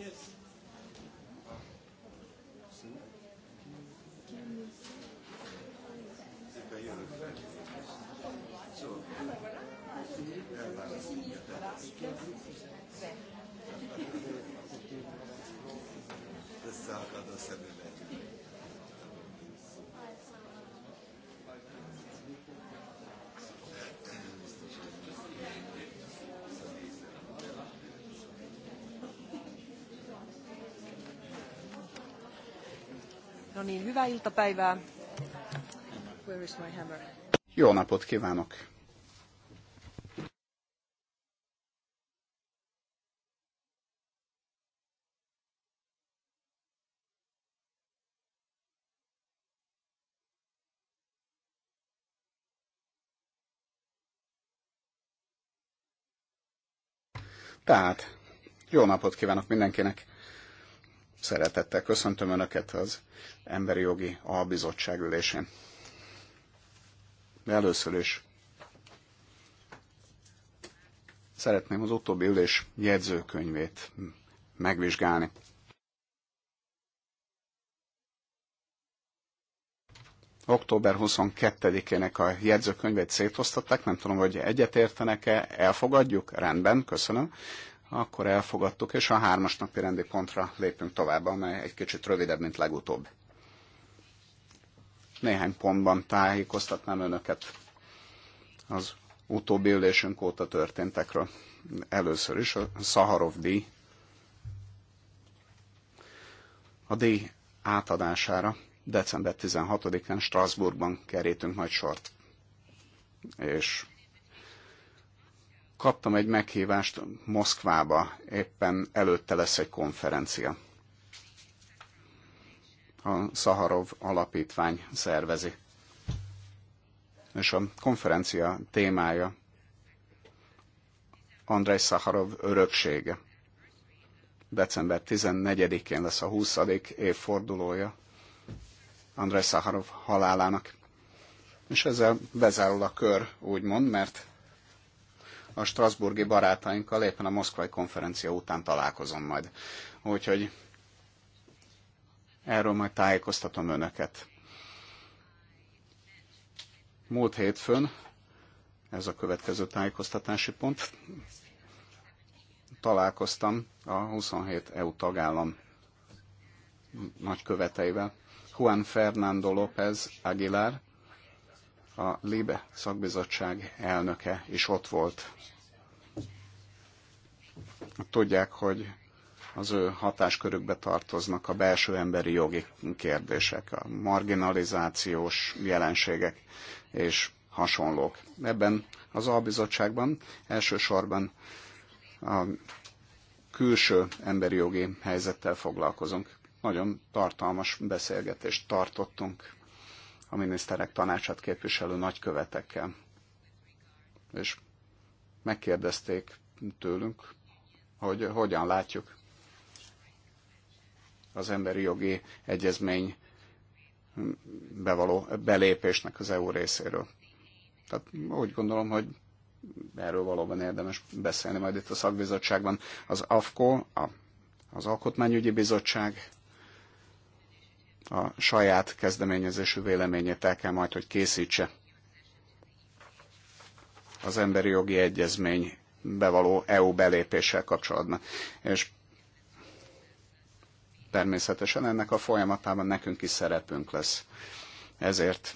Yes. niin, hyvää iltapäivää. Where is my hammer? Jó napot kívánok! Tehát, jó napot kívánok mindenkinek! Szeretettel köszöntöm Önöket az Emberi Jogi Albizottság ülésén. De először is szeretném az utóbbi ülés jegyzőkönyvét megvizsgálni. Október 22-ének a jegyzőkönyvét szétosztatták, nem tudom, hogy egyetértenek-e, elfogadjuk, rendben, köszönöm akkor elfogadtuk, és a hármas napi rendi pontra lépünk tovább, amely egy kicsit rövidebb, mint legutóbb. Néhány pontban tájékoztatnám önöket az utóbbi ülésünk óta történtekről. Először is a Szaharov díj. A díj átadására december 16-án Strasbourgban kerítünk majd sort. És kaptam egy meghívást Moszkvába, éppen előtte lesz egy konferencia. A Szaharov alapítvány szervezi. És a konferencia témája Andrei Szaharov öröksége. December 14-én lesz a 20. évfordulója Andrei Szaharov halálának. És ezzel bezárul a kör, úgymond, mert a Strasburgi barátainkkal éppen a Moszkvai konferencia után találkozom majd. Úgyhogy erről majd tájékoztatom önöket. Múlt hétfőn, ez a következő tájékoztatási pont, találkoztam a 27 EU tagállam nagyköveteivel. Juan Fernando López Aguilar, a LIBE szakbizottság elnöke is ott volt. Tudják, hogy az ő hatáskörükbe tartoznak a belső emberi jogi kérdések, a marginalizációs jelenségek és hasonlók. Ebben az albizottságban elsősorban a külső emberi jogi helyzettel foglalkozunk. Nagyon tartalmas beszélgetést tartottunk a miniszterek tanácsát képviselő nagykövetekkel. És megkérdezték tőlünk, hogy hogyan látjuk az emberi jogi egyezmény bevaló belépésnek az EU részéről. Tehát úgy gondolom, hogy erről valóban érdemes beszélni majd itt a szakbizottságban. Az AFKO, a, az Alkotmányügyi Bizottság a saját kezdeményezésű véleményét el kell majd, hogy készítse az emberi jogi egyezmény bevaló EU belépéssel kapcsolatban. És természetesen ennek a folyamatában nekünk is szerepünk lesz. Ezért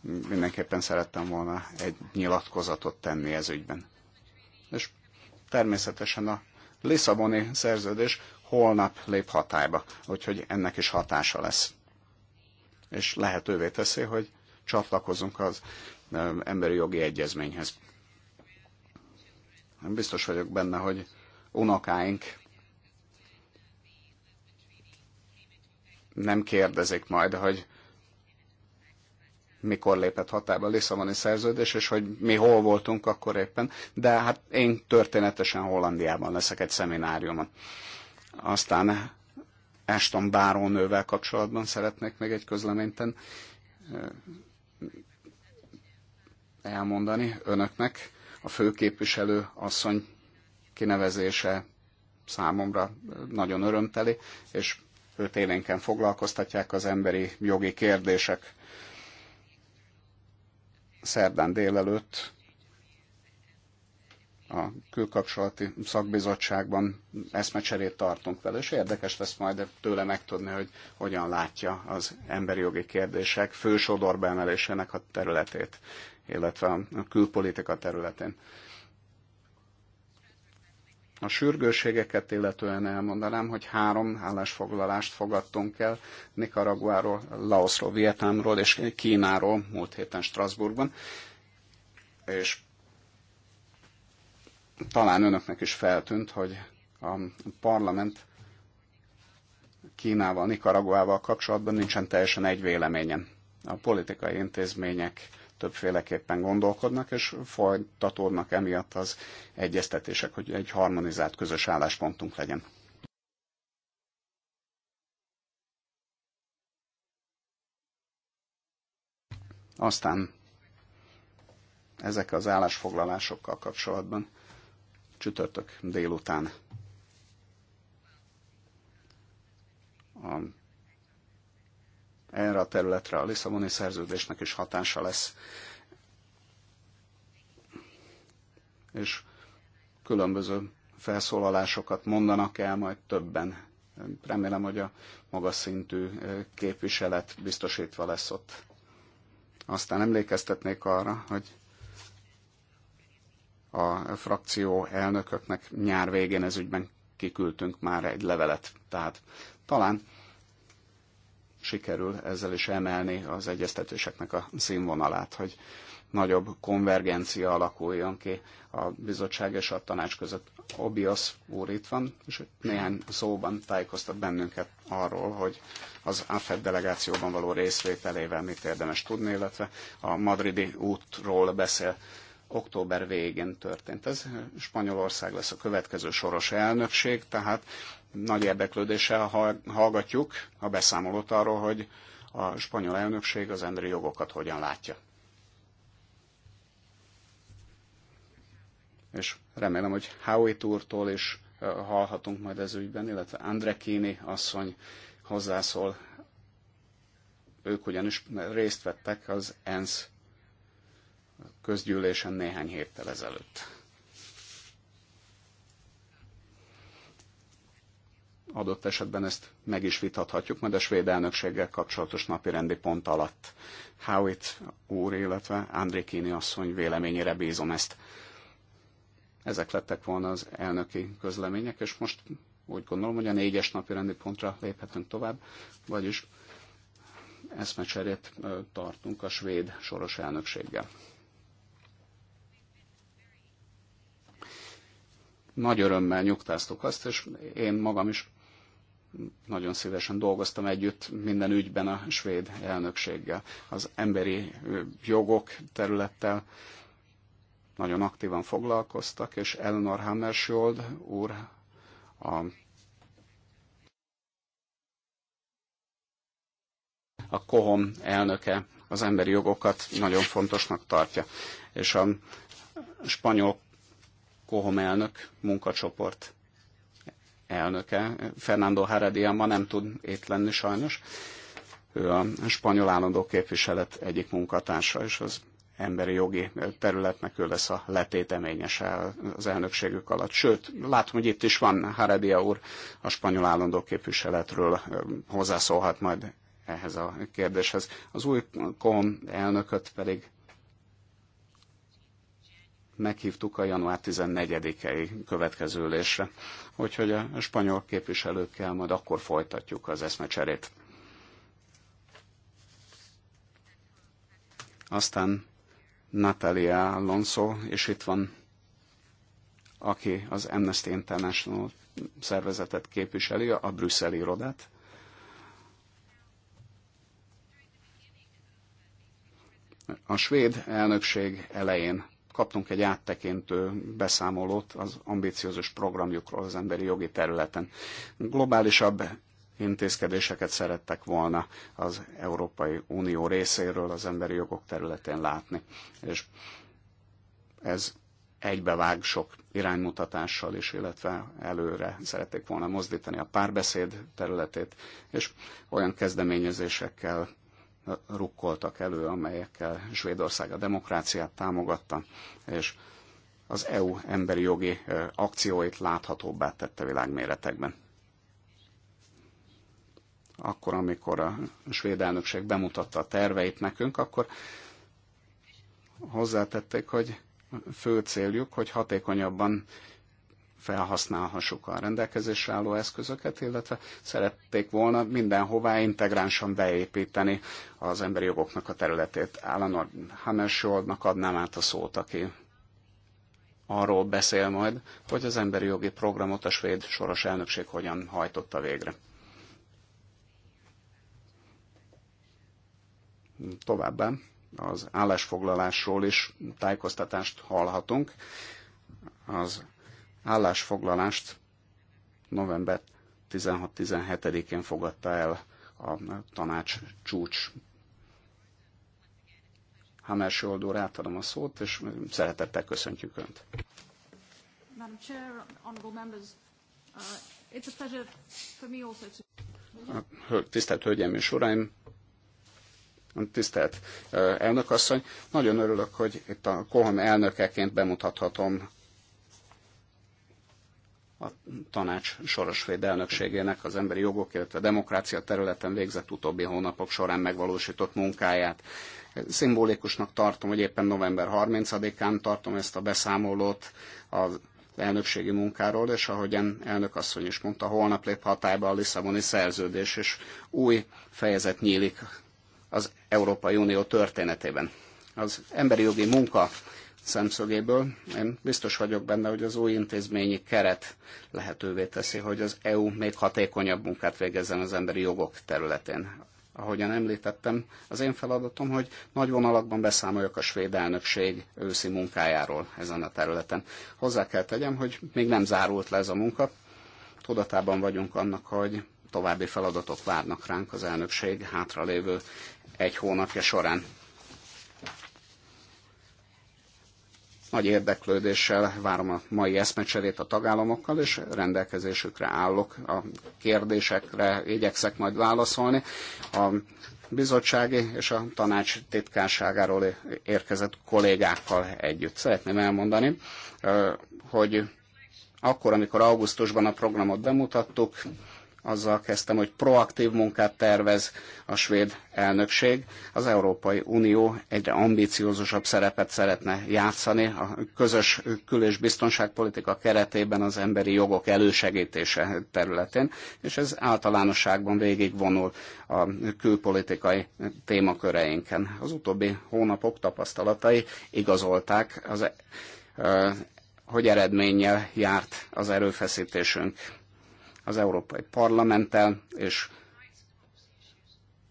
mindenképpen szerettem volna egy nyilatkozatot tenni ez ügyben. És természetesen a Lisszaboni szerződés holnap lép hatályba, úgyhogy ennek is hatása lesz. És lehetővé teszi, hogy csatlakozunk az emberi jogi egyezményhez. Én biztos vagyok benne, hogy unokáink nem kérdezik majd, hogy mikor lépett hatályba a Lisszaboni szerződés, és hogy mi hol voltunk akkor éppen. De hát én történetesen Hollandiában leszek egy szemináriumon. Aztán Ashton Bárónővel kapcsolatban szeretnék még egy közleményten eh, elmondani önöknek. A főképviselő asszony kinevezése számomra nagyon örömteli, és őt élénken foglalkoztatják az emberi jogi kérdések. Szerdán délelőtt a külkapcsolati szakbizottságban eszmecserét tartunk vele, és érdekes lesz majd tőle megtudni, hogy hogyan látja az emberi jogi kérdések fő emelésének a területét, illetve a külpolitika területén. A sürgőségeket illetően elmondanám, hogy három állásfoglalást fogadtunk el Nicaraguáról, Laosról, Vietnámról és Kínáról múlt héten Strasbourgban, és talán önöknek is feltűnt, hogy a parlament Kínával, Nikaraguával kapcsolatban nincsen teljesen egy véleményen. A politikai intézmények többféleképpen gondolkodnak, és folytatódnak emiatt az egyeztetések, hogy egy harmonizált közös álláspontunk legyen. Aztán ezek az állásfoglalásokkal kapcsolatban csütörtök délután a, erre a területre a Lisszaboni szerződésnek is hatása lesz, és különböző felszólalásokat mondanak el majd többen. Remélem, hogy a magas szintű eh, képviselet biztosítva lesz ott. Aztán emlékeztetnék arra, hogy a frakció elnököknek nyár végén ez ügyben kiküldtünk már egy levelet. Tehát talán sikerül ezzel is emelni az egyeztetéseknek a színvonalát, hogy nagyobb konvergencia alakuljon ki a bizottság és a tanács között. Obios úr itt van, és néhány szóban tájékoztat bennünket arról, hogy az AFED delegációban való részvételével mit érdemes tudni, illetve a madridi útról beszél október végén történt. Ez Spanyolország lesz a következő soros elnökség, tehát nagy érdeklődéssel hallgatjuk a beszámolót arról, hogy a spanyol elnökség az emberi jogokat hogyan látja. És remélem, hogy Howie úrtól is hallhatunk majd ez ügyben, illetve Kini asszony hozzászól. Ők ugyanis részt vettek az ENSZ közgyűlésen néhány héttel ezelőtt. Adott esetben ezt meg is vitathatjuk, majd a svéd elnökséggel kapcsolatos napi rendi pont alatt Howitt úr, illetve Kini asszony véleményére bízom ezt. Ezek lettek volna az elnöki közlemények, és most úgy gondolom, hogy a négyes napi rendi pontra léphetünk tovább, vagyis eszmecserét tartunk a svéd soros elnökséggel. nagy örömmel nyugtáztuk azt, és én magam is nagyon szívesen dolgoztam együtt minden ügyben a svéd elnökséggel, az emberi jogok területtel nagyon aktívan foglalkoztak, és Elnor Hammersjold úr a a Kohom elnöke az emberi jogokat nagyon fontosnak tartja. És a spanyol Kohom elnök, munkacsoport elnöke, Fernando Heredia ma nem tud itt lenni sajnos. Ő a spanyol állandó képviselet egyik munkatársa, és az emberi jogi területnek ő lesz a letéteményese az elnökségük alatt. Sőt, látom, hogy itt is van Heredia úr, a spanyol állandó képviseletről hozzászólhat majd ehhez a kérdéshez. Az új KOM elnököt pedig meghívtuk a január 14-i következő ülésre. Úgyhogy a spanyol képviselőkkel majd akkor folytatjuk az eszmecserét. Aztán Natalia Alonso, és itt van, aki az Amnesty International szervezetet képviseli, a brüsszeli irodát. A svéd elnökség elején kaptunk egy áttekintő beszámolót az ambiciózus programjukról az emberi jogi területen. Globálisabb intézkedéseket szerettek volna az Európai Unió részéről az emberi jogok területén látni. És ez egybevág sok iránymutatással is, illetve előre szerették volna mozdítani a párbeszéd területét, és olyan kezdeményezésekkel rukkoltak elő, amelyekkel Svédország a demokráciát támogatta, és az EU emberi jogi akcióit láthatóbbá tette világméretekben. Akkor, amikor a svéd elnökség bemutatta a terveit nekünk, akkor hozzátették, hogy fő céljuk, hogy hatékonyabban felhasználhassuk a rendelkezésre álló eszközöket, illetve szerették volna mindenhová integránsan beépíteni az emberi jogoknak a területét. Állanor Hammersholdnak adnám át a szót, aki arról beszél majd, hogy az emberi jogi programot a svéd soros elnökség hogyan hajtotta végre. Továbbá az állásfoglalásról is tájékoztatást hallhatunk. Az állásfoglalást november 16-17-én fogadta el a tanács csúcs. Hamersi oldó átadom a szót, és szeretettel köszöntjük Önt. Uh, tisztelt Hölgyeim és Uraim, tisztelt uh, elnökasszony, nagyon örülök, hogy itt a Kohom elnökeként bemutathatom a tanács soros elnökségének az emberi jogok, illetve a demokrácia területen végzett utóbbi hónapok során megvalósított munkáját. Szimbolikusnak tartom, hogy éppen november 30-án tartom ezt a beszámolót az elnökségi munkáról, és ahogyan elnök asszony is mondta, holnap lép hatályba a Lisszaboni szerződés, és új fejezet nyílik az Európai Unió történetében. Az emberi jogi munka szemszögéből. Én biztos vagyok benne, hogy az új intézményi keret lehetővé teszi, hogy az EU még hatékonyabb munkát végezzen az emberi jogok területén. Ahogyan említettem, az én feladatom, hogy nagy vonalakban beszámoljak a svéd elnökség őszi munkájáról ezen a területen. Hozzá kell tegyem, hogy még nem zárult le ez a munka. Tudatában vagyunk annak, hogy további feladatok várnak ránk az elnökség hátralévő egy hónapja során Nagy érdeklődéssel várom a mai eszmecserét a tagállamokkal, és rendelkezésükre állok a kérdésekre, igyekszek majd válaszolni. A bizottsági és a tanács titkárságáról érkezett kollégákkal együtt. Szeretném elmondani, hogy akkor, amikor augusztusban a programot bemutattuk, azzal kezdtem, hogy proaktív munkát tervez a svéd elnökség. Az Európai Unió egyre ambiciózusabb szerepet szeretne játszani a közös kül- és biztonságpolitika keretében az emberi jogok elősegítése területén, és ez általánosságban végigvonul a külpolitikai témaköreinken. Az utóbbi hónapok tapasztalatai igazolták az hogy eredménnyel járt az erőfeszítésünk az Európai Parlamenttel, és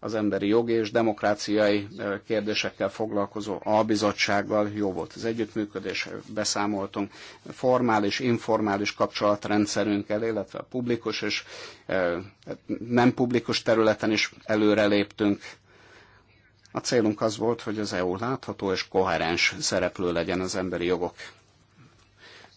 az emberi jogi és demokráciai kérdésekkel foglalkozó albizottsággal jó volt az együttműködés, beszámoltunk formális, informális kapcsolatrendszerünkkel, illetve a publikus és hát nem publikus területen is előreléptünk. A célunk az volt, hogy az EU látható és koherens szereplő legyen az emberi jogok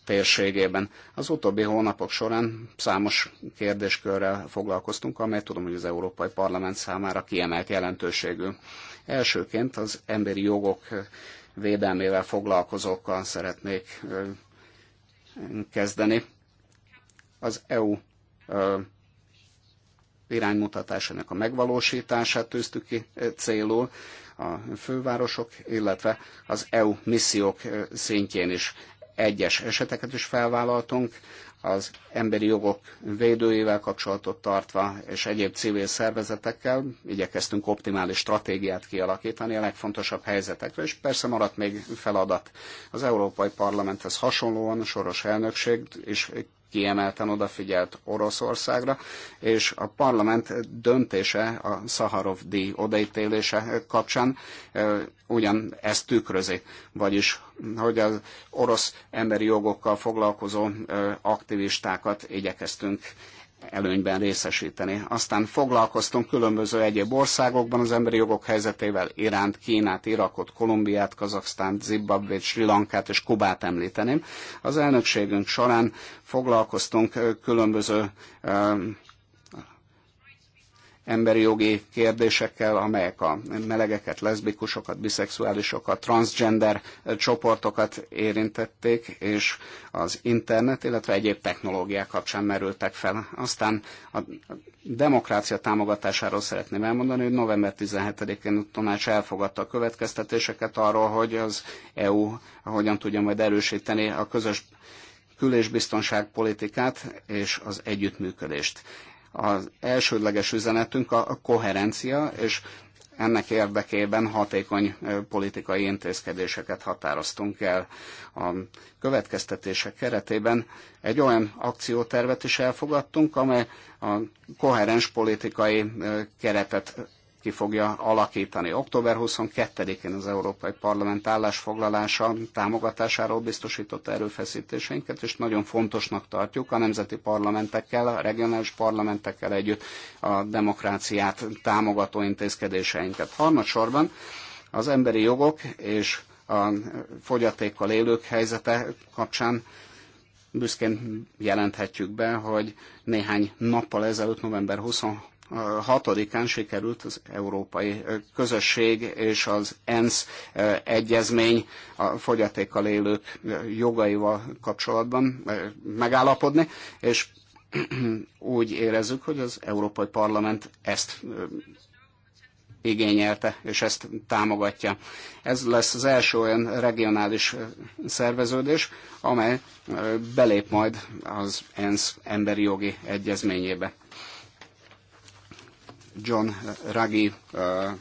térségében. Az utóbbi hónapok során számos kérdéskörrel foglalkoztunk, amely tudom, hogy az Európai Parlament számára kiemelt jelentőségű. Elsőként az emberi jogok védelmével foglalkozókkal szeretnék kezdeni. Az EU iránymutatásának a megvalósítását tűztük ki célul a fővárosok, illetve az EU missziók szintjén is egyes eseteket is felvállaltunk, az emberi jogok védőjével kapcsolatot tartva és egyéb civil szervezetekkel igyekeztünk optimális stratégiát kialakítani a legfontosabb helyzetekre, és persze maradt még feladat. Az Európai Parlamenthez hasonlóan a soros elnökség is kiemelten odafigyelt Oroszországra, és a parlament döntése a Szaharov díj odaítélése kapcsán ugyan ezt tükrözi, vagyis hogy az orosz emberi jogokkal foglalkozó aktivistákat igyekeztünk előnyben részesíteni. Aztán foglalkoztunk különböző egyéb országokban az emberi jogok helyzetével, Iránt, Kínát, Irakot, Kolumbiát, Kazaksztánt, Zimbabvét, Sri Lankát és Kubát említeném. Az elnökségünk során foglalkoztunk különböző emberi jogi kérdésekkel, amelyek a melegeket, leszbikusokat, biszexuálisokat, transgender eh, csoportokat érintették, és az internet, illetve egyéb technológiák kapcsán merültek fel. Aztán a demokrácia támogatásáról szeretném elmondani, hogy november 17-én a tanács elfogadta a következtetéseket arról, hogy az EU hogyan tudja majd erősíteni a közös kül- és biztonságpolitikát és az együttműködést. Az elsődleges üzenetünk a koherencia, és ennek érdekében hatékony politikai intézkedéseket határoztunk el. A következtetések keretében egy olyan akciótervet is elfogadtunk, amely a koherens politikai keretet ki fogja alakítani. Október 22-én az Európai Parlament állásfoglalása támogatásáról biztosította erőfeszítéseinket, és nagyon fontosnak tartjuk a nemzeti parlamentekkel, a regionális parlamentekkel együtt a demokráciát támogató intézkedéseinket. Harmadsorban az emberi jogok és a fogyatékkal élők helyzete kapcsán büszkén jelenthetjük be, hogy néhány nappal ezelőtt, november 20 6-án sikerült az Európai Közösség és az ENSZ eh, egyezmény a fogyatékkal élők jogaival kapcsolatban eh, megállapodni, és úgy érezzük, hogy az Európai Parlament ezt eh, igényelte, és ezt támogatja. Ez lesz az első olyan regionális szerveződés, amely belép majd az ENSZ emberi jogi egyezményébe. John Ruggie uh,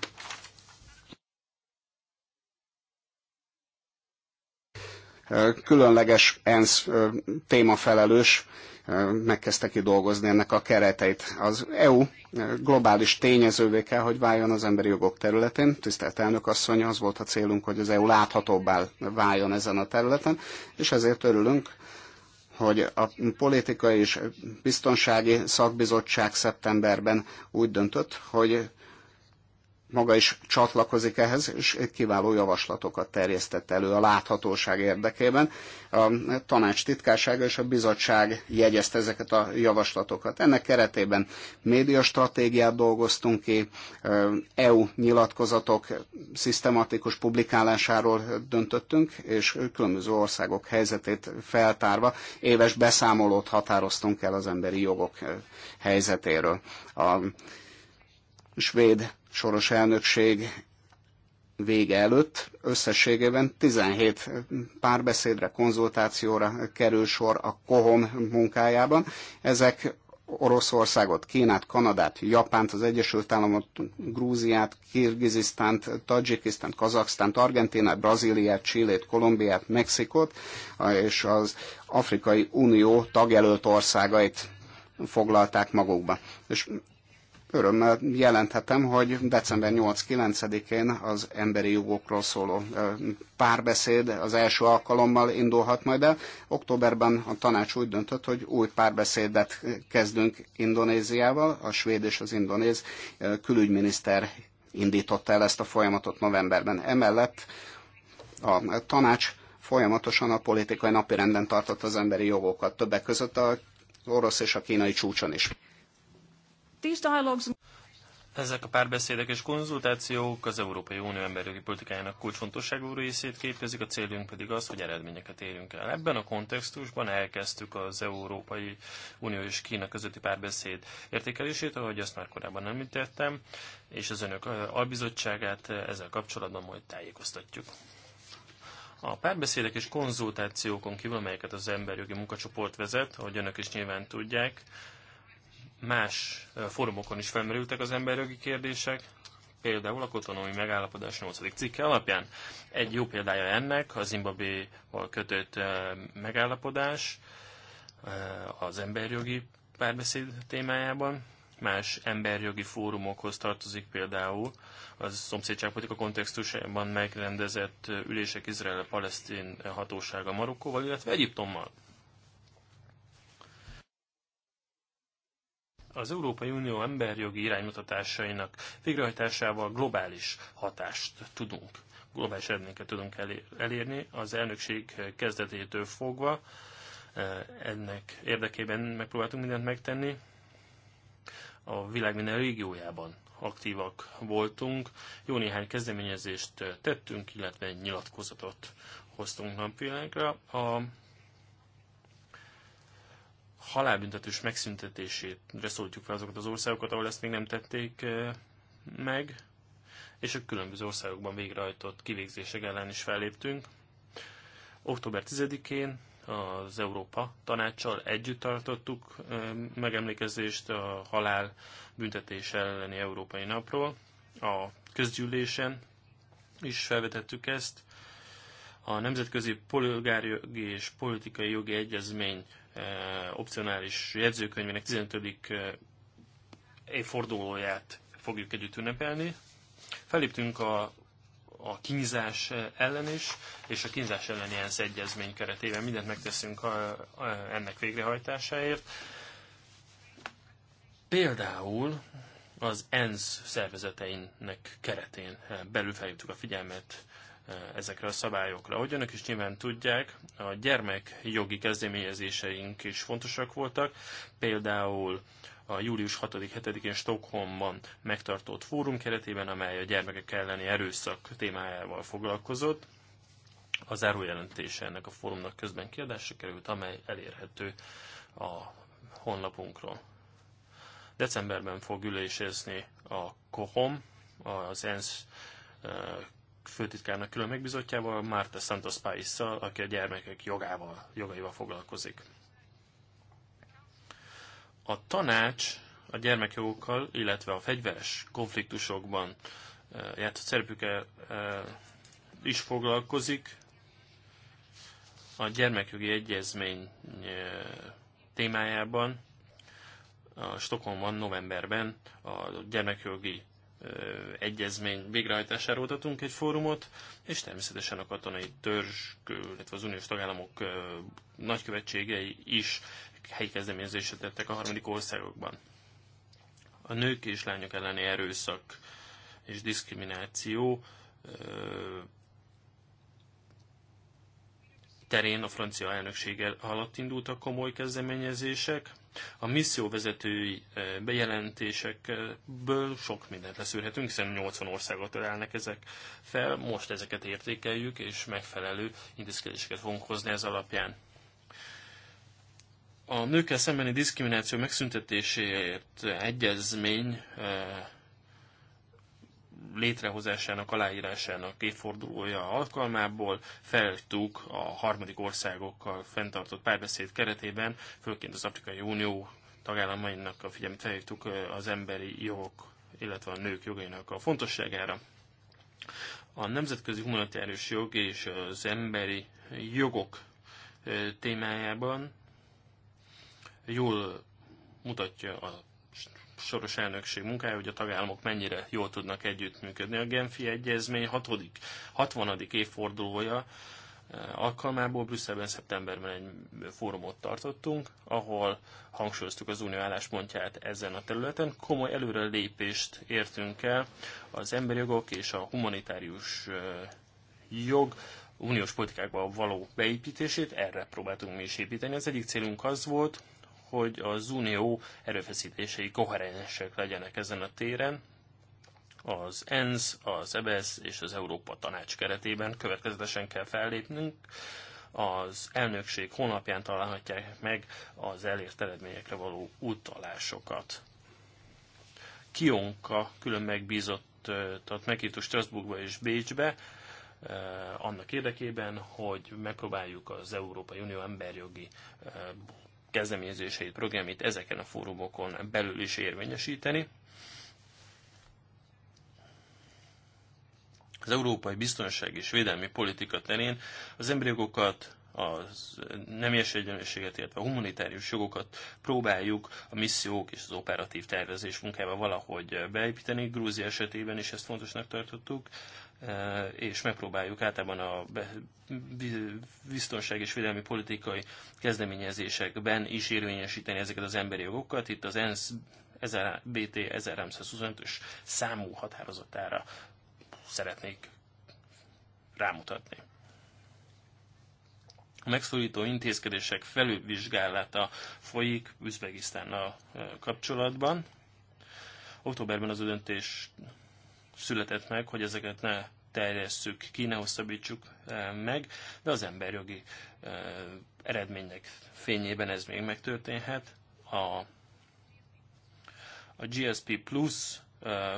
különleges ENSZ uh, témafelelős uh, megkezdte ki dolgozni ennek a kereteit. Az EU globális tényezővé kell, hogy váljon az emberi jogok területén. Tisztelt elnök asszony, az volt a célunk, hogy az EU láthatóbbá váljon ezen a területen, és ezért örülünk hogy a politikai és biztonsági szakbizottság szeptemberben úgy döntött, hogy maga is csatlakozik ehhez, és kiváló javaslatokat terjesztett elő a láthatóság érdekében. A tanács titkársága és a bizottság jegyezte ezeket a javaslatokat. Ennek keretében médiastratégiát dolgoztunk ki, EU nyilatkozatok szisztematikus publikálásáról döntöttünk, és különböző országok helyzetét feltárva éves beszámolót határoztunk el az emberi jogok helyzetéről. A svéd soros elnökség vége előtt összességében 17 párbeszédre, konzultációra kerül sor a Kohon munkájában. Ezek Oroszországot, Kínát, Kanadát, Japánt, az Egyesült Államot, Grúziát, Kirgizisztánt, Tadzsikisztánt, Kazaksztánt, Argentinát, Brazíliát, Csillét, Kolumbiát, Mexikót és az Afrikai Unió tagjelölt országait foglalták magukba. És Örömmel jelenthetem, hogy december 8-9-én az emberi jogokról szóló párbeszéd az első alkalommal indulhat majd el. Októberben a tanács úgy döntött, hogy új párbeszédet kezdünk Indonéziával, a svéd és az indonéz külügyminiszter indította el ezt a folyamatot novemberben. Emellett a tanács folyamatosan a politikai napirenden tartott az emberi jogokat, többek között a orosz és a kínai csúcson is. These dialogues... Ezek a párbeszédek és konzultációk az Európai Unió emberjogi politikájának kulcsfontosságú részét képezik, a céljunk pedig az, hogy eredményeket érjünk el. Ebben a kontextusban elkezdtük az Európai Unió és Kína közötti párbeszéd értékelését, ahogy azt már korábban említettem, és az önök eh, albizottságát eh, ezzel kapcsolatban majd tájékoztatjuk. A párbeszédek és konzultációkon kívül, amelyeket az emberjogi munkacsoport vezet, ahogy önök is nyilván tudják, más fórumokon is felmerültek az emberjogi kérdések, például a kotonói megállapodás 8. cikke alapján. Egy jó példája ennek a Zimbabvéval kötött megállapodás az emberjogi párbeszéd témájában, más emberjogi fórumokhoz tartozik például az szomszédságpolitika kontextusában megrendezett ülések Izrael-Palesztin hatósága Marokkóval, illetve Egyiptommal. az Európai Unió emberjogi iránymutatásainak végrehajtásával globális hatást tudunk, globális eredményeket tudunk elérni. Az elnökség kezdetétől fogva eh, ennek érdekében megpróbáltunk mindent megtenni. A világ minden régiójában aktívak voltunk, jó néhány kezdeményezést tettünk, illetve nyilatkozatot hoztunk napvilágra. A halálbüntetős megszüntetését szóltjuk fel azokat az országokat, ahol ezt még nem tették eh, meg, és a különböző országokban végrehajtott kivégzések ellen is felléptünk. Október 10-én az Európa tanácssal együtt tartottuk eh, megemlékezést a halál büntetés elleni Európai Napról. A közgyűlésen is felvetettük ezt. A Nemzetközi Polgári és Politikai Jogi Egyezmény opcionális jegyzőkönyvének 15. évfordulóját fogjuk együtt ünnepelni. Feléptünk a a kínzás ellen is, és a kínzás elleni ENSZ egyezmény keretében mindent megteszünk a, a, ennek végrehajtásáért. Például az ENSZ szervezeteinek keretén belül felhívtuk a figyelmet Eh, ezekre a szabályokra. Ahogy önök is nyilván tudják, a gyermekjogi kezdeményezéseink is fontosak voltak, például a július 6-7-én Stockholmban megtartott fórum keretében, amely a gyermekek elleni erőszak témájával foglalkozott. A zárójelentése ennek a fórumnak közben kiadásra került, amely elérhető a honlapunkról. Decemberben fog ülésezni a COHOM, az ENSZ eh, főtitkárnak külön megbizotjával, Márta Santos pais aki a gyermekek jogával, jogaival foglalkozik. A tanács a gyermekjogokkal, illetve a fegyveres konfliktusokban eh, játszott szerepükkel eh, is foglalkozik. A gyermekjogi egyezmény eh, témájában a Stockholmban novemberben a gyermekjogi egyezmény végrehajtására adatunk egy fórumot, és természetesen a katonai törzs, illetve az uniós tagállamok nagykövetségei is helyi kezdeményezésre tettek a harmadik országokban. A nők és lányok elleni erőszak és diszkrimináció terén a francia elnökség alatt indultak komoly kezdeményezések, a misszióvezetői eh, bejelentésekből sok mindent leszűrhetünk, hiszen 80 országot ölelnek ezek fel, most ezeket értékeljük, és megfelelő intézkedéseket fogunk hozni ez alapján. A nőkkel szembeni diszkrimináció megszüntetéséért egyezmény eh, létrehozásának, aláírásának évfordulója alkalmából feltúk a harmadik országokkal fenntartott párbeszéd keretében, főként az Afrikai Unió tagállamainak a figyelmét felhívtuk az emberi jogok, illetve a nők jogainak a fontosságára. A nemzetközi humanitárius jog és az emberi jogok témájában jól mutatja a soros elnökség munkája, hogy a tagállamok mennyire jól tudnak együttműködni. A Genfi Egyezmény 6. 60. évfordulója eh, alkalmából Brüsszelben szeptemberben egy fórumot tartottunk, ahol hangsúlyoztuk az unió álláspontját ezen a területen. Komoly előrelépést értünk el az emberi jogok és a humanitárius eh, jog uniós politikákba való beépítését, erre próbáltunk mi is építeni. Az egyik célunk az volt, hogy az unió erőfeszítései koherensek legyenek ezen a téren, az ENSZ, az EBS és az Európa Tanács keretében következetesen kell fellépnünk. Az elnökség honlapján találhatják meg az elért eredményekre való utalásokat. Kionka külön tehát meghívtuk Strasbourgba és Bécsbe, eh, annak érdekében, hogy megpróbáljuk az Európai Unió emberjogi eh, kezdeményezéseit, programjait ezeken a fórumokon belül is érvényesíteni. Az európai biztonság és védelmi politika terén az emberi jogokat, az nemies egyenlőséget, illetve a humanitárius jogokat próbáljuk a missziók és az operatív tervezés munkába valahogy beépíteni. Grúzia esetében is ezt fontosnak tartottuk, eh, és megpróbáljuk általában a biztonság és védelmi politikai kezdeményezésekben is érvényesíteni ezeket az emberi jogokat. Itt az ENSZ BT 1325-ös számú határozatára szeretnék rámutatni. A megszólító intézkedések felülvizsgálata folyik Üzbegisztánnal kapcsolatban. Októberben az a döntés született meg, hogy ezeket ne terjesszük ki, ne hosszabbítsuk meg, de az emberjogi eredmények fényében ez még megtörténhet. A, a GSP Plus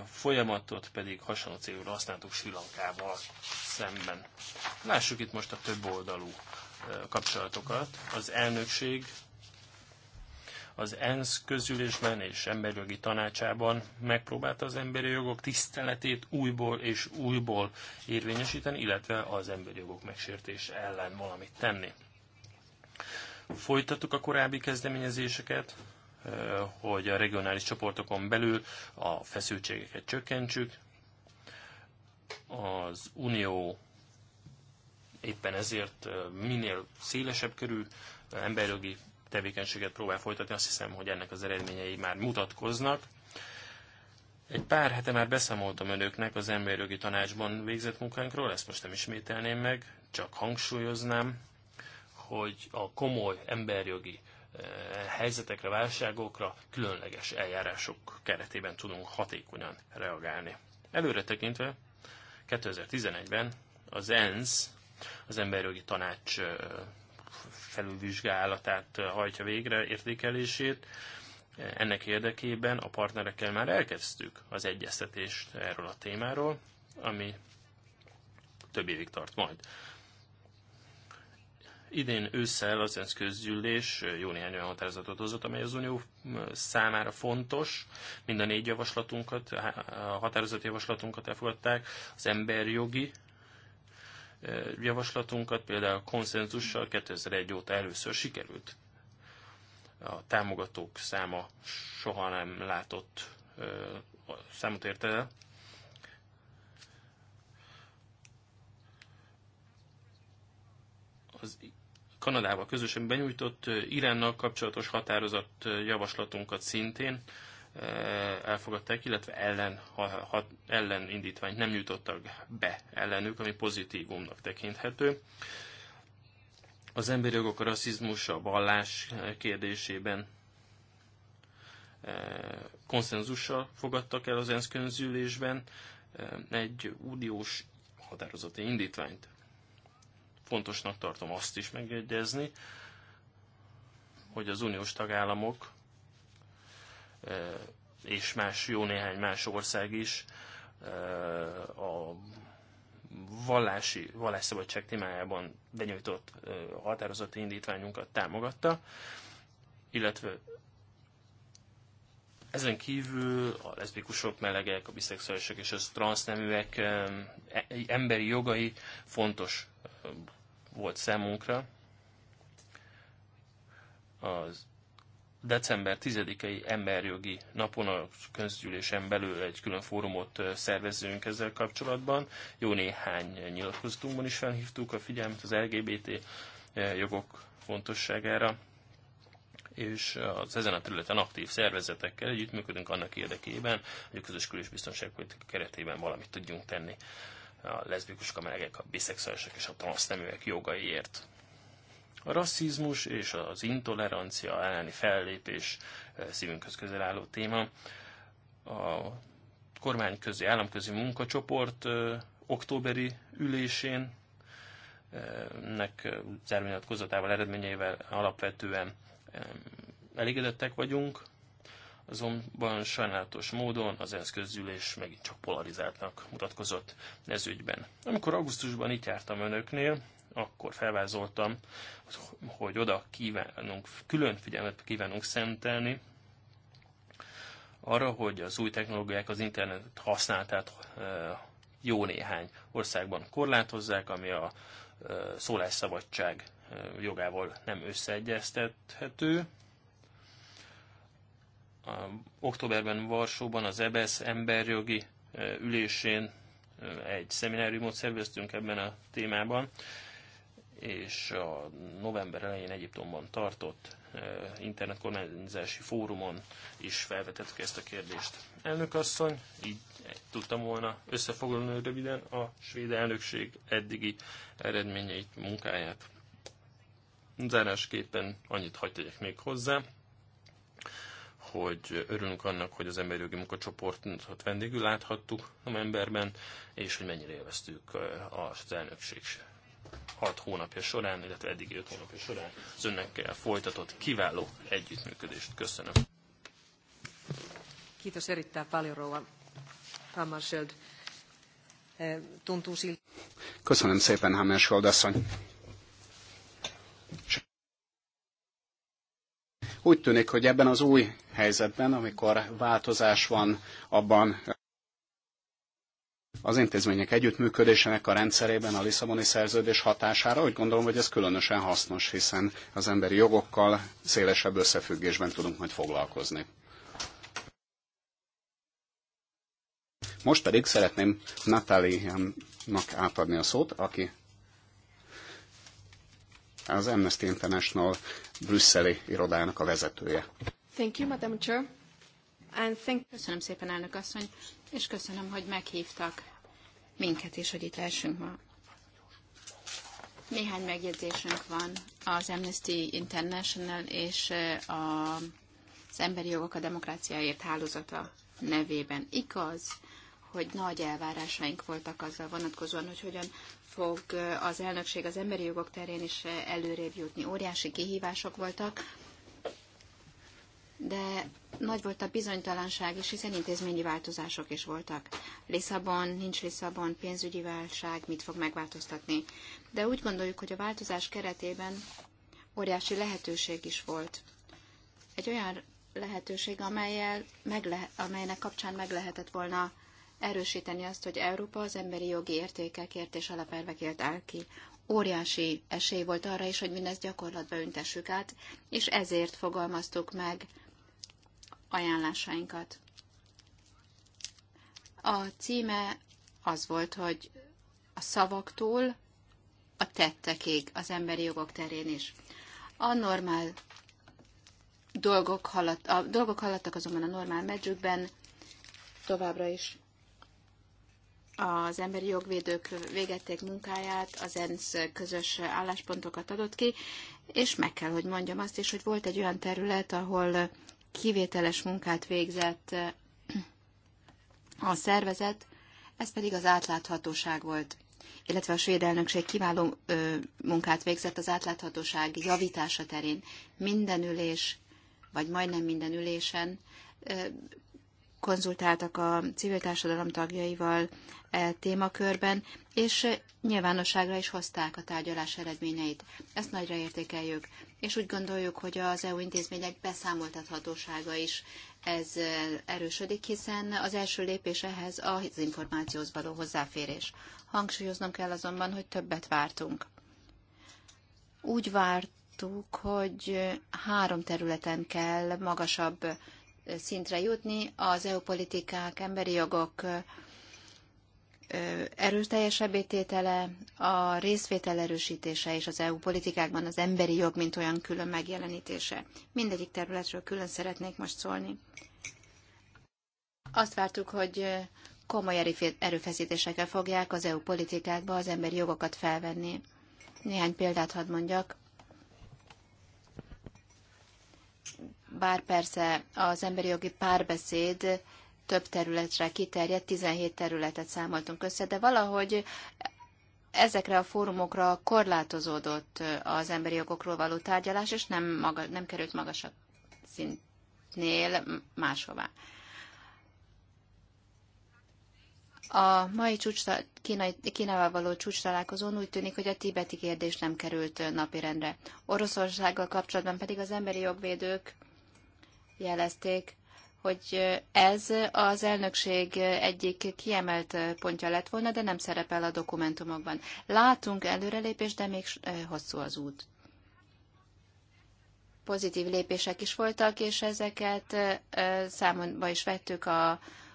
folyamatot pedig hasonló célra használtuk Sri Lankával szemben. Lássuk itt most a több oldalú kapcsolatokat. Az elnökség az ENSZ közülésben és emberjogi tanácsában megpróbálta az emberi jogok tiszteletét újból és újból érvényesíteni, illetve az emberi jogok megsértés ellen valamit tenni. Folytattuk a korábbi kezdeményezéseket, eh, hogy a regionális csoportokon belül a feszültségeket csökkentsük. Az Unió éppen ezért minél szélesebb körű emberjogi tevékenységet próbál folytatni, azt hiszem, hogy ennek az eredményei már mutatkoznak. Egy pár hete már beszámoltam önöknek az emberjogi tanácsban végzett munkánkról, ezt most nem ismételném meg, csak hangsúlyoznám, hogy a komoly emberjogi helyzetekre, válságokra különleges eljárások keretében tudunk hatékonyan reagálni. Előre tekintve 2011-ben az ENSZ az emberjogi tanács felülvizsgálatát hajtja végre, értékelését. Ennek érdekében a partnerekkel már elkezdtük az egyeztetést erről a témáról, ami több évig tart majd. Idén ősszel az ENSZ közgyűlés jó néhány olyan határozatot hozott, amely az Unió számára fontos. Mind a négy javaslatunkat, a határozati javaslatunkat elfogadták. Az emberjogi Eh, javaslatunkat, például a konszenzussal 2001 óta először sikerült. A támogatók száma soha nem látott eh, számot érte el. Az Kanadával közösen benyújtott eh, Iránnal kapcsolatos határozat javaslatunkat szintén elfogadták, illetve ellen, ha, ha, ellen indítványt nem nyújtottak be ellenük, ami pozitívumnak tekinthető. Az emberi jogok, a rasszizmus, a vallás kérdésében konszenzussal fogadtak el az ENSZ közülésben egy uniós határozati indítványt. Fontosnak tartom azt is megjegyezni, hogy az uniós tagállamok és más jó néhány más ország is a vallási, vallásszabadság témájában benyújtott határozott indítványunkat támogatta, illetve ezen kívül a leszbikusok, melegek, a biszexuálisok és a transzneműek e, emberi jogai fontos volt számunkra. Az december 10-i emberjogi napon a közgyűlésen belül egy külön fórumot szervezzünk ezzel kapcsolatban. Jó néhány nyilatkozatunkban is felhívtuk a figyelmet az LGBT jogok fontosságára, és az ezen a területen aktív szervezetekkel együttműködünk annak érdekében, hogy a közös külös biztonságpolitika keretében valamit tudjunk tenni a leszbikus kamerágek, a biszexuálisok és a transzneműek jogaiért. A rasszizmus és az intolerancia elleni fellépés eh, szívünkhöz közel álló téma. A kormányközi, államközi munkacsoport eh, októberi ülésén eh, nek zárványilatkozatával, eredményeivel alapvetően elégedettek vagyunk, azonban sajnálatos módon az ENSZ közgyűlés megint csak polarizáltnak mutatkozott ez ügyben. Amikor augusztusban itt jártam önöknél, akkor felvázoltam, hogy oda kívánunk, külön figyelmet kívánunk szentelni arra, hogy az új technológiák az internet használatát jó néhány országban korlátozzák, ami a szólásszabadság jogával nem összeegyeztethető. A, októberben Varsóban az EBSZ e emberjogi ülésén egy szemináriumot szerveztünk ebben a témában, és a november elején Egyiptomban tartott eh, internetkormányzási fórumon is felvetettük ezt a kérdést. Elnök asszony, így tudtam volna összefoglalni röviden a svéd elnökség eddigi eredményeit, munkáját. Zárásképpen annyit hagyd tegyek még hozzá, hogy örülünk annak, hogy az emberi jogi munkacsoportot vendégül láthattuk novemberben, és hogy mennyire élveztük eh, az elnökség 6 hónapja során, illetve eddig 5 hónapja során az önnekkel folytatott kiváló együttműködést. Köszönöm. Kiitos erittäin paljon, Rova Hammarskjöld. Eh, tuntuu siltä. Köszönöm szépen, Hammarskjöld asszony. Úgy tűnik, hogy ebben az új helyzetben, amikor változás van abban, az intézmények együttműködésének a rendszerében a Lisszaboni szerződés hatására. Úgy gondolom, hogy ez különösen hasznos, hiszen az emberi jogokkal szélesebb összefüggésben tudunk majd foglalkozni. Most pedig szeretném Natáliának átadni a szót, aki az Amnesty International brüsszeli irodájának a vezetője. Thank you, Madam Chair. And thank... Köszönöm szépen, elnök asszony, és köszönöm, hogy meghívtak minket is, hogy itt lehessünk ma. Néhány megjegyzésünk van az Amnesty International és a eh, az Emberi Jogok a Demokráciáért Hálózata nevében. Igaz, hogy nagy elvárásaink voltak azzal vonatkozóan, hogy hogyan fog eh, az elnökség az emberi jogok terén is eh, előrébb jutni. Óriási kihívások voltak, de nagy volt a bizonytalanság is, hiszen intézményi változások is voltak. Lisszabon, nincs Lisszabon, pénzügyi válság, mit fog megváltoztatni. De úgy gondoljuk, hogy a változás keretében óriási lehetőség is volt. Egy olyan lehetőség, amelyel meg lehet, amelynek kapcsán meg lehetett volna erősíteni azt, hogy Európa az emberi jogi értékekért és alapelvekért áll ki. Óriási esély volt arra is, hogy mindezt gyakorlatba üntessük át, és ezért fogalmaztuk meg ajánlásainkat. A címe az volt, hogy a szavaktól a tettekig az emberi jogok terén is. A normál dolgok, haladt, a dolgok haladtak azonban a normál medzsükben, továbbra is az emberi jogvédők végették munkáját, az ENSZ közös álláspontokat adott ki, és meg kell, hogy mondjam azt is, hogy volt egy olyan terület, ahol kivételes munkát végzett a szervezet, ez pedig az átláthatóság volt illetve a svéd elnökség kiváló ö, munkát végzett az átláthatóság javítása terén. Minden ülés, vagy majdnem minden ülésen ö, konzultáltak a civil társadalom tagjaival e témakörben, és nyilvánosságra is hozták a tárgyalás eredményeit. Ezt nagyra értékeljük és úgy gondoljuk, hogy az EU intézmények beszámoltathatósága is ez erősödik, hiszen az első lépés ehhez az információhoz való hozzáférés. Hangsúlyoznom kell azonban, hogy többet vártunk. Úgy vártuk, hogy három területen kell magasabb szintre jutni, az EU politikák, emberi jogok, erőteljesebb tétele, a részvétel erősítése és az EU politikákban az emberi jog, mint olyan külön megjelenítése. Mindegyik területről külön szeretnék most szólni. Azt vártuk, hogy komoly erőfeszítésekkel fogják az EU politikákba az emberi jogokat felvenni. Néhány példát hadd mondjak. Bár persze az emberi jogi párbeszéd több területre kiterjedt, 17 területet számoltunk össze, de valahogy ezekre a fórumokra korlátozódott az emberi jogokról való tárgyalás, és nem, maga, nem került magasabb szintnél máshová. A mai csúcs, kínai, Kínával való csúcs találkozón úgy tűnik, hogy a tibeti kérdés nem került napirendre. Oroszországgal kapcsolatban pedig az emberi jogvédők jelezték, hogy ez az elnökség egyik kiemelt pontja lett volna, de nem szerepel a dokumentumokban. Látunk előrelépést, de még eh, hosszú az út. Pozitív lépések is voltak, és ezeket eh, számonba is vettük a,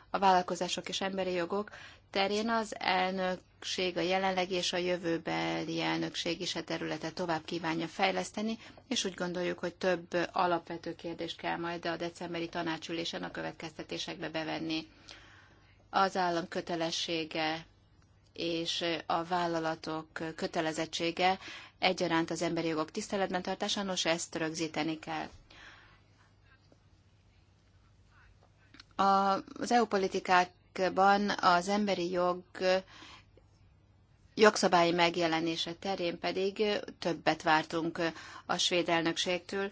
a vállalkozások és emberi jogok, terén az elnökség, a jelenlegi és a jövőbeli elnökség is a e területet tovább kívánja fejleszteni, és úgy gondoljuk, hogy több alapvető kérdést kell majd a decemberi tanácsülésen a következtetésekbe bevenni. Az állam kötelessége és a vállalatok kötelezettsége egyaránt az emberi jogok tiszteletben tartása, nos ezt rögzíteni kell. A, az EU politikát Irakban az emberi jog jogszabályi megjelenése terén pedig többet vártunk a svéd elnökségtől,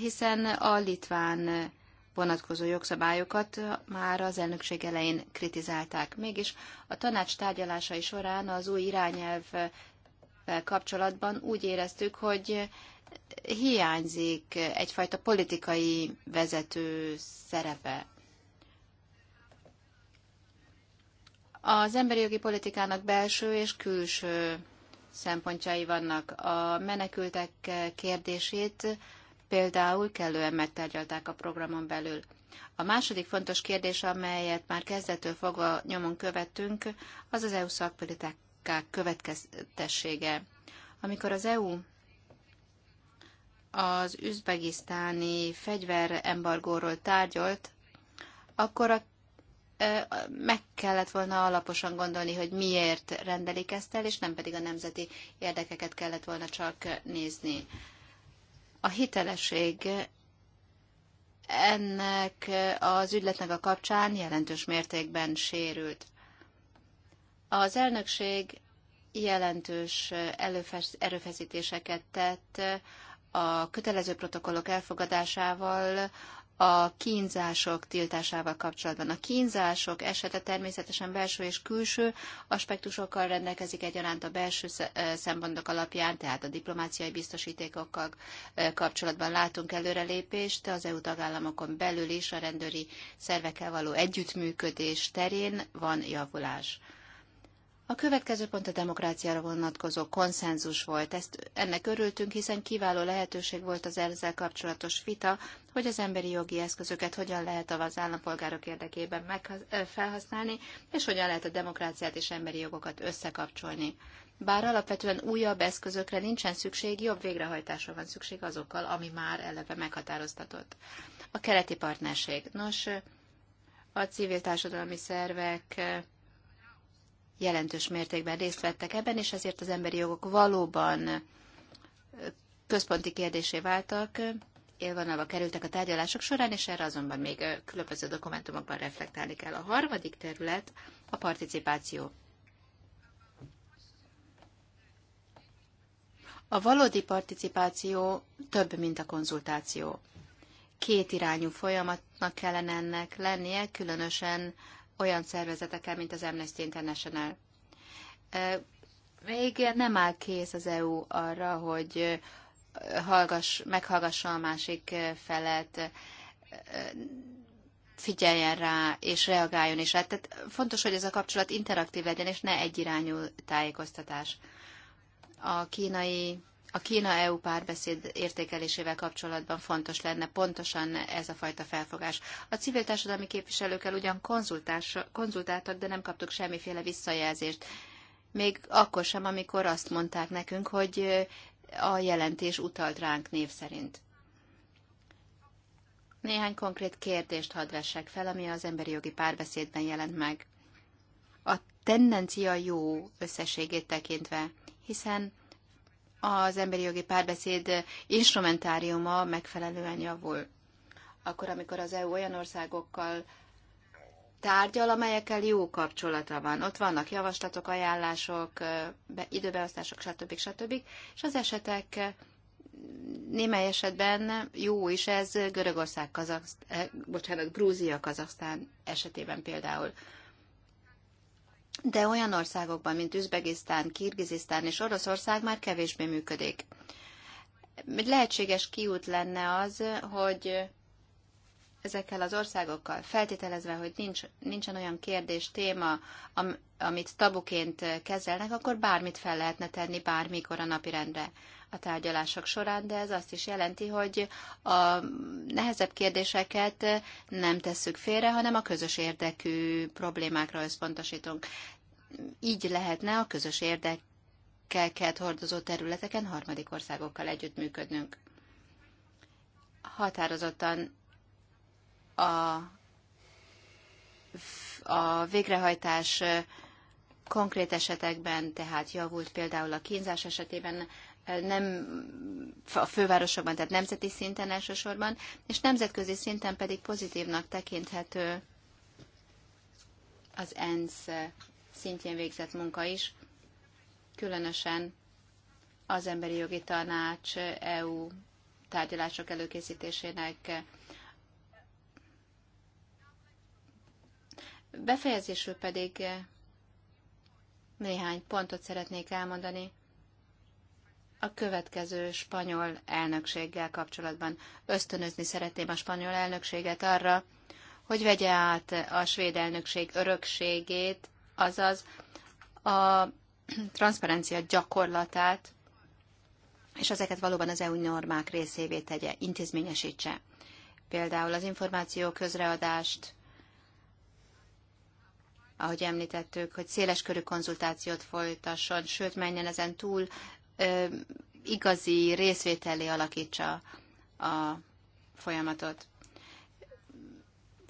hiszen a litván vonatkozó jogszabályokat már az elnökség elején kritizálták. Mégis a tanács tárgyalásai során az új irányelvvel kapcsolatban úgy éreztük, hogy hiányzik egyfajta politikai vezető szerepe Az emberi jogi politikának belső és külső szempontjai vannak. A menekültek kérdését például kellően megtárgyalták a programon belül. A második fontos kérdés, amelyet már kezdettől fogva nyomon követtünk, az az EU szakpolitikák következtessége. Amikor az EU az üzbegisztáni fegyverembargóról tárgyalt, akkor a meg kellett volna alaposan gondolni, hogy miért rendelik ezt el, és nem pedig a nemzeti érdekeket kellett volna csak nézni. A hitelesség ennek az ügyletnek a kapcsán jelentős mértékben sérült. Az elnökség jelentős erőfeszítéseket tett a kötelező protokollok elfogadásával, a kínzások tiltásával kapcsolatban. A kínzások esete természetesen belső és külső aspektusokkal rendelkezik egyaránt a belső szempontok alapján, tehát a diplomáciai biztosítékokkal kapcsolatban látunk előrelépést az EU tagállamokon belül is a rendőri szervekkel való együttműködés terén van javulás. A következő pont a demokráciára vonatkozó konszenzus volt. Ezt, ennek örültünk, hiszen kiváló lehetőség volt az ezzel kapcsolatos vita, hogy az emberi jogi eszközöket hogyan lehet az állampolgárok érdekében felhasználni, és hogyan lehet a demokráciát és emberi jogokat összekapcsolni. Bár alapvetően újabb eszközökre nincsen szükség, jobb végrehajtásra van szükség azokkal, ami már eleve meghatároztatott. A keleti partnerség. Nos, a civil társadalmi szervek jelentős mértékben részt vettek ebben, és ezért az emberi jogok valóban központi kérdésé váltak, élvonalba kerültek a tárgyalások során, és erre azonban még különböző dokumentumokban reflektálni kell. A harmadik terület a participáció. A valódi participáció több, mint a konzultáció. Két irányú folyamatnak kellene ennek lennie, különösen olyan szervezetekkel, mint az Amnesty International. Még nem áll kész az EU arra, hogy hallgass, meghallgassa a másik felet, figyeljen rá, és reagáljon is rá. Hát, tehát fontos, hogy ez a kapcsolat interaktív legyen, és ne egyirányú tájékoztatás. A kínai a Kína-EU párbeszéd értékelésével kapcsolatban fontos lenne pontosan ez a fajta felfogás. A civil társadalmi képviselőkkel ugyan konzultáltak, de nem kaptuk semmiféle visszajelzést. Még akkor sem, amikor azt mondták nekünk, hogy a jelentés utalt ránk név szerint. Néhány konkrét kérdést hadd vessek fel, ami az emberi jogi párbeszédben jelent meg. A tendencia jó összességét tekintve, hiszen az emberi jogi párbeszéd instrumentáriuma megfelelően javul. Akkor, amikor az EU olyan országokkal tárgyal, amelyekkel jó kapcsolata van. Ott vannak javaslatok, ajánlások, időbeosztások, stb. stb. És az esetek némely esetben jó is ez Görögország, Kazaksz... eh, bocsánat, Grúzia, Kazaksztán esetében például de olyan országokban, mint Üzbegisztán, Kirgizisztán és Oroszország már kevésbé működik. Lehetséges kiút lenne az, hogy ezekkel az országokkal, feltételezve, hogy nincs, nincsen olyan kérdés, téma, am, amit tabuként kezelnek, akkor bármit fel lehetne tenni bármikor a napirendre a tárgyalások során, de ez azt is jelenti, hogy a nehezebb kérdéseket nem tesszük félre, hanem a közös érdekű problémákra összpontosítunk így lehetne a közös érdekeket hordozó területeken harmadik országokkal együttműködnünk. Határozottan a, a végrehajtás konkrét esetekben, tehát javult például a kínzás esetében, nem a fővárosokban, tehát nemzeti szinten elsősorban, és nemzetközi szinten pedig pozitívnak tekinthető az ENSZ szintjén végzett munka is, különösen az Emberi Jogi Tanács EU tárgyalások előkészítésének eh, befejezésül pedig eh, néhány pontot szeretnék elmondani a következő spanyol elnökséggel kapcsolatban. Ösztönözni szeretném a spanyol elnökséget arra, hogy vegye át a svéd elnökség örökségét, azaz a transzparencia gyakorlatát, és ezeket valóban az EU normák részévé tegye, intézményesítse. Például az információ közreadást, ahogy említettük, hogy széles körű konzultációt folytasson, sőt menjen ezen túl, ö, igazi részvételé alakítsa a folyamatot.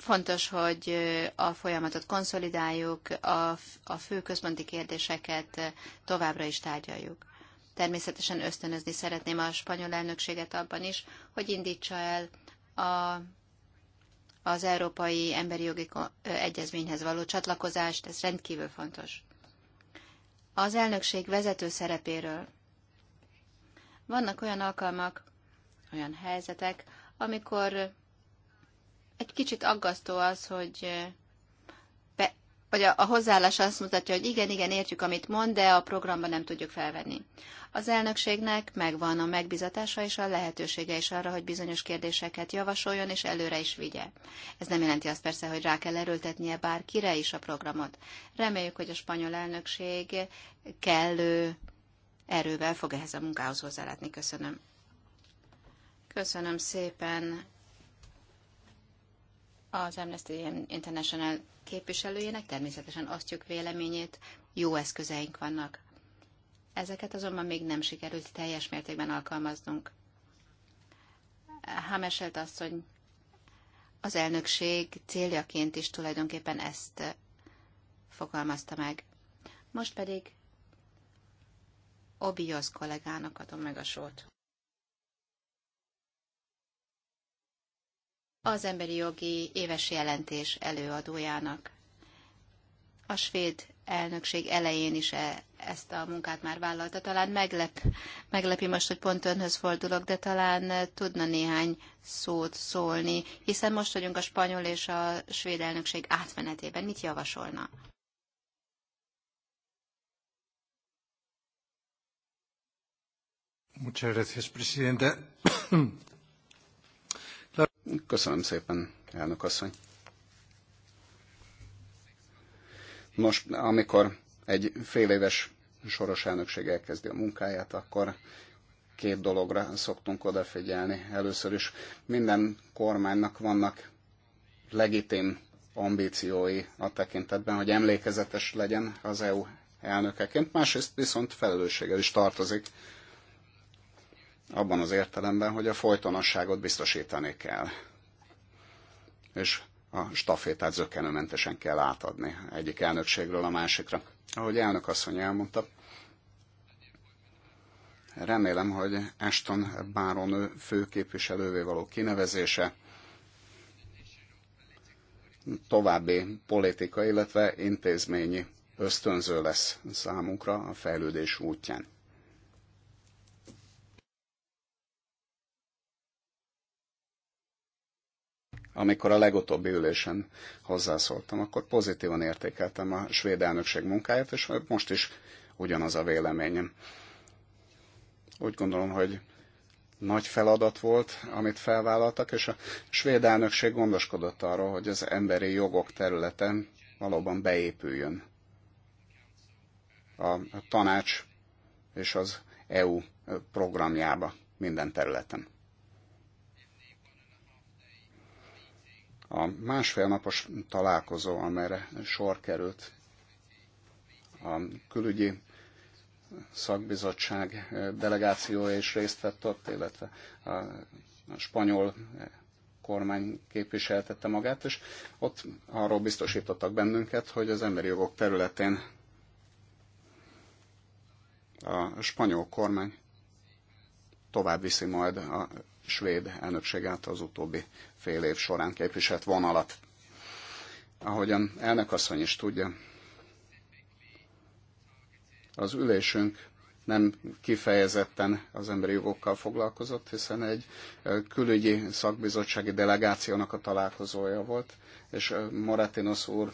Fontos, hogy a folyamatot konszolidáljuk, a, a fő központi kérdéseket továbbra is tárgyaljuk. Természetesen ösztönözni szeretném a spanyol elnökséget abban is, hogy indítsa el a, az Európai Emberi Jogi Egyezményhez való csatlakozást, ez rendkívül fontos. Az elnökség vezető szerepéről. Vannak olyan alkalmak, olyan helyzetek, amikor egy kicsit aggasztó az, hogy eh, be, vagy a, a hozzáállás azt mutatja, hogy igen, igen, értjük, amit mond, de a programban nem tudjuk felvenni. Az elnökségnek megvan a megbizatása és a lehetősége is arra, hogy bizonyos kérdéseket javasoljon és előre is vigye. Ez nem jelenti azt persze, hogy rá kell erőltetnie bárkire is a programot. Reméljük, hogy a spanyol elnökség kellő erővel fog ehhez a munkához hozzálátni. Köszönöm. Köszönöm szépen az Amnesty International képviselőjének természetesen osztjuk véleményét, jó eszközeink vannak. Ezeket azonban még nem sikerült teljes mértékben alkalmaznunk. azt, hogy az elnökség céljaként is tulajdonképpen ezt fogalmazta meg. Most pedig Obiosz kollégának adom meg a sót. az emberi jogi éves jelentés előadójának. A svéd elnökség elején is e, ezt a munkát már vállalta. Talán meglep, meglepi most, hogy pont önhöz fordulok, de talán tudna néhány szót szólni, hiszen most vagyunk a spanyol és a svéd elnökség átmenetében. Mit javasolna? Muchas gracias, presidenta. Köszönöm szépen, elnök asszony. amikor egy fél éves soros elnökség elkezdi a munkáját, akkor két dologra szoktunk odafigyelni. Először is minden kormánynak vannak legitim ambíciói a tekintetben, hogy emlékezetes legyen az EU elnökeként, másrészt viszont felelősséggel is tartozik abban az értelemben, hogy a folytonosságot biztosítani kell. És a stafétát zökkenőmentesen kell átadni egyik elnökségről a másikra. Ahogy elnök asszony elmondta, remélem, hogy Ashton Báron főképviselővé való kinevezése további politika, illetve intézményi ösztönző lesz számunkra a fejlődés útján. amikor a legutóbbi ülésen hozzászóltam, akkor pozitívan értékeltem a svéd elnökség munkáját, és most is ugyanaz a véleményem. Úgy gondolom, hogy nagy feladat volt, amit felvállaltak, és a svéd elnökség gondoskodott arról, hogy az emberi jogok területen valóban beépüljön a tanács és az EU programjába minden területen. A másfél napos találkozó, amelyre sor került a külügyi szakbizottság delegációja is részt vett ott, illetve a spanyol kormány képviseltette magát, és ott arról biztosítottak bennünket, hogy az emberi jogok területén a spanyol kormány tovább viszi majd a svéd elnökség által az utóbbi fél év során képviselt vonalat. Ahogyan asszony is tudja, az ülésünk nem kifejezetten az emberi jogokkal foglalkozott, hiszen egy külügyi szakbizottsági delegációnak a találkozója volt, és Moratinos úr,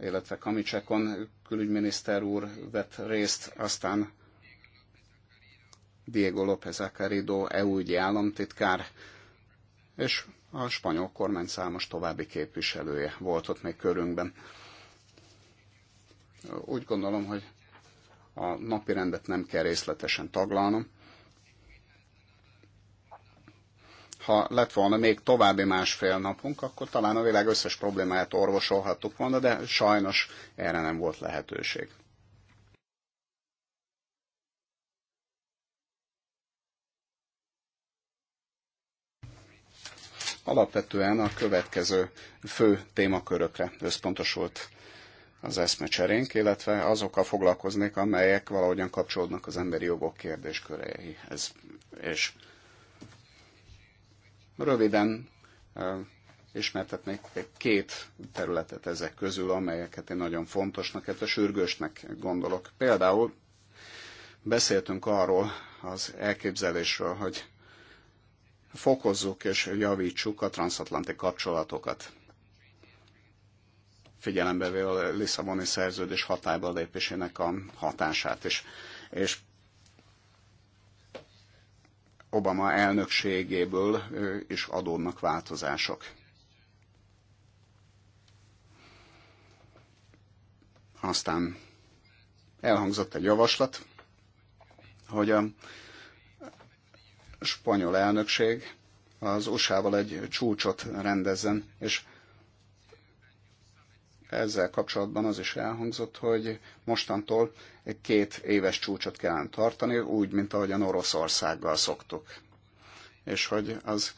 illetve Kamicsekon külügyminiszter úr vett részt, aztán Diego López Acarido, EU ügyi államtitkár, és a spanyol kormány számos további képviselője volt ott még körünkben. Úgy gondolom, hogy a napi rendet nem kell részletesen taglalnom. Ha lett volna még további másfél napunk, akkor talán a világ összes problémáját orvosolhattuk volna, de sajnos erre nem volt lehetőség. alapvetően a következő fő témakörökre összpontosult az eszmecserénk, illetve azokkal foglalkoznék, amelyek valahogyan kapcsolódnak az emberi jogok kérdésköréhez. És röviden ismertetnék két területet ezek közül, amelyeket én nagyon fontosnak, illetve sürgősnek gondolok. Például beszéltünk arról az elképzelésről, hogy fokozzuk és javítsuk a transatlanti kapcsolatokat. Figyelembe véve a Lisszaboni szerződés hatályba lépésének a hatását is. És Obama elnökségéből is adódnak változások. Aztán elhangzott egy javaslat, hogy a spanyol elnökség az USA-val egy csúcsot rendezzen, és ezzel kapcsolatban az is elhangzott, hogy mostantól egy két éves csúcsot kellene tartani, úgy, mint ahogyan Oroszországgal szoktuk. És hogy az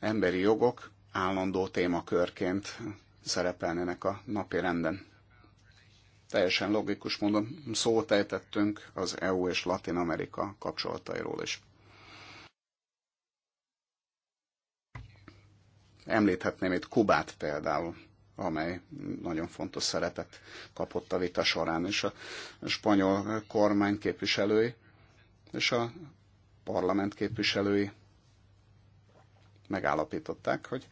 emberi jogok állandó témakörként szerepelnének a napi renden. Teljesen logikus módon szót ejtettünk az EU és Latin Amerika kapcsolatairól is. Említhetném itt Kubát például, amely nagyon fontos szerepet kapott a vita során, és a spanyol kormány képviselői és a parlament képviselői megállapították, hogy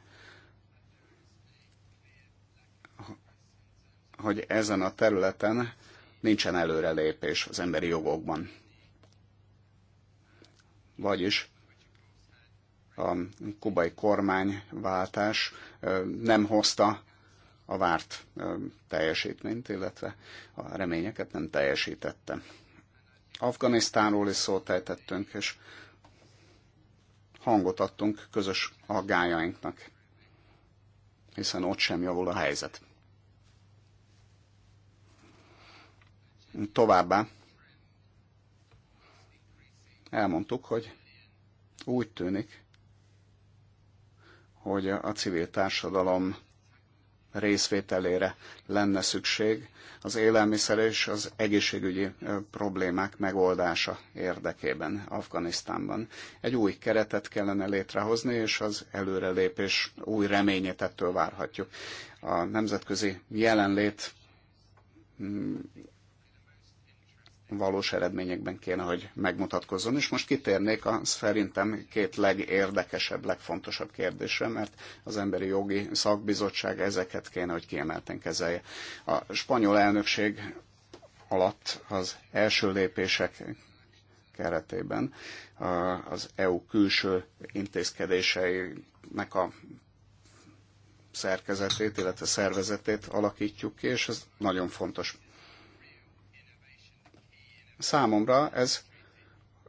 hogy ezen a területen nincsen előrelépés az emberi jogokban. Vagyis a kubai kormányváltás nem hozta a várt teljesítményt, illetve a reményeket nem teljesítette. Afganisztánról is szót ejtettünk, és hangot adtunk közös aggájainknak, hiszen ott sem javul a helyzet. Továbbá elmondtuk, hogy úgy tűnik, hogy a civil társadalom részvételére lenne szükség az élelmiszer és az egészségügyi problémák megoldása érdekében Afganisztánban. Egy új keretet kellene létrehozni, és az előrelépés új reményét ettől várhatjuk. A nemzetközi jelenlét valós eredményekben kéne, hogy megmutatkozzon. És most kitérnék a szerintem két legérdekesebb, legfontosabb kérdésre, mert az Emberi Jogi Szakbizottság ezeket kéne, hogy kiemelten kezelje. A spanyol elnökség alatt az első lépések keretében az EU külső intézkedéseinek a szerkezetét, illetve szervezetét alakítjuk ki, és ez nagyon fontos Számomra ez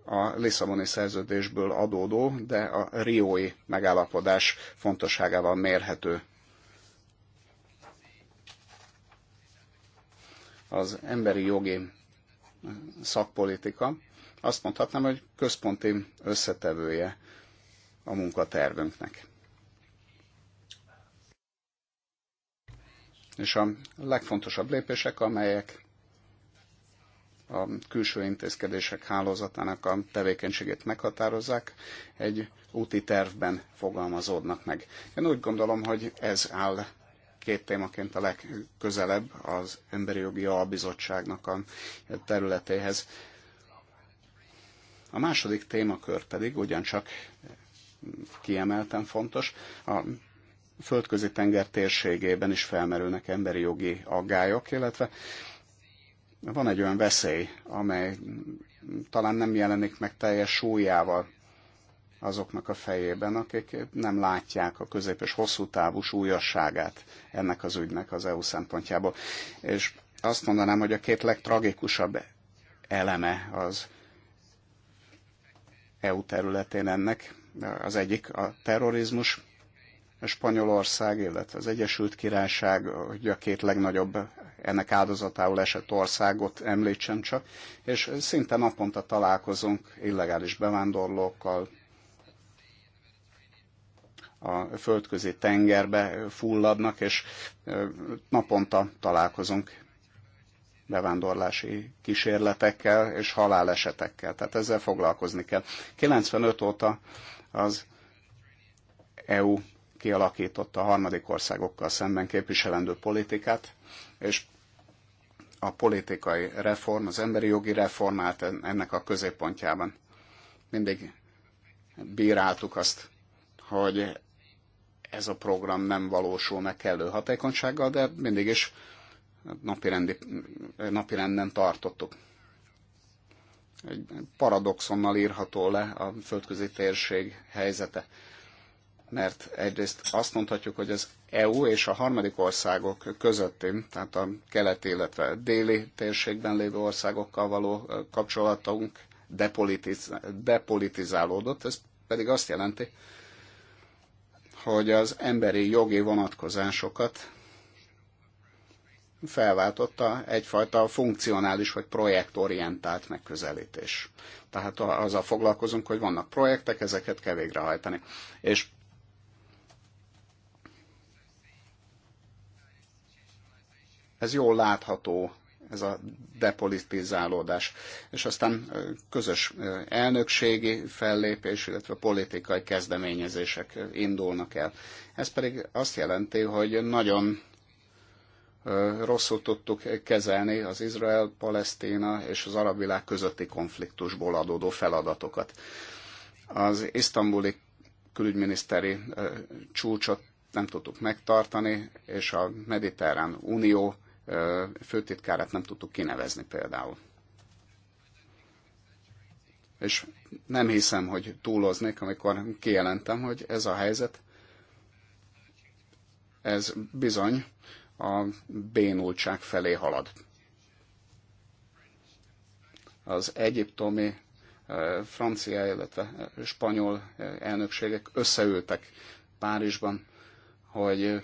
a Lisszaboni szerződésből adódó, de a Riói megállapodás fontosságával mérhető. Az emberi jogi szakpolitika azt mondhatnám, hogy központi összetevője a munkatervünknek. És a legfontosabb lépések, amelyek a külső intézkedések hálózatának a tevékenységét meghatározzák, egy úti tervben fogalmazódnak meg. Én úgy gondolom, hogy ez áll két témaként a legközelebb az Emberi Jogi Albizottságnak a területéhez. A második témakör pedig ugyancsak kiemelten fontos, a földközi tenger térségében is felmerülnek emberi jogi aggályok, illetve van egy olyan veszély, amely talán nem jelenik meg teljes súlyával azoknak a fejében, akik nem látják a közép- és hosszú távú súlyosságát ennek az ügynek az EU szempontjából. És azt mondanám, hogy a két legtragikusabb eleme az EU területén ennek. Az egyik a terrorizmus, a Spanyolország, illetve az Egyesült Királyság, hogy a két legnagyobb ennek áldozatául esett országot említsen csak, és szinte naponta találkozunk illegális bevándorlókkal, a földközi tengerbe fulladnak, és naponta találkozunk bevándorlási kísérletekkel és halálesetekkel. Tehát ezzel foglalkozni kell. 95 óta az EU kialakította a harmadik országokkal szemben képviselendő politikát, és a politikai reform, az emberi jogi reform állt ennek a középpontjában. Mindig bíráltuk azt, hogy ez a program nem valósul meg kellő hatékonysággal, de mindig is napirendi, napirenden tartottuk. Egy paradoxonnal írható le a földközi térség helyzete mert egyrészt azt mondhatjuk, hogy az EU és a harmadik országok közötti, tehát a keleti, illetve déli térségben lévő országokkal való kapcsolatunk depolitiz depolitizálódott, ez pedig azt jelenti, hogy az emberi jogi vonatkozásokat felváltotta egyfajta funkcionális vagy projektorientált megközelítés. Tehát azzal foglalkozunk, hogy vannak projektek, ezeket kell végrehajtani. És Ez jól látható, ez a depolitizálódás. És aztán közös elnökségi fellépés, illetve politikai kezdeményezések indulnak el. Ez pedig azt jelenti, hogy nagyon rosszul tudtuk kezelni az Izrael, Palesztina és az arab világ közötti konfliktusból adódó feladatokat. Az isztambuli külügyminiszteri csúcsot nem tudtuk megtartani, és a Mediterrán Unió főtitkárát nem tudtuk kinevezni például. És nem hiszem, hogy túloznék, amikor kijelentem, hogy ez a helyzet, ez bizony a bénultság felé halad. Az egyiptomi, francia, illetve spanyol elnökségek összeültek Párizsban, hogy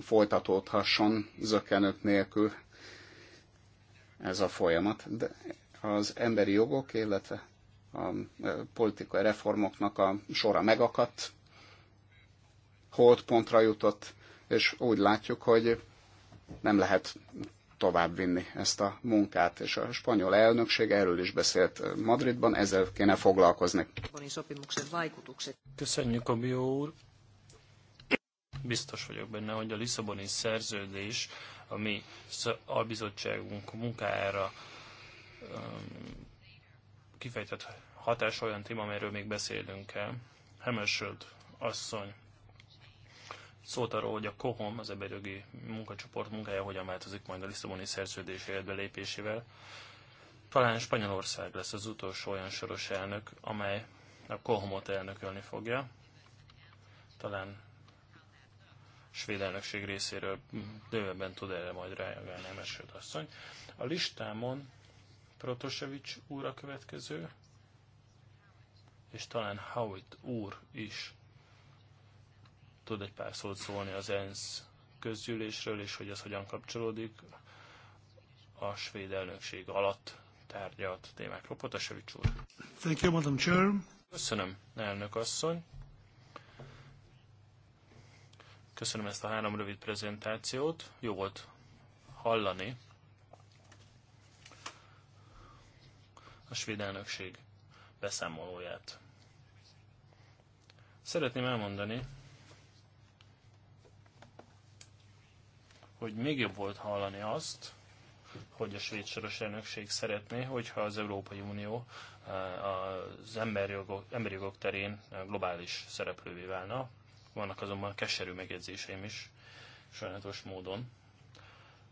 folytatódhasson zökkenők nélkül ez a folyamat. De az emberi jogok, illetve a e, politikai reformoknak a sora megakadt, holdpontra jutott, és úgy látjuk, hogy nem lehet tovább vinni ezt a munkát, és a spanyol elnökség erről is beszélt Madridban, ezzel kéne foglalkozni. Köszönjük a bió úr, Biztos vagyok benne, hogy a Lisszaboni szerződés a mi albizottságunk munkájára um, kifejtett hatás olyan téma, amelyről még beszélünk el. Hemesöld asszony szólt arról, hogy a KOHOM, az emberjogi munkacsoport munkája hogyan változik majd a Lisszaboni szerződés életbe lépésével. Talán Spanyolország lesz az utolsó olyan soros elnök, amely a kohomot elnökölni fogja. Talán svéd elnökség részéről bővebben tud erre majd reagálni a Mesőd asszony. A listámon Protosevics úr a következő, és talán Howitt úr is tud egy pár szót szólni az ENSZ közgyűlésről, és hogy ez hogyan kapcsolódik a svéd elnökség alatt tárgyalt témákról. Potasevics úr. Thank you, Madam Chair. Köszönöm, elnök asszony. Köszönöm ezt a három rövid prezentációt. Jó volt hallani a svéd elnökség beszámolóját. Szeretném elmondani, hogy még jobb volt hallani azt, hogy a svéd soros elnökség szeretné, hogyha az Európai Unió eh, az emberjogok, emberjogok terén eh, globális szereplővé válna, vannak azonban keserű megjegyzéseim is, sajnálatos módon.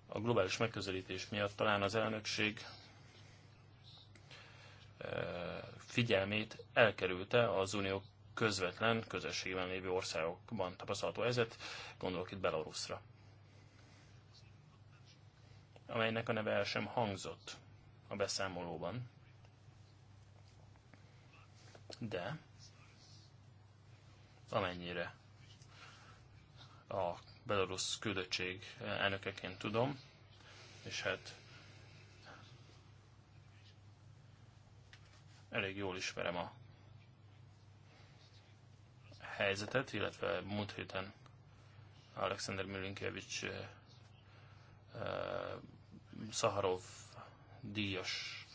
A globális megközelítés miatt talán az elnökség eh, figyelmét elkerülte az unió közvetlen közösségben lévő országokban tapasztalható helyzet, gondolok itt Belarusra, amelynek a neve el sem hangzott a beszámolóban. De amennyire a belorusz küldöttség elnökeként tudom, és hát elég jól ismerem a helyzetet, illetve múlt héten Alexander Milinkevich Szaharov díjas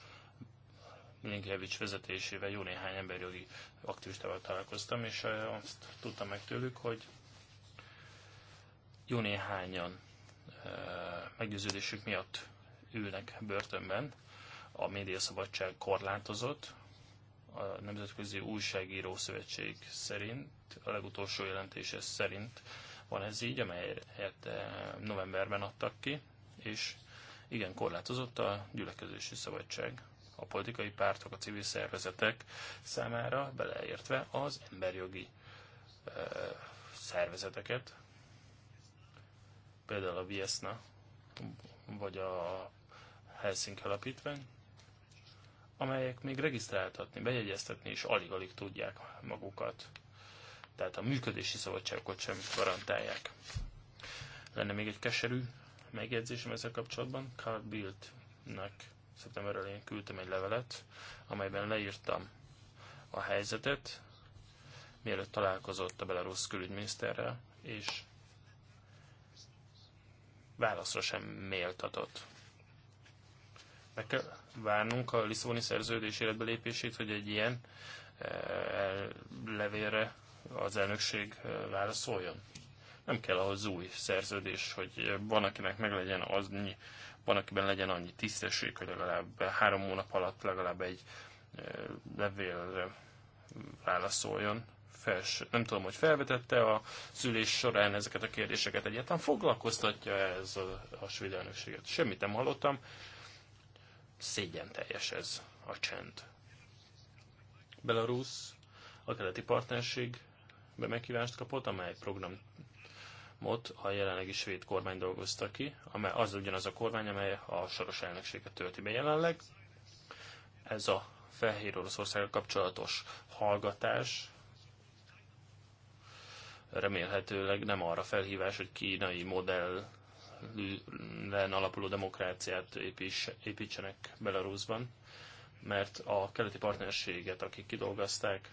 Milinkevich vezetésével jó néhány emberjogi aktivistával találkoztam, és azt tudtam meg tőlük, hogy jó néhányan meggyőződésük miatt ülnek börtönben, a médiaszabadság korlátozott, a Nemzetközi Újságíró Szövetség szerint, a legutolsó jelentése szerint van ez így, amelyet novemberben adtak ki, és igen korlátozott a gyülekezési szabadság a politikai pártok, a civil szervezetek számára, beleértve az emberjogi szervezeteket, például a Viesna vagy a Helsinki Alapítvány, amelyek még regisztráltatni, bejegyeztetni is alig-alig tudják magukat. Tehát a működési szabadságokat sem garantálják. Lenne még egy keserű megjegyzésem ezzel kapcsolatban. Carl Bildnek szeptember én küldtem egy levelet, amelyben leírtam a helyzetet, mielőtt találkozott a belarusz külügyminiszterrel, és válaszra sem méltatott. Meg kell várnunk a Lisszaboni szerződés életbe lépését, hogy egy ilyen eh, levélre az elnökség eh, válaszoljon. Nem kell ahhoz új szerződés, hogy van, akinek meg legyen az, van, akiben legyen annyi tisztesség, hogy legalább három hónap alatt legalább egy eh, levélre válaszoljon fels, nem tudom, hogy felvetette a szülés során ezeket a kérdéseket egyáltalán foglalkoztatja ez a, a svéd elnökséget. Semmit nem hallottam. Szégyen teljes ez a csend. Belarus a keleti partnerség be kapott, amely programot a jelenlegi svéd kormány dolgozta ki, amely az ugyanaz a kormány, amely a soros elnökséget tölti be jelenleg. Ez a Fehér Oroszországgal kapcsolatos hallgatás remélhetőleg nem arra felhívás, hogy kínai modellen alapuló demokráciát építsenek Belarusban, mert a keleti partnerséget, akik kidolgozták,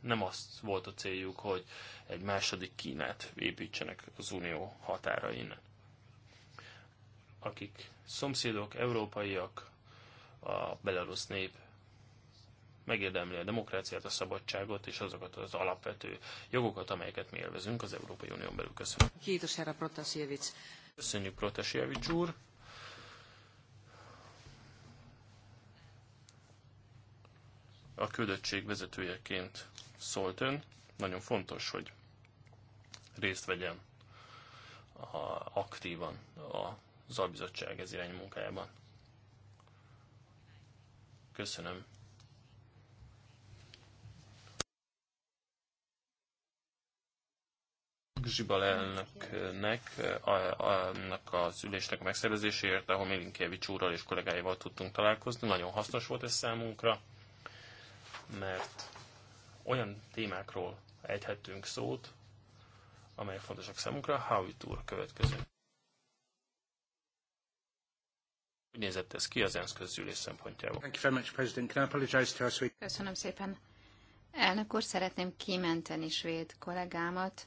nem azt volt a céljuk, hogy egy második Kínát építsenek az unió határain. Akik szomszédok, európaiak, a belarusz nép megérdemli a demokráciát, a szabadságot és azokat az alapvető jogokat, amelyeket mi élvezünk az Európai Unión belül. Köszönöm. Kétos erre Protasjevic. Köszönjük Protasjevic úr. A küldöttség vezetőjeként szólt ön. Nagyon fontos, hogy részt vegyen a, aktívan az albizottság ez irányú munkájában. Köszönöm Zsibal elnöknek, annak az ülésnek a megszervezéséért, ahol Milinkievics úrral és kollégáival tudtunk találkozni. Nagyon hasznos volt ez számunkra, mert olyan témákról egyhettünk szót, amelyek fontosak számunkra. Howie Tour következő. Hogy nézett ez ki az ENSZ közgyűlés szempontjából? Köszönöm szépen. Elnök úr, szeretném kimenteni svéd kollégámat,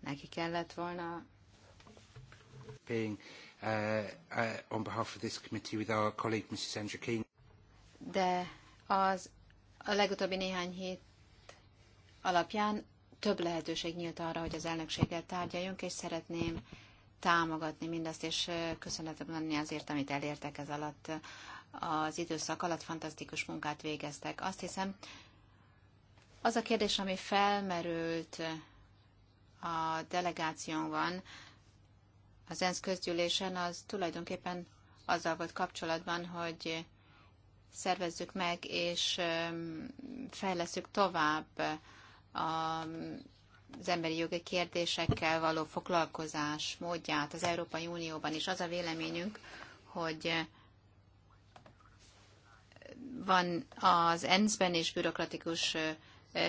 Neki kellett volna being uh, uh, on behalf of this committee with our colleague Mrs. Sandra King. De az a legutóbbi néhány hét alapján több lehetőség nyílt arra, hogy az elnökséggel tárgyaljunk, és szeretném támogatni mindazt, és köszönetem lenni azért, amit elértek ez alatt. Az időszak alatt fantasztikus munkát végeztek. Azt hiszem, az a kérdés, ami felmerült a delegáción van az ENSZ közgyűlésen, az tulajdonképpen azzal volt kapcsolatban, hogy szervezzük meg és fejleszük tovább az emberi jogi kérdésekkel való foglalkozás módját az Európai Unióban is. Az a véleményünk, hogy van az ENSZ-ben is bürokratikus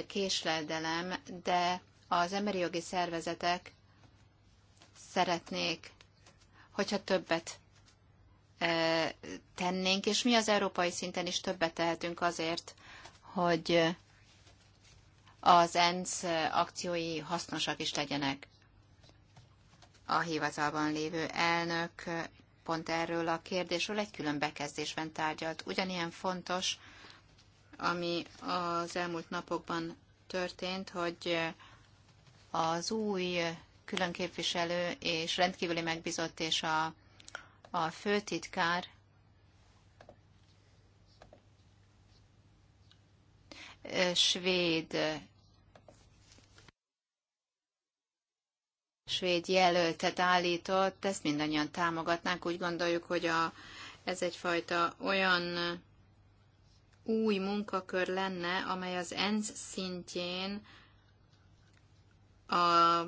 késledelem, de az emberi jogi szervezetek szeretnék, hogyha többet e, tennénk, és mi az európai szinten is többet tehetünk azért, hogy az ENSZ akciói hasznosak is legyenek. A hivatalban lévő elnök pont erről a kérdésről egy külön bekezdésben tárgyalt. Ugyanilyen fontos, ami az elmúlt napokban történt, hogy az új különképviselő és rendkívüli megbizott és a, a főtitkár svéd svéd jelöltet állított, ezt mindannyian támogatnánk. Úgy gondoljuk, hogy a, ez egyfajta olyan új munkakör lenne, amely az ENSZ szintjén a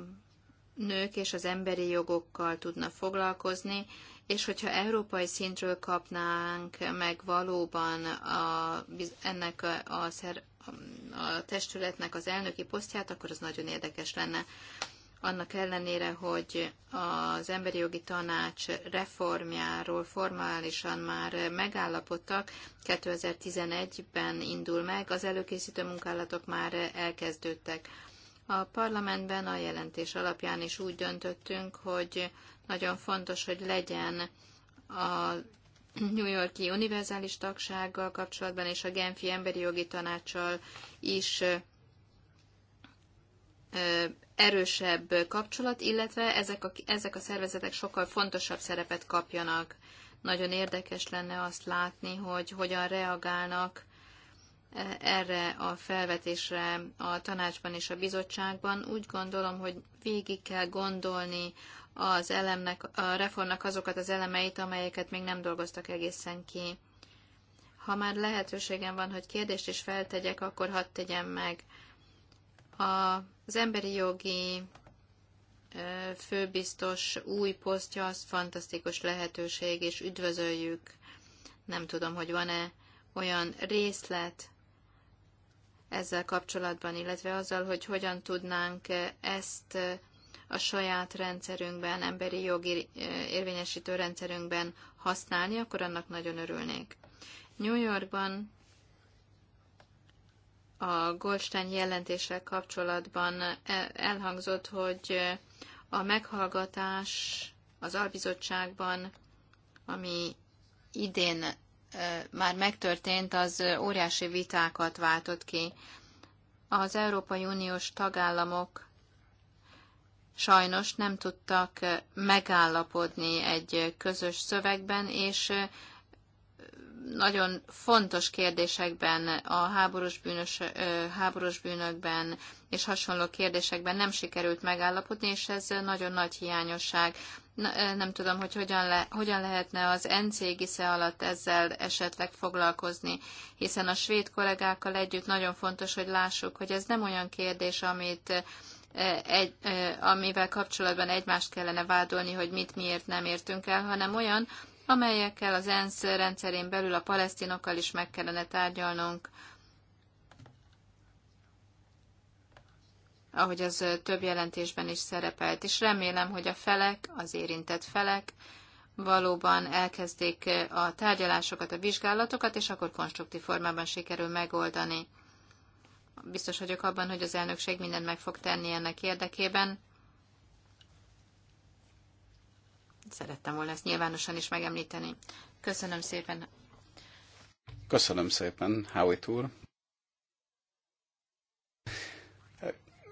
nők és az emberi jogokkal tudna foglalkozni, és hogyha európai szintről kapnánk meg valóban a, ennek a, a, szer, a testületnek az elnöki posztját, akkor az nagyon érdekes lenne. Annak ellenére, hogy az emberi jogi tanács reformjáról formálisan már megállapodtak, 2011-ben indul meg, az előkészítő munkálatok már elkezdődtek a parlamentben a jelentés alapján is úgy döntöttünk, hogy nagyon fontos, hogy legyen a New Yorki univerzális tagsággal kapcsolatban és a Genfi Emberi Jogi Tanácssal is erősebb kapcsolat, illetve ezek a, ezek a szervezetek sokkal fontosabb szerepet kapjanak. Nagyon érdekes lenne azt látni, hogy hogyan reagálnak erre a felvetésre a tanácsban és a bizottságban. Úgy gondolom, hogy végig kell gondolni az elemnek, a reformnak azokat az elemeit, amelyeket még nem dolgoztak egészen ki. Ha már lehetőségem van, hogy kérdést is feltegyek, akkor hadd tegyem meg. Az emberi jogi főbiztos új posztja az fantasztikus lehetőség, és üdvözöljük. Nem tudom, hogy van-e olyan részlet, ezzel kapcsolatban, illetve azzal, hogy hogyan tudnánk ezt a saját rendszerünkben, emberi jogi eh, érvényesítő rendszerünkben használni, akkor annak nagyon örülnék. New Yorkban a Goldstein jelentéssel kapcsolatban eh, elhangzott, hogy a meghallgatás az albizottságban, ami idén már megtörtént, az óriási vitákat váltott ki. Az Európai Uniós tagállamok sajnos nem tudtak megállapodni egy közös szövegben, és nagyon fontos kérdésekben, a háborús, bűnös, háborús bűnökben és hasonló kérdésekben nem sikerült megállapodni, és ez nagyon nagy hiányosság. Nem tudom, hogy hogyan, le, hogyan lehetne az NC gisze alatt ezzel esetleg foglalkozni, hiszen a svéd kollégákkal együtt nagyon fontos, hogy lássuk, hogy ez nem olyan kérdés, amit egy, amivel kapcsolatban egymást kellene vádolni, hogy mit miért nem értünk el, hanem olyan, amelyekkel az ENSZ rendszerén belül a palesztinokkal is meg kellene tárgyalnunk, ahogy az több jelentésben is szerepelt, és remélem, hogy a felek, az érintett felek valóban elkezdik a tárgyalásokat, a vizsgálatokat, és akkor konstruktív formában sikerül megoldani. Biztos vagyok abban, hogy az elnökség mindent meg fog tenni ennek érdekében, Szerettem volna ezt nyilvánosan is megemlíteni. Köszönöm szépen. Köszönöm szépen, Howie Tour.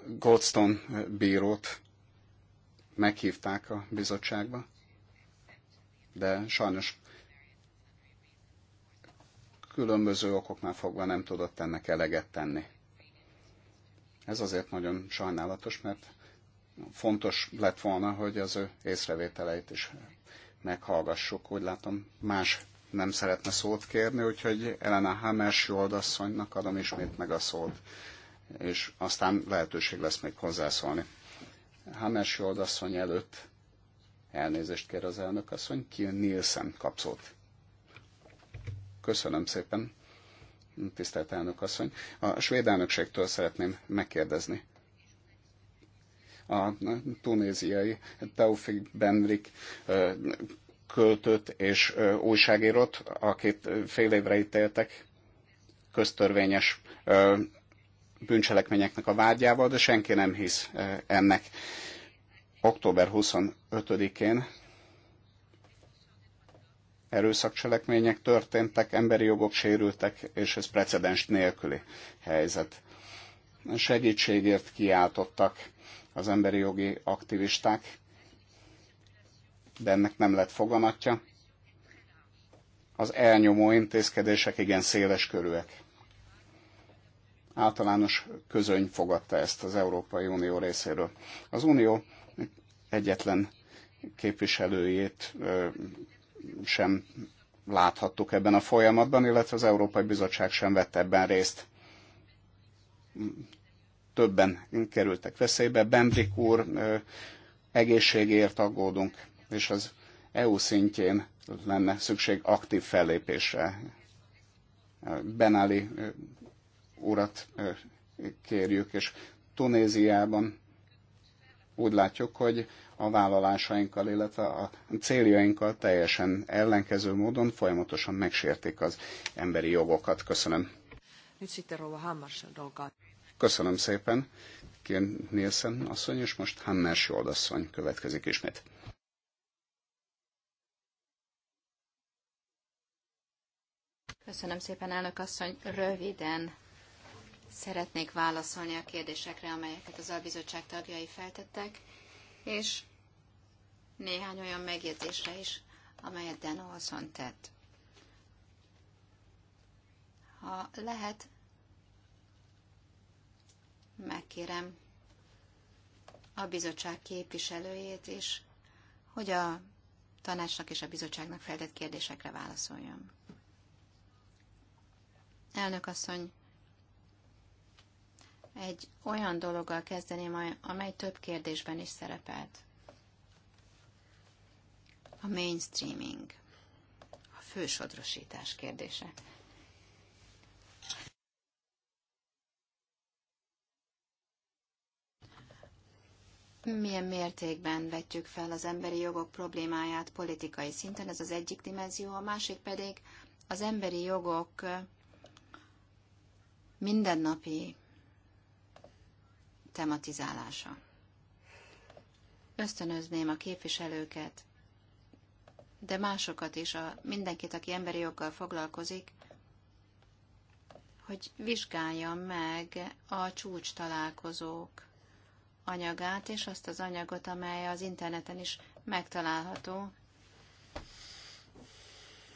Goldstone bírót meghívták a bizottságba, de sajnos különböző okoknál fogva nem tudott ennek eleget tenni. Ez azért nagyon sajnálatos, mert fontos lett volna, hogy az ő észrevételeit is meghallgassuk. Úgy látom, más nem szeretne szót kérni, úgyhogy Elena Hames oldasszonynak adom ismét meg a szót, és aztán lehetőség lesz még hozzászólni. Hames oldasszony előtt elnézést kér az elnök asszony, ki Nielsen kap szót. Köszönöm szépen, tisztelt elnök asszony. A svéd elnökségtől szeretném megkérdezni, a tunéziai Taufik Benrik költött és újságírót, akit fél évre ítéltek köztörvényes bűncselekményeknek a vágyával, de senki nem hisz ennek. Október 25-én erőszakcselekmények történtek, emberi jogok sérültek, és ez precedens nélküli helyzet. Segítségért kiáltottak az emberi jogi aktivisták, de ennek nem lett foganatja. Az elnyomó intézkedések igen széles körűek. Általános közöny fogadta ezt az Európai Unió részéről. Az Unió egyetlen képviselőjét sem láthattuk ebben a folyamatban, illetve az Európai Bizottság sem vett ebben részt többen kerültek veszélybe. Bembrik úr egészségért aggódunk, és az EU szintjén lenne szükség aktív fellépésre. Benali urat kérjük, és Tunéziában úgy látjuk, hogy a vállalásainkkal, illetve a céljainkkal teljesen ellenkező módon folyamatosan megsértik az emberi jogokat. Köszönöm. Nyt sitten rouva Hammarskjöld, olkaa. Köszönöm szépen, Kén Nielsen asszony, és most Hammers asszony következik ismét. Köszönöm szépen, elnök asszony. Röviden szeretnék válaszolni a kérdésekre, amelyeket az albizottság tagjai feltettek, és néhány olyan megjegyzésre is, amelyet Dan Olson tett. Ha lehet, megkérem a bizottság képviselőjét is, hogy a tanácsnak és a bizottságnak feltett kérdésekre válaszoljon. Elnök asszony, egy olyan dologgal kezdeném, amely több kérdésben is szerepelt. A mainstreaming, a fősodrosítás kérdése. milyen mértékben vetjük fel az emberi jogok problémáját politikai szinten, ez az egyik dimenzió, a másik pedig az emberi jogok mindennapi tematizálása. Ösztönözném a képviselőket, de másokat is, a, mindenkit, aki emberi joggal foglalkozik, hogy vizsgálja meg a csúcs találkozók anyagát, és azt az anyagot, amely az interneten is megtalálható,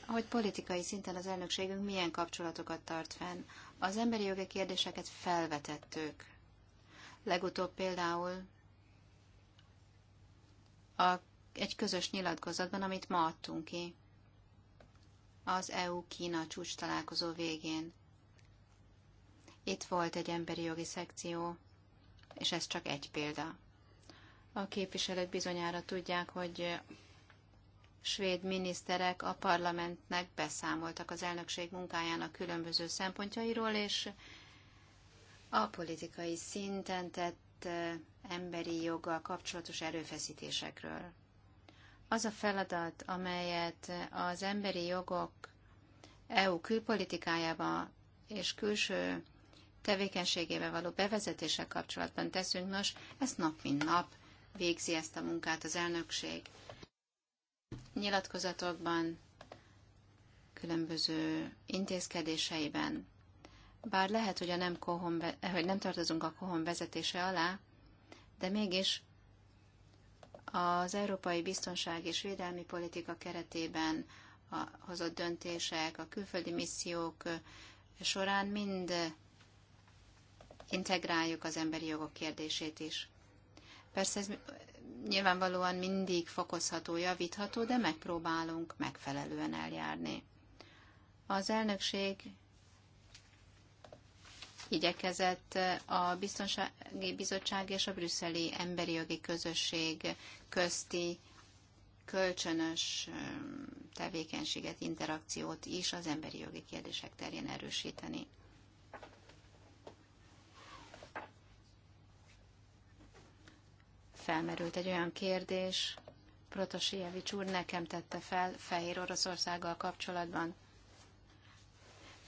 hogy politikai szinten az elnökségünk milyen kapcsolatokat tart fenn. Az emberi jogi kérdéseket felvetettük. Legutóbb például a, egy közös nyilatkozatban, amit ma adtunk ki az EU-Kína csúcs találkozó végén. Itt volt egy emberi jogi szekció és ez csak egy példa. A képviselők bizonyára tudják, hogy svéd miniszterek a parlamentnek beszámoltak az elnökség munkájának különböző szempontjairól, és a politikai szinten tett eh, emberi joggal kapcsolatos erőfeszítésekről. Az a feladat, amelyet az emberi jogok EU külpolitikájába és külső tevékenységébe való bevezetése kapcsolatban teszünk, nos, ezt nap mint nap végzi ezt a munkát az elnökség. Nyilatkozatokban, különböző intézkedéseiben, bár lehet, hogy, a nem, kohon, hogy nem tartozunk a kohon vezetése alá, de mégis az európai biztonság és védelmi politika keretében a hozott döntések, a külföldi missziók során mind integráljuk az emberi jogok kérdését is. Persze ez nyilvánvalóan mindig fokozható, javítható, de megpróbálunk megfelelően eljárni. Az elnökség igyekezett a Biztonsági Bizottság és a Brüsszeli Emberi Jogi Közösség közti kölcsönös tevékenységet, interakciót is az emberi jogi kérdések terén erősíteni. felmerült egy olyan kérdés, Protosievics úr nekem tette fel Fehér Oroszországgal kapcsolatban.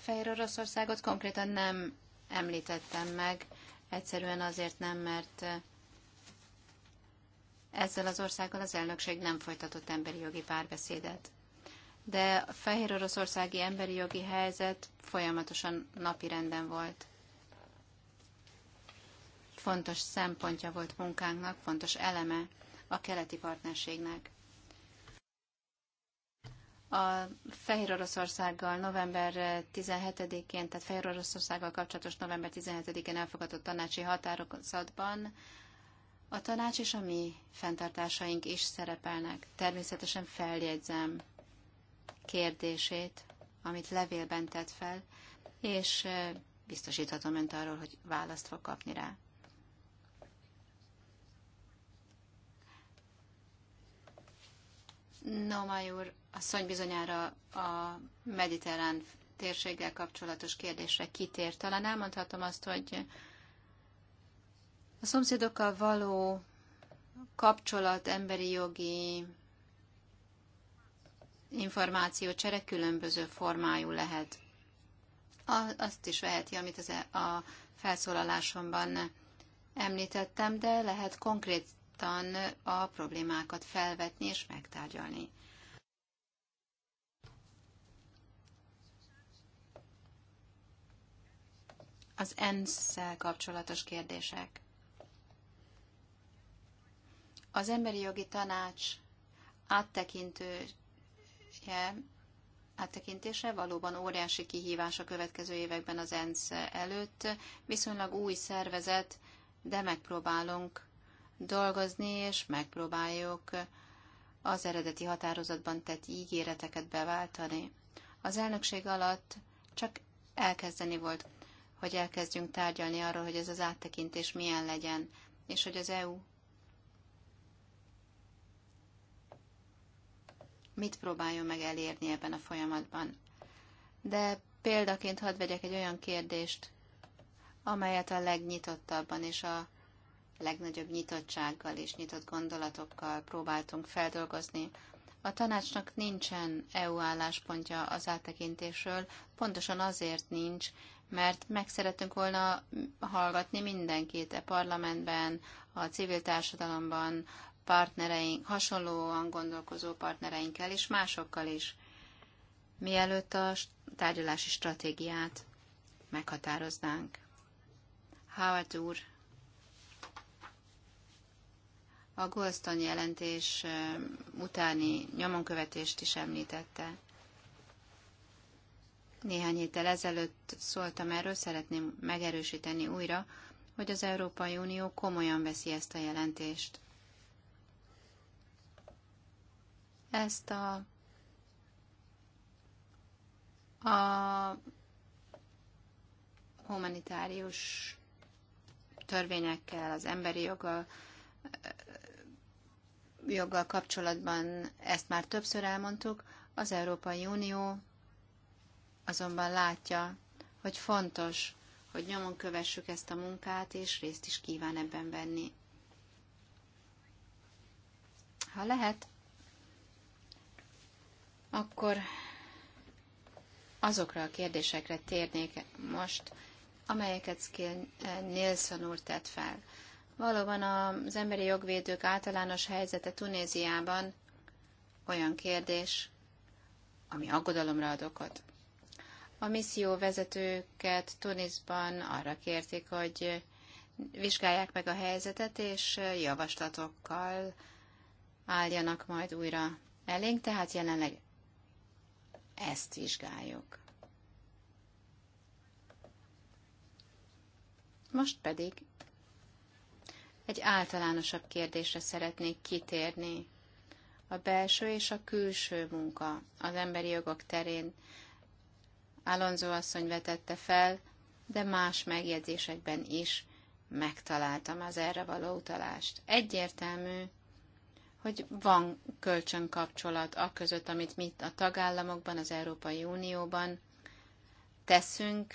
Fehér Oroszországot konkrétan nem említettem meg, egyszerűen azért nem, mert eh, ezzel az országgal az elnökség nem folytatott emberi jogi párbeszédet. De a Fehér Oroszországi emberi jogi helyzet folyamatosan napirenden volt fontos szempontja volt munkánknak, fontos eleme a keleti partnerségnek. A Fehér Oroszországgal november 17-én, tehát Fehér Oroszországgal kapcsolatos november 17-én elfogadott tanácsi határozatban a tanács és a mi fenntartásaink is szerepelnek. Természetesen feljegyzem kérdését, amit levélben tett fel, és eh, biztosíthatom önt arról, hogy választ fog kapni rá. Nomai úr szony bizonyára a mediterrán térséggel kapcsolatos kérdésre kitér. Talán elmondhatom azt, hogy a szomszédokkal való kapcsolat, emberi jogi információ csere különböző formájú lehet. Azt is veheti, amit az e, a felszólalásomban említettem, de lehet konkrét nyitottan a problémákat felvetni és megtárgyalni. Az ENSZ-szel kapcsolatos kérdések. Az emberi jogi tanács áttekintője, áttekintése valóban óriási kihívás a következő években az ENSZ előtt. Viszonylag új szervezet, de megpróbálunk dolgozni, és megpróbáljuk az eredeti határozatban tett ígéreteket beváltani. Az elnökség alatt csak elkezdeni volt, hogy elkezdjünk tárgyalni arról, hogy ez az áttekintés milyen legyen, és hogy az EU mit próbáljon meg elérni ebben a folyamatban. De példaként hadd vegyek egy olyan kérdést, amelyet a legnyitottabban és a legnagyobb nyitottsággal és nyitott gondolatokkal próbáltunk feldolgozni. A tanácsnak nincsen EU álláspontja az áttekintésről, pontosan azért nincs, mert meg szeretünk volna hallgatni mindenkit a e parlamentben, a civil társadalomban, partnereink, hasonlóan gondolkozó partnereinkkel és másokkal is, mielőtt a tárgyalási stratégiát meghatároznánk. Howard úr a Goldstone jelentés utáni nyomonkövetést is említette. Néhány héttel ezelőtt szóltam erről, szeretném megerősíteni újra, hogy az Európai Unió komolyan veszi ezt a jelentést. Ezt a, a humanitárius törvényekkel, az emberi joggal, joggal kapcsolatban ezt már többször elmondtuk, az Európai Unió azonban látja, hogy fontos, hogy nyomon kövessük ezt a munkát, és részt is kíván ebben venni. Ha lehet, akkor azokra a kérdésekre térnék most, amelyeket Skill Nilsson úr tett fel. Valóban az emberi jogvédők általános helyzete Tunéziában olyan kérdés, ami aggodalomra ad okot. A misszió vezetőket Tunisban arra kérték, hogy vizsgálják meg a helyzetet, és javaslatokkal álljanak majd újra elénk, tehát jelenleg ezt vizsgáljuk. Most pedig egy általánosabb kérdésre szeretnék kitérni. A belső és a külső munka az emberi jogok terén. Alonso asszony vetette fel, de más megjegyzésekben is megtaláltam az erre való utalást. Egyértelmű, hogy van kölcsönkapcsolat a között, amit mi a tagállamokban, az Európai Unióban teszünk,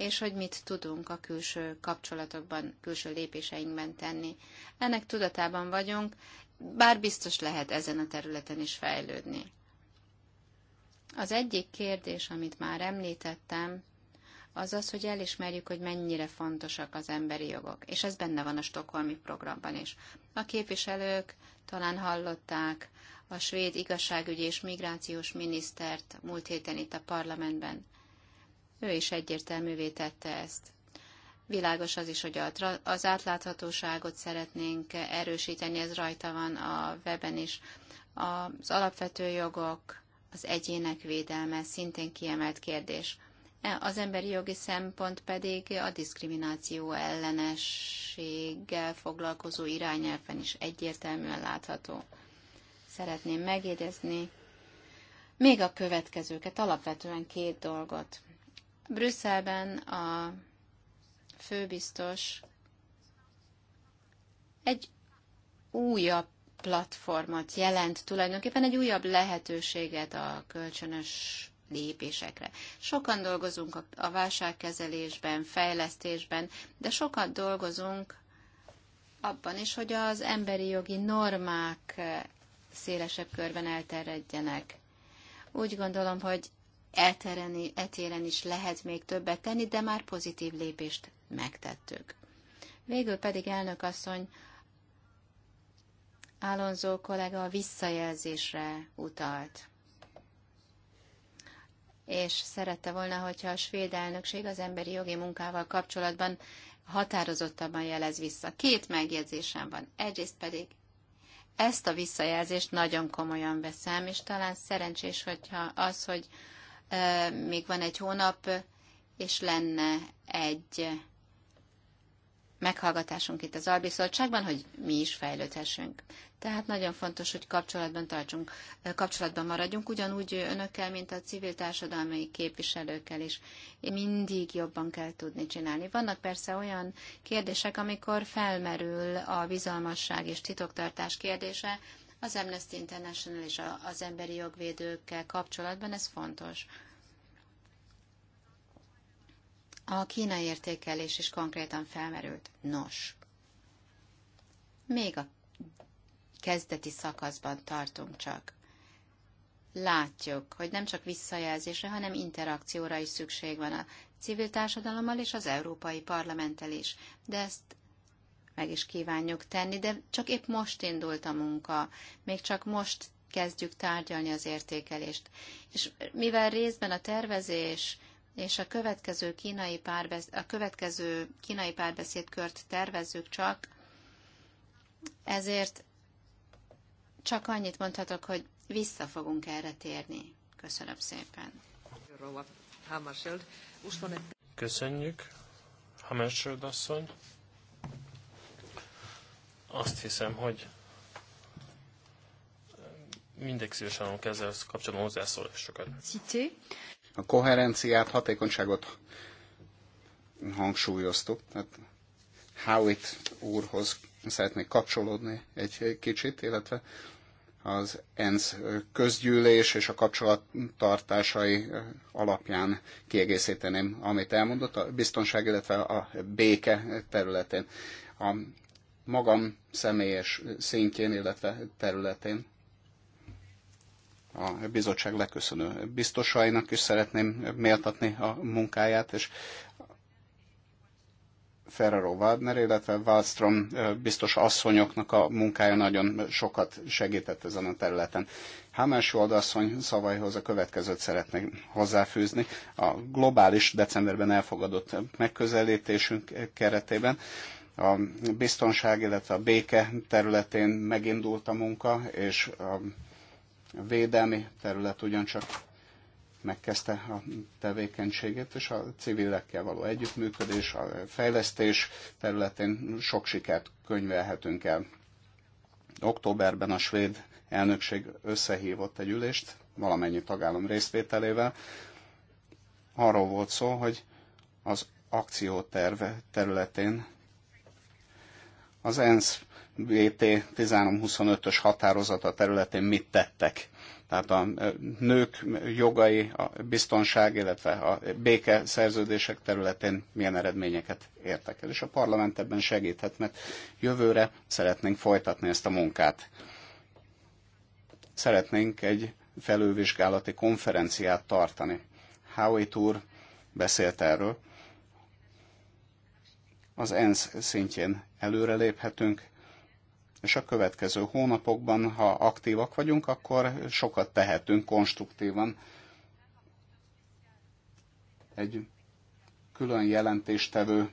és hogy mit tudunk a külső kapcsolatokban, külső lépéseinkben tenni. Ennek tudatában vagyunk, bár biztos lehet ezen a területen is fejlődni. Az egyik kérdés, amit már említettem, az az, hogy elismerjük, hogy mennyire fontosak az emberi jogok, és ez benne van a stokholmi programban is. A képviselők talán hallották a svéd igazságügyi és migrációs minisztert múlt héten itt a parlamentben ő is egyértelművé tette ezt. Világos az is, hogy az átláthatóságot szeretnénk erősíteni, ez rajta van a weben is. Az alapvető jogok, az egyének védelme szintén kiemelt kérdés. E, az emberi jogi szempont pedig a diszkrimináció ellenességgel foglalkozó irányelven is egyértelműen látható. Szeretném megjegyezni még a következőket, alapvetően két dolgot. Brüsszelben a főbiztos egy újabb platformot jelent, tulajdonképpen egy újabb lehetőséget a kölcsönös lépésekre. Sokan dolgozunk a válságkezelésben, fejlesztésben, de sokat dolgozunk abban is, hogy az emberi jogi normák szélesebb körben elterjedjenek. Úgy gondolom, hogy eltereni, etéren is lehet még többet tenni, de már pozitív lépést megtettük. Végül pedig elnök asszony, Alonso kollega a visszajelzésre utalt. És szerette volna, hogyha a svéd elnökség az emberi jogi munkával kapcsolatban határozottabban jelez vissza. Két megjegyzésem van. Egyrészt pedig ezt a visszajelzést nagyon komolyan veszem, és talán szerencsés, hogyha az, hogy még van egy hónap, és lenne egy meghallgatásunk itt az Albiszoltságban, hogy mi is fejlődhessünk. Tehát nagyon fontos, hogy kapcsolatban tartsunk, kapcsolatban maradjunk, ugyanúgy önökkel, mint a civil társadalmi képviselőkkel is. Mindig jobban kell tudni csinálni. Vannak persze olyan kérdések, amikor felmerül a bizalmasság és titoktartás kérdése, az Amnesty International és az emberi jogvédőkkel kapcsolatban, ez fontos. A Kína értékelés is konkrétan felmerült. Nos, még a kezdeti szakaszban tartunk csak. Látjuk, hogy nem csak visszajelzésre, hanem interakcióra is szükség van a civil társadalommal és az Európai Parlamenttel is, de ezt meg is kívánjuk tenni, de csak épp most indult a munka, még csak most kezdjük tárgyalni az értékelést. És mivel részben a tervezés és a következő kínai, párbeszéd, a következő kínai párbeszédkört tervezzük csak, ezért csak annyit mondhatok, hogy vissza fogunk erre térni. Köszönöm szépen. Köszönjük, Hammersöld asszony. Azt hiszem, hogy mindegy szívesen állunk ezzel kapcsolatban sokat. Cité. A koherenciát, hatékonyságot hangsúlyoztuk. Tehát Howitt úrhoz szeretnék kapcsolódni egy kicsit, illetve az ENSZ közgyűlés és a kapcsolattartásai alapján kiegészíteném, amit elmondott a biztonság, illetve a béke területén. A magam személyes szintjén, illetve területén a bizottság leköszönő biztosainak is szeretném méltatni a munkáját, és Ferraro Waldner, illetve Wallström biztos asszonyoknak a munkája nagyon sokat segített ezen a területen. Hámás Jold asszony szavaihoz a következőt szeretnék hozzáfűzni. A globális decemberben elfogadott megközelítésünk keretében a biztonság, illetve a béke területén megindult a munka, és a védelmi terület ugyancsak megkezdte a tevékenységét, és a civilekkel való együttműködés, a fejlesztés területén sok sikert könyvelhetünk el. Októberben a svéd elnökség összehívott egy ülést, valamennyi tagállam részvételével. Arról volt szó, hogy az akcióterve területén az ENSZ BT 1325-ös határozata területén mit tettek. Tehát a nők jogai, a biztonság, illetve a béke szerződések területén milyen eredményeket értek el. És a parlament ebben segíthet, mert jövőre szeretnénk folytatni ezt a munkát. Szeretnénk egy felülvizsgálati konferenciát tartani. Howie Tour beszélt erről, az ENSZ szintjén előreléphetünk, és a következő hónapokban, ha aktívak vagyunk, akkor sokat tehetünk konstruktívan. Egy külön jelentéstevő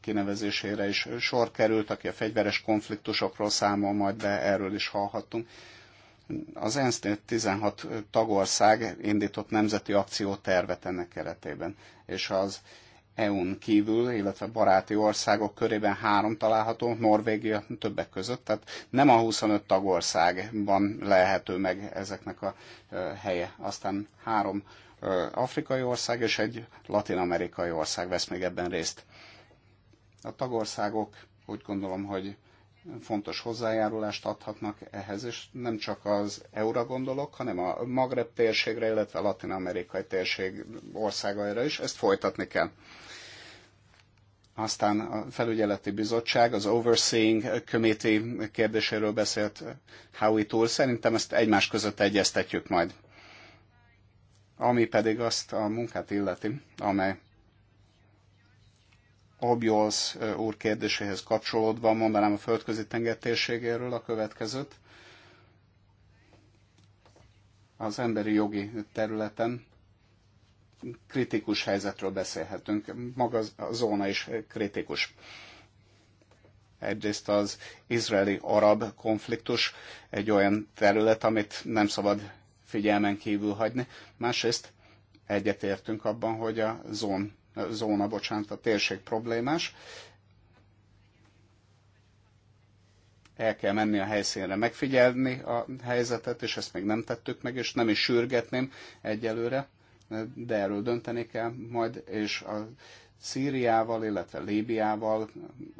kinevezésére is sor került, aki a fegyveres konfliktusokról számol majd be, erről is hallhattunk. Az ENSZ 16 tagország indított nemzeti akciótervet ennek keretében, és az EU-n kívül, illetve baráti országok körében három található, Norvégia többek között, tehát nem a 25 tagországban lehető meg ezeknek a helye. Aztán három afrikai ország és egy latin-amerikai ország vesz még ebben részt. A tagországok úgy gondolom, hogy fontos hozzájárulást adhatnak ehhez, és nem csak az EU-ra gondolok, hanem a Magreb térségre, illetve a latin-amerikai térség országaira is, ezt folytatni kell. Aztán a felügyeleti bizottság, az Overseeing Committee kérdéséről beszélt Howie Tool, szerintem ezt egymás között egyeztetjük majd. Ami pedig azt a munkát illeti, amely Obiols úr kérdéséhez kapcsolódva mondanám a földközi térségéről a következőt. Az emberi jogi területen kritikus helyzetről beszélhetünk. Maga a zóna is kritikus. Egyrészt az izraeli-arab konfliktus egy olyan terület, amit nem szabad figyelmen kívül hagyni. Másrészt egyetértünk abban, hogy a zón zóna, bocsánat, a térség problémás. El kell menni a helyszínre megfigyelni a helyzetet, és ezt még nem tettük meg, és nem is sürgetném egyelőre, de erről dönteni kell majd, és a Szíriával, illetve Líbiával,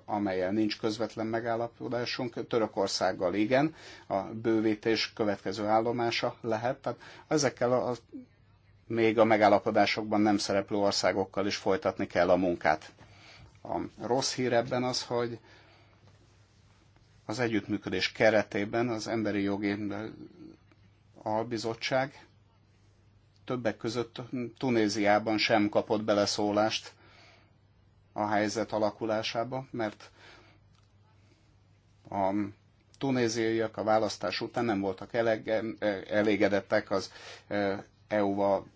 amelyel nincs közvetlen megállapodásunk, Törökországgal igen, a bővítés következő állomása lehet. Tehát ezekkel a még a megállapodásokban nem szereplő országokkal is folytatni kell a munkát. A rossz hír ebben az, hogy az együttműködés keretében az Emberi Jogi Albizottság többek között Tunéziában sem kapott beleszólást a helyzet alakulásába, mert a tunéziaiak a választás után nem voltak elege, elégedettek az eh, EU-val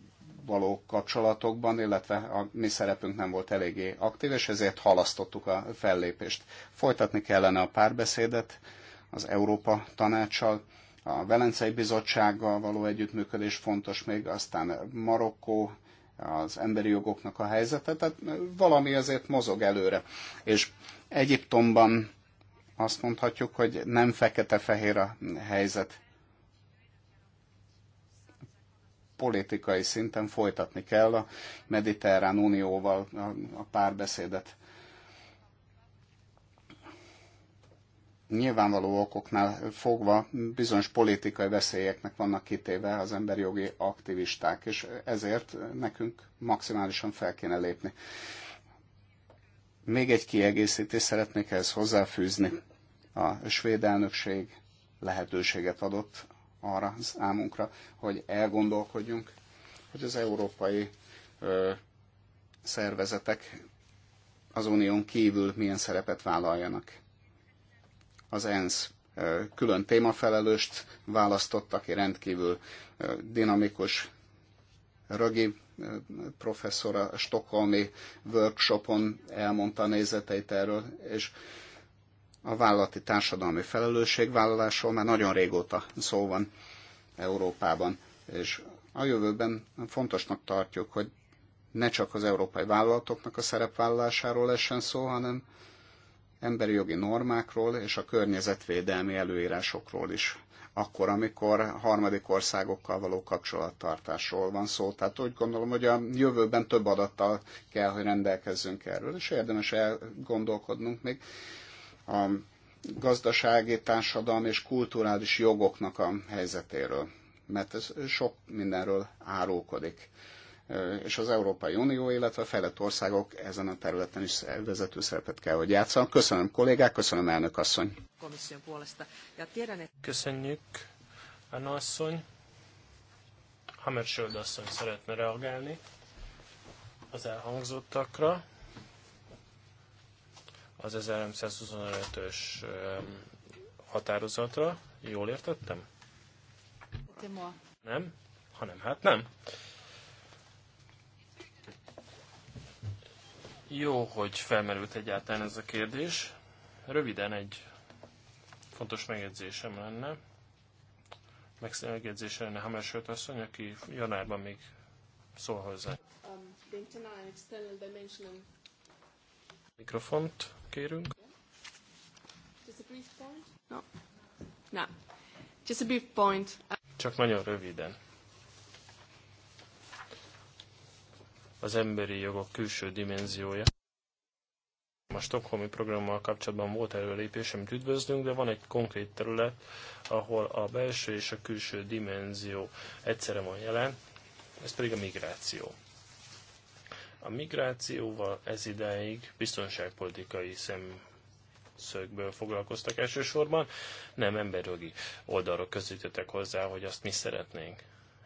való kapcsolatokban, illetve a mi szerepünk nem volt eléggé aktív, és ezért halasztottuk a fellépést. Folytatni kellene a párbeszédet az Európa tanácssal, a Velencei Bizottsággal való együttműködés fontos még, aztán Marokkó, az emberi jogoknak a helyzete, tehát valami azért mozog előre. És Egyiptomban azt mondhatjuk, hogy nem fekete-fehér a helyzet. politikai szinten folytatni kell a Mediterrán Unióval a párbeszédet. nyilvánvaló okoknál fogva bizonyos politikai veszélyeknek vannak kitéve az emberi jogi aktivisták, és ezért nekünk maximálisan fel kéne lépni. Még egy kiegészítést szeretnék ehhez hozzáfűzni. A svéd elnökség lehetőséget adott arra számunkra, hogy elgondolkodjunk, hogy az európai ö, szervezetek az unión kívül milyen szerepet vállaljanak. Az ENSZ ö, külön témafelelőst választott, aki rendkívül ö, dinamikus Rögi professzor a Stockholmi workshopon elmondta a nézeteit erről, és a vállalati társadalmi felelősségvállalásról már nagyon régóta szó van Európában, és a jövőben fontosnak tartjuk, hogy ne csak az európai vállalatoknak a szerepvállalásáról essen szó, hanem emberi jogi normákról és a környezetvédelmi előírásokról is. Akkor, amikor harmadik országokkal való kapcsolattartásról van szó. Tehát úgy gondolom, hogy a jövőben több adattal kell, hogy rendelkezzünk erről, és érdemes elgondolkodnunk még a gazdasági, társadalmi és kulturális jogoknak a helyzetéről, mert ez sok mindenről árulkodik. És az Európai Unió, illetve a fejlett országok ezen a területen is vezető szerepet kell, hogy játszanak. Köszönöm kollégák, köszönöm elnök asszony. Köszönjük, Anna asszony. Hammersöld asszony szeretne reagálni az elhangzottakra az 1325-ös határozatra. Jól értettem? Nem? Hanem hát nem. Jó, hogy felmerült egyáltalán ez a kérdés. Röviden egy fontos megjegyzésem lenne. Megjegyzésem lenne Hamersőt asszony, aki januárban még szól hozzá. Um, Mikrofont kérünk. Just a brief point. Csak nagyon röviden. Az emberi jogok külső dimenziója. A Stockholmi programmal kapcsolatban volt előlépés, amit üdvözlünk, de van egy konkrét terület, ahol a belső és a külső dimenzió egyszerre van jelen, ez pedig a migráció. A migrációval ez idáig biztonságpolitikai szemszögből foglalkoztak elsősorban, nem emberjogi oldalról közítettek hozzá, hogy azt mi szeretnénk.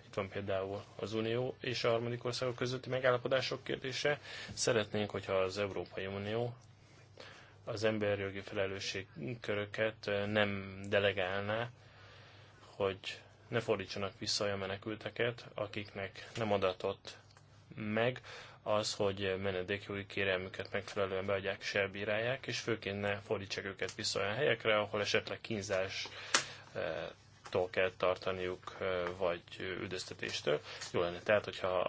Itt van például az Unió és a harmadik országok közötti megállapodások kérdése. Szeretnénk, hogyha az Európai Unió az emberjogi felelősségköröket nem delegálná, hogy ne fordítsanak vissza olyan menekülteket, akiknek nem adatott meg az, hogy menedékjogi kérelmüket megfelelően beadják és elbírálják, és főként ne fordítsák őket vissza olyan helyekre, ahol esetleg kínzás tól kell tartaniuk, vagy üldöztetéstől. Jó lenne tehát, hogyha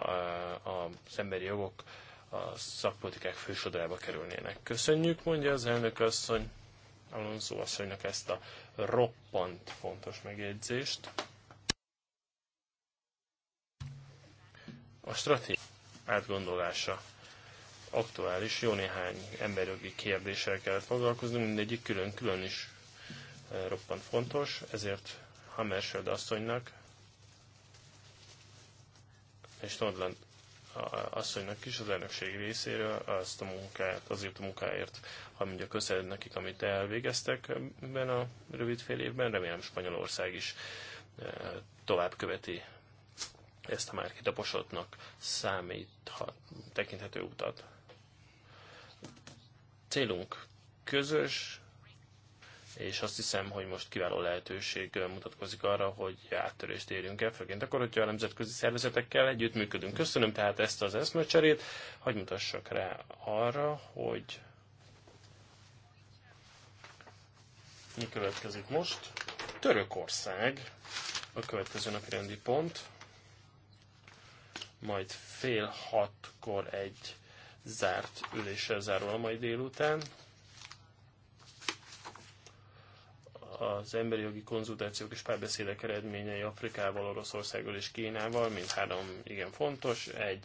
az emberi jogok a szakpolitikák fősodrába kerülnének. Köszönjük, mondja az elnök asszony, Alonso asszonynak ezt a roppant fontos megjegyzést. A stratégia átgondolása aktuális. Jó néhány emberjogi kérdéssel kellett foglalkozni, mindegyik külön-külön is e, roppant fontos, ezért Hammersöld asszonynak és Nordland asszonynak is az elnökség részéről azt a munkát, azért a munkáért, ha mondja köszönhet nekik, amit elvégeztek ebben a rövid fél évben, remélem Spanyolország is e, tovább követi ezt a már kitaposottnak számíthat, tekinthető utat. Célunk közös, és azt hiszem, hogy most kiváló lehetőség mutatkozik arra, hogy áttörést érjünk el, főként akkor, hogyha a nemzetközi szervezetekkel együttműködünk. Köszönöm tehát ezt az eszmecserét, hogy mutassak rá arra, hogy mi következik most. Törökország a következő napi rendi pont majd fél hatkor egy zárt üléssel zárul a mai délután. Az emberi jogi konzultációk és párbeszédek eredményei Afrikával, Oroszországgal és Kínával mindhárom igen fontos. Egy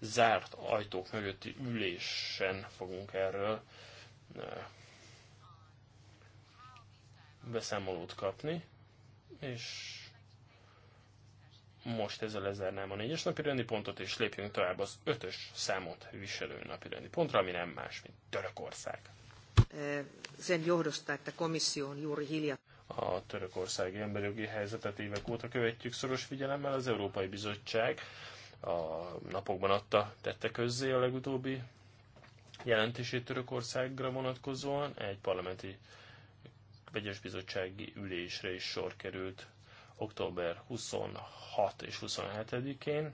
zárt ajtók mögötti ülésen fogunk erről eh, beszámolót kapni, és most ezzel lezárnám a négyes napi rendi pontot, és lépjünk tovább az ötös számot viselő napi rendi pontra, ami nem más, mint Törökország. Sen johdosta, että komissio juuri hiljat. A törökországi emberjogi helyzetet évek óta követjük szoros figyelemmel. Az Európai Bizottság a napokban adta, tette közzé a legutóbbi jelentését Törökországra vonatkozóan. Egy parlamenti vegyes bizottsági ülésre is sor került október 26 és 27-én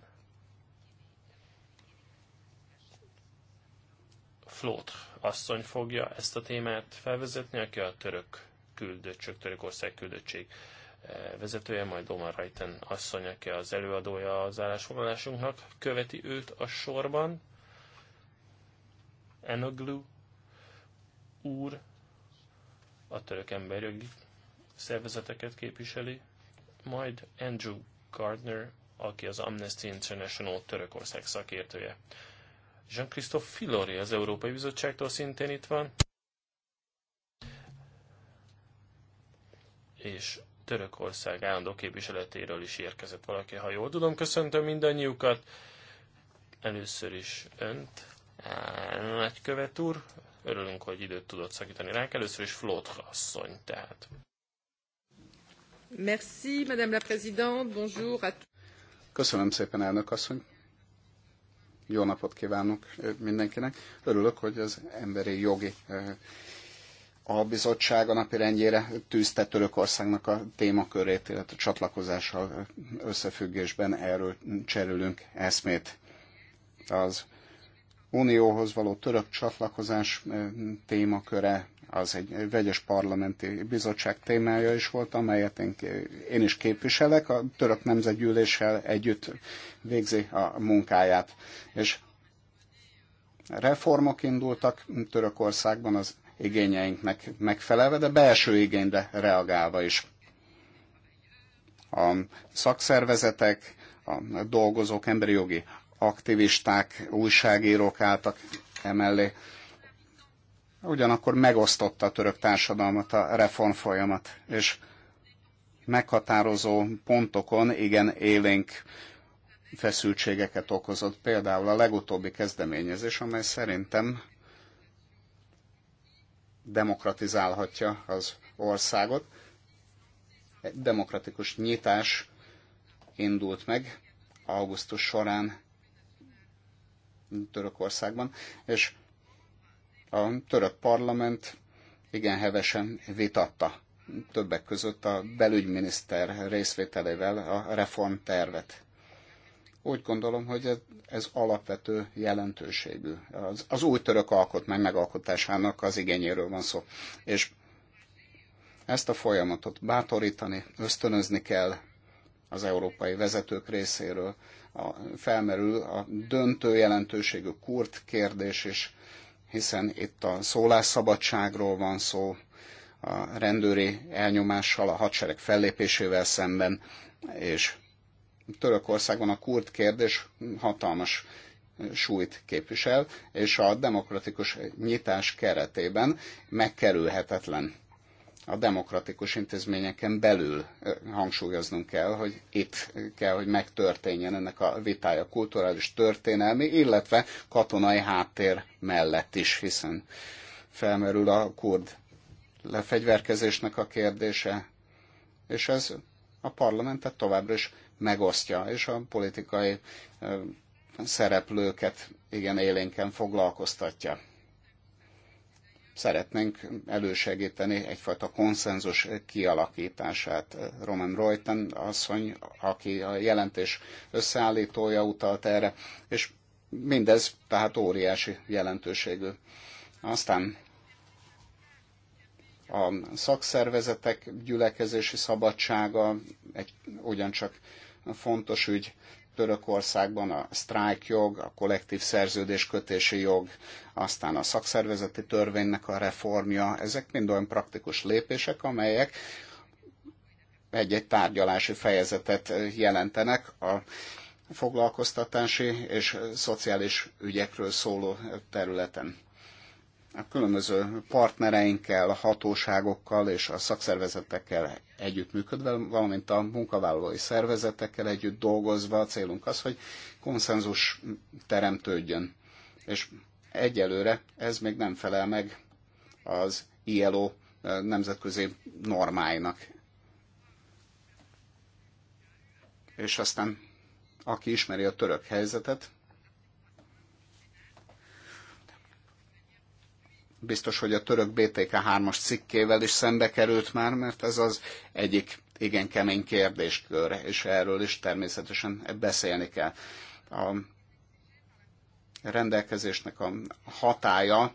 Flót asszony fogja ezt a témát felvezetni, aki a török küldöttség, Törökország küldöttség eh, vezetője, majd Omar Rajten asszony, aki az előadója az állásfoglalásunknak, követi őt a sorban. Enoglu úr a török emberjogi szervezeteket képviseli, majd Andrew Gardner, aki az Amnesty International Törökország szakértője. Jean-Christophe Filori az Európai Bizottságtól szintén itt van. És Törökország állandó képviseletéről is érkezett valaki, ha jól tudom. Köszöntöm mindannyiukat. Először is önt, eh, nagykövet úr. Örülünk, hogy időt tudott szakítani ránk. Először is Flótra asszony, tehát. Merci, Madame la Présidente. Bonjour à Köszönöm szépen, elnök asszony. Jó napot kívánok mindenkinek. Örülök, hogy az emberi jogi a bizottság a napi rendjére tűzte Törökországnak a témakörét, illetve a csatlakozással összefüggésben erről cserélünk eszmét. Az Unióhoz való török csatlakozás témaköre az egy vegyes parlamenti bizottság témája is volt, amelyet én, én is képviselek, a török nemzetgyűléssel együtt végzi a munkáját. És reformok indultak Törökországban az igényeinknek megfelelve, de belső igényre reagálva is. A szakszervezetek, a dolgozók, emberi jogi aktivisták, újságírók álltak emellé ugyanakkor megosztotta a török társadalmat a reformfolyamat, és meghatározó pontokon igen élénk feszültségeket okozott. Például a legutóbbi kezdeményezés, amely szerintem demokratizálhatja az országot. Egy demokratikus nyitás indult meg augusztus során Törökországban, és a török parlament igen hevesen vitatta többek között a belügyminiszter részvételével a reformtervet. Úgy gondolom, hogy ez, ez alapvető jelentőségű. Az, az új török alkotmány megalkotásának az igényéről van szó. És ezt a folyamatot bátorítani, ösztönözni kell az európai vezetők részéről. A, felmerül a döntő jelentőségű kurt kérdés is, hiszen itt a szólásszabadságról van szó, a rendőri elnyomással, a hadsereg fellépésével szemben, és Törökországban a kurd kérdés hatalmas súlyt képvisel, és a demokratikus nyitás keretében megkerülhetetlen a demokratikus intézményeken belül hangsúlyoznunk kell, hogy itt kell, hogy megtörténjen ennek a vitája kulturális történelmi, illetve katonai háttér mellett is, hiszen felmerül a kurd lefegyverkezésnek a kérdése, és ez a parlamentet továbbra is megosztja, és a politikai szereplőket igen élénken foglalkoztatja szeretnénk elősegíteni egyfajta konszenzus kialakítását. Roman Reuten asszony, aki a jelentés összeállítója utalt erre, és mindez tehát óriási jelentőségű. Aztán a szakszervezetek gyülekezési szabadsága egy ugyancsak fontos ügy, Törökországban a sztrájkjog, a kollektív szerződéskötési jog, aztán a szakszervezeti törvénynek a reformja, ezek mind olyan praktikus lépések, amelyek egy-egy tárgyalási fejezetet jelentenek a foglalkoztatási és szociális ügyekről szóló területen a különböző partnereinkkel, a hatóságokkal és a szakszervezetekkel együttműködve, valamint a munkavállalói szervezetekkel együtt dolgozva a célunk az, hogy konszenzus teremtődjön. És egyelőre ez még nem felel meg az ILO nemzetközi normáinak. És aztán, aki ismeri a török helyzetet, Biztos, hogy a török BTK 3-as cikkével is szembe került már, mert ez az egyik igen kemény kérdéskör, és erről is természetesen beszélni kell. A rendelkezésnek a hatája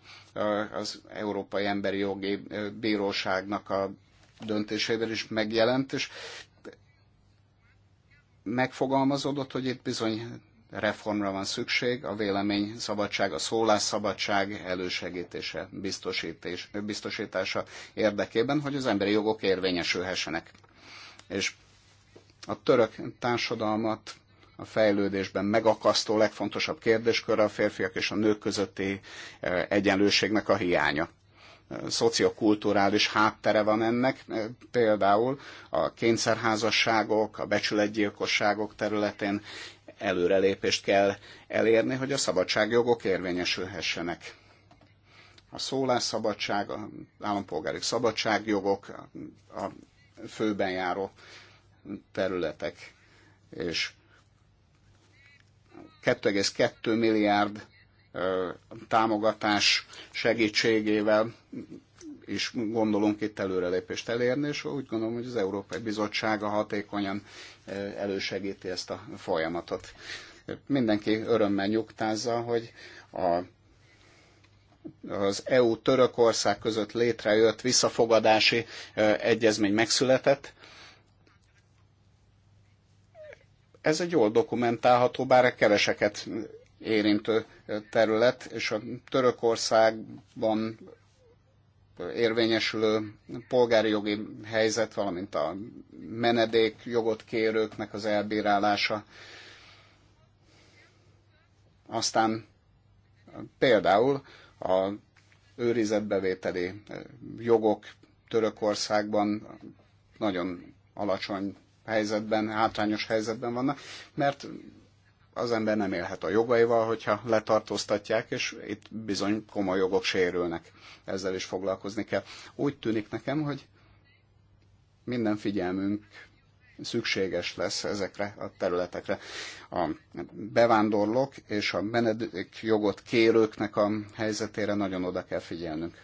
az Európai Emberi Jogi Bíróságnak a döntésével is megjelent, és megfogalmazódott, hogy itt bizony reformra van szükség, a vélemény szabadság, a szólásszabadság elősegítése, biztosítés, biztosítása érdekében, hogy az emberi jogok érvényesülhessenek. És a török társadalmat a fejlődésben megakasztó legfontosabb kérdéskör a férfiak és a nők közötti eh, egyenlőségnek a hiánya szociokulturális háttere van ennek, eh, például a kényszerházasságok, a becsületgyilkosságok területén előrelépést kell elérni, hogy a szabadságjogok érvényesülhessenek. A szólásszabadság, a állampolgári szabadságjogok, a főben járó területek, és 2,2 milliárd támogatás segítségével is gondolunk itt előrelépést elérni, és úgy gondolom, hogy az Európai Bizottsága hatékonyan elősegíti ezt a folyamatot. Mindenki örömmel nyugtázza, hogy a az EU-Törökország között létrejött visszafogadási egyezmény megszületett. Ez egy jól dokumentálható, bár keveseket érintő terület, és a Törökországban érvényesülő polgári jogi helyzet, valamint a menedék jogot kérőknek az elbírálása. Aztán például a őrizetbevételi eh, jogok Törökországban nagyon alacsony helyzetben, hátrányos helyzetben vannak, mert az ember nem élhet a jogaival, hogyha letartóztatják, és itt bizony komoly jogok sérülnek. Ezzel is foglalkozni kell. Úgy tűnik nekem, hogy minden figyelmünk szükséges lesz ezekre a területekre. A bevándorlók és a menedék jogot kérőknek a helyzetére nagyon oda kell figyelnünk.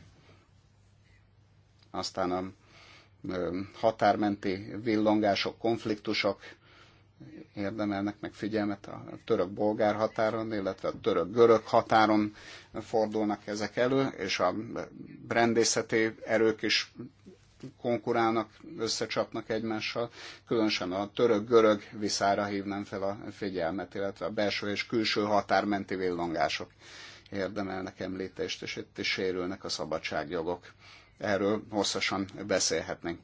Aztán a határmenti villongások, konfliktusok érdemelnek meg figyelmet a török-bolgár határon, illetve a török-görög határon fordulnak ezek elő, és a rendészeti erők is konkurálnak, összecsapnak egymással. Különösen a török-görög viszára hívnám fel a figyelmet, illetve a belső és külső határmenti villongások érdemelnek említést, és itt is sérülnek a szabadságjogok. Erről hosszasan beszélhetnénk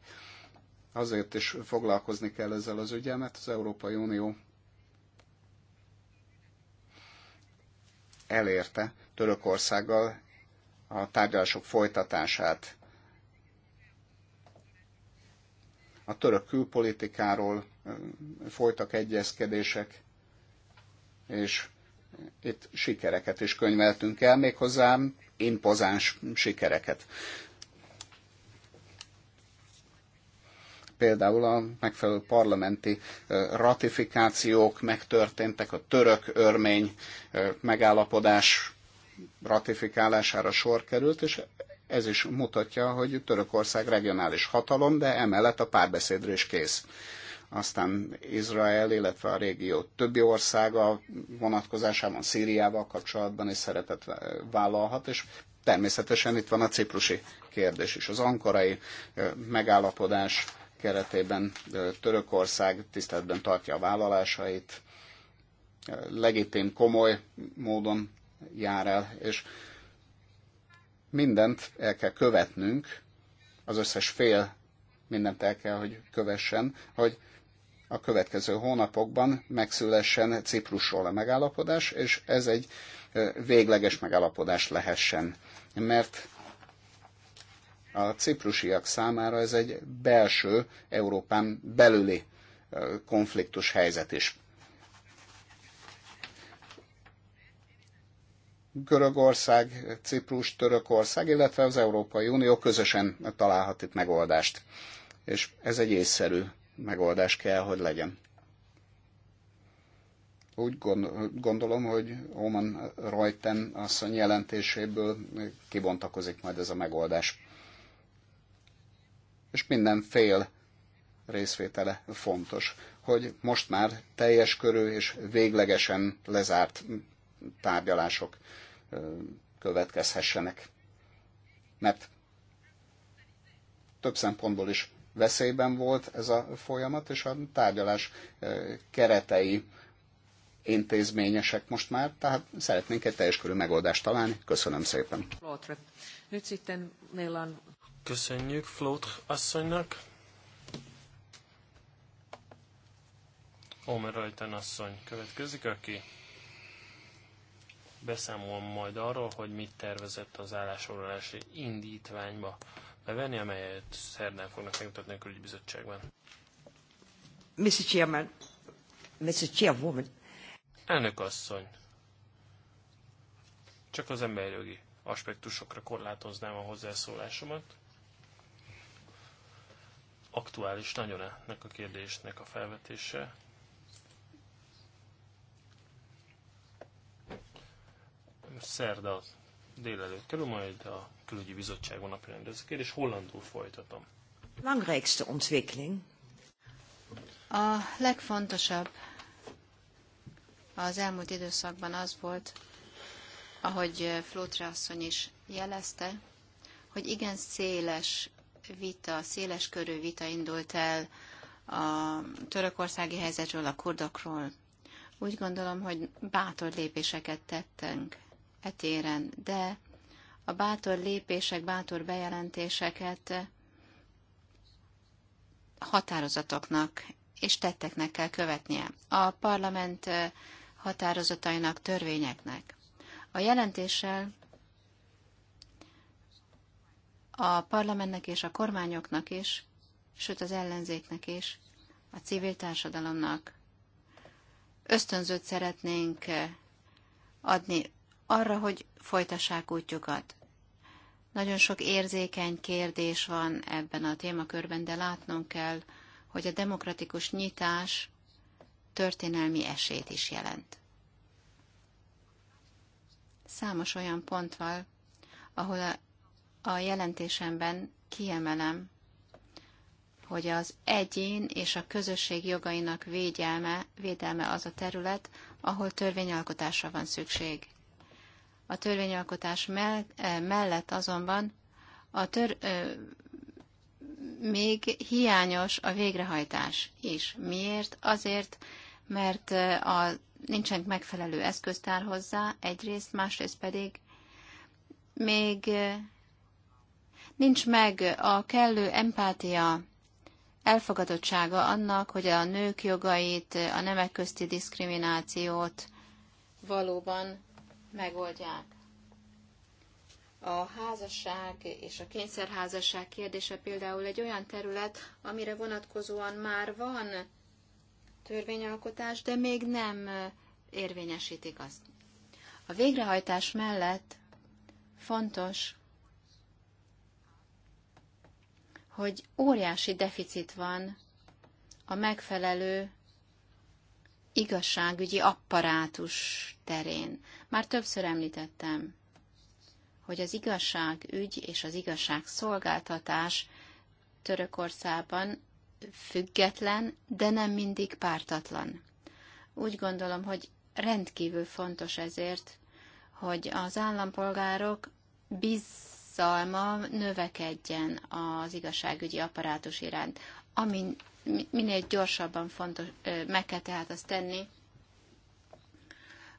azért is foglalkozni kell ezzel az ügyel, mert az Európai Unió elérte Törökországgal a tárgyalások folytatását. A török külpolitikáról folytak egyezkedések, és itt sikereket is könyveltünk el, méghozzá impozáns sikereket. például a megfelelő parlamenti ratifikációk megtörténtek, a török-örmény megállapodás ratifikálására sor került, és ez is mutatja, hogy Törökország regionális hatalom, de emellett a párbeszédre is kész. Aztán Izrael, illetve a régió többi országa vonatkozásában Szíriával kapcsolatban is szeretet vállalhat, és természetesen itt van a ciprusi kérdés is. Az ankarai megállapodás keretében Törökország tiszteletben tartja a vállalásait, legitim, komoly módon jár el, és mindent el kell követnünk, az összes fél mindent el kell, hogy kövessen, hogy a következő hónapokban megszülessen Ciprusról a megállapodás, és ez egy végleges megállapodás lehessen. Mert a ciprusiak számára ez egy belső, Európán belüli konfliktus helyzet is. Görögország, Ciprus, Törökország, illetve az Európai Unió közösen találhat itt megoldást. És ez egy észszerű megoldás kell, hogy legyen. Úgy gondolom, hogy Oman Reuten asszony jelentéséből kibontakozik majd ez a megoldás és minden fél részvétele fontos, hogy most már teljes körű és véglegesen lezárt tárgyalások következhessenek. Mert több szempontból is veszélyben volt ez a folyamat, és a tárgyalás keretei intézményesek most már, tehát szeretnénk egy teljes körű megoldást találni. Köszönöm szépen. Köszönjük Flót asszonynak. Omer Rajten asszony következik, aki beszámol majd arról, hogy mit tervezett az állásolási indítványba bevenni, amelyet szerdán fognak megmutatni a külügybizottságban. Mr. Chairman, Mr. Chairwoman. Elnök asszony, csak az emberjogi aspektusokra korlátoznám a hozzászólásomat aktuális nagyon ennek a kérdésnek a felvetése. Szerda délelőtt kerül majd a külügyi bizottságon a ez a kérdés. Hollandul folytatom. ontwikkeling. A legfontosabb az elmúlt időszakban az volt, ahogy Flótre asszony is jelezte, hogy igen széles vita, széles körű vita indult el a törökországi helyzetről, a kurdokról. Úgy gondolom, hogy bátor lépéseket tettünk etéren, de a bátor lépések, bátor bejelentéseket határozatoknak és tetteknek kell követnie. A parlament határozatainak, törvényeknek. A jelentéssel a parlamentnek és a kormányoknak is, sőt az ellenzéknek is, a civil társadalomnak ösztönzőt szeretnénk eh, adni arra, hogy folytassák útjukat. Nagyon sok érzékeny kérdés van ebben a témakörben, de látnunk kell, hogy a demokratikus nyitás történelmi esélyt is jelent. Számos olyan pont van, ahol a jelentésemben kiemelem, hogy az egyén és a közösség jogainak védelme, védelme az a terület, ahol törvényalkotásra van szükség. A törvényalkotás eh, mellett azonban a tör, ö, eh, még hiányos a végrehajtás is. Miért? Azért, mert eh, a, nincsenek megfelelő eszköztár hozzá, egyrészt, másrészt pedig még Nincs meg a kellő empátia, elfogadottsága annak, hogy a nők jogait, a nemek közti diszkriminációt valóban megoldják. A házasság és a kényszerházasság kérdése például egy olyan terület, amire vonatkozóan már van törvényalkotás, de még nem érvényesítik azt. A végrehajtás mellett fontos hogy óriási deficit van a megfelelő igazságügyi apparátus terén. Már többször említettem, hogy az igazságügy és az igazságszolgáltatás Törökországban független, de nem mindig pártatlan. Úgy gondolom, hogy rendkívül fontos ezért, hogy az állampolgárok biz bizalma növekedjen az igazságügyi apparátus iránt. Amin minél gyorsabban fontos, meg kell tehát azt tenni,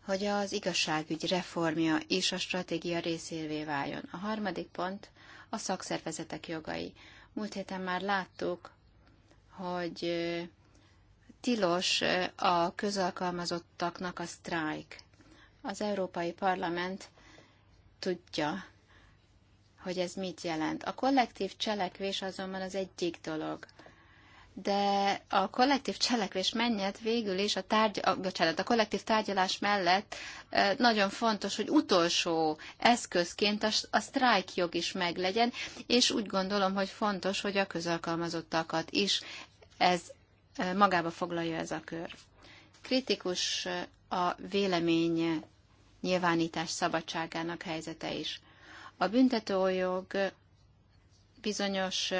hogy az igazságügy reformja és a stratégia részévé váljon. A harmadik pont a szakszervezetek jogai. Múlt héten már láttuk, hogy tilos a közalkalmazottaknak a sztrájk. Az Európai Parlament tudja, hogy ez mit jelent. A kollektív cselekvés azonban az egyik dolog. De a kollektív cselekvés mennyet végül is a, tárgy, a, bocsánat, a kollektív tárgyalás mellett nagyon fontos, hogy utolsó eszközként a, a sztrájk jog is meglegyen, és úgy gondolom, hogy fontos, hogy a közalkalmazottakat is ez magába foglalja ez a kör. Kritikus a vélemény nyilvánítás szabadságának helyzete is. A büntetőjog bizonyos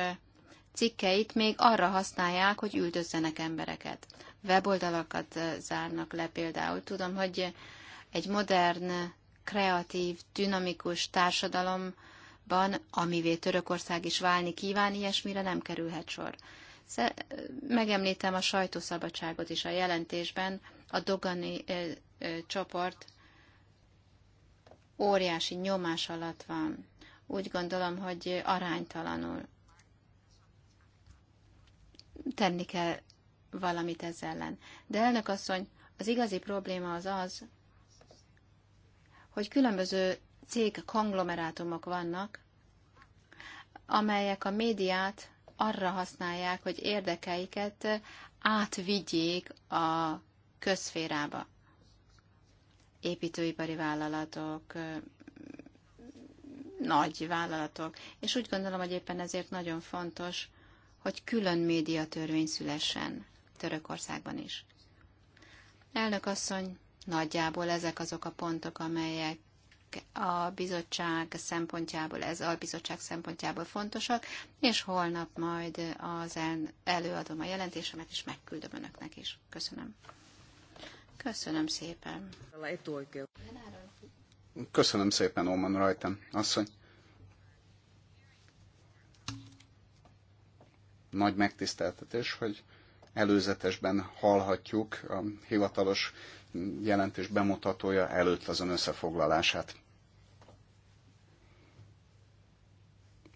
cikkeit még arra használják, hogy üldözzenek embereket. Weboldalakat zárnak le például. Tudom, hogy egy modern, kreatív, dinamikus társadalomban, amivé Törökország is válni kíván, ilyesmire nem kerülhet sor. Megemlítem a sajtószabadságot is a jelentésben, a Dogani csoport óriási nyomás alatt van. Úgy gondolom, hogy aránytalanul tenni kell valamit ezzel ellen. De elnök asszony, az igazi probléma az az, hogy különböző cég konglomerátumok vannak, amelyek a médiát arra használják, hogy érdekeiket átvigyék a közférába építőipari vállalatok, nagy vállalatok, és úgy gondolom, hogy éppen ezért nagyon fontos, hogy külön médiatörvény szülessen Törökországban is. Elnök asszony, nagyjából ezek azok a pontok, amelyek a bizottság szempontjából, ez a bizottság szempontjából fontosak, és holnap majd az előadom a jelentésemet, és megküldöm önöknek is. Köszönöm. Köszönöm szépen. Köszönöm szépen, Oman rajtam. Asszony. Nagy megtiszteltetés, hogy előzetesben hallhatjuk a hivatalos jelentés bemutatója előtt azon összefoglalását.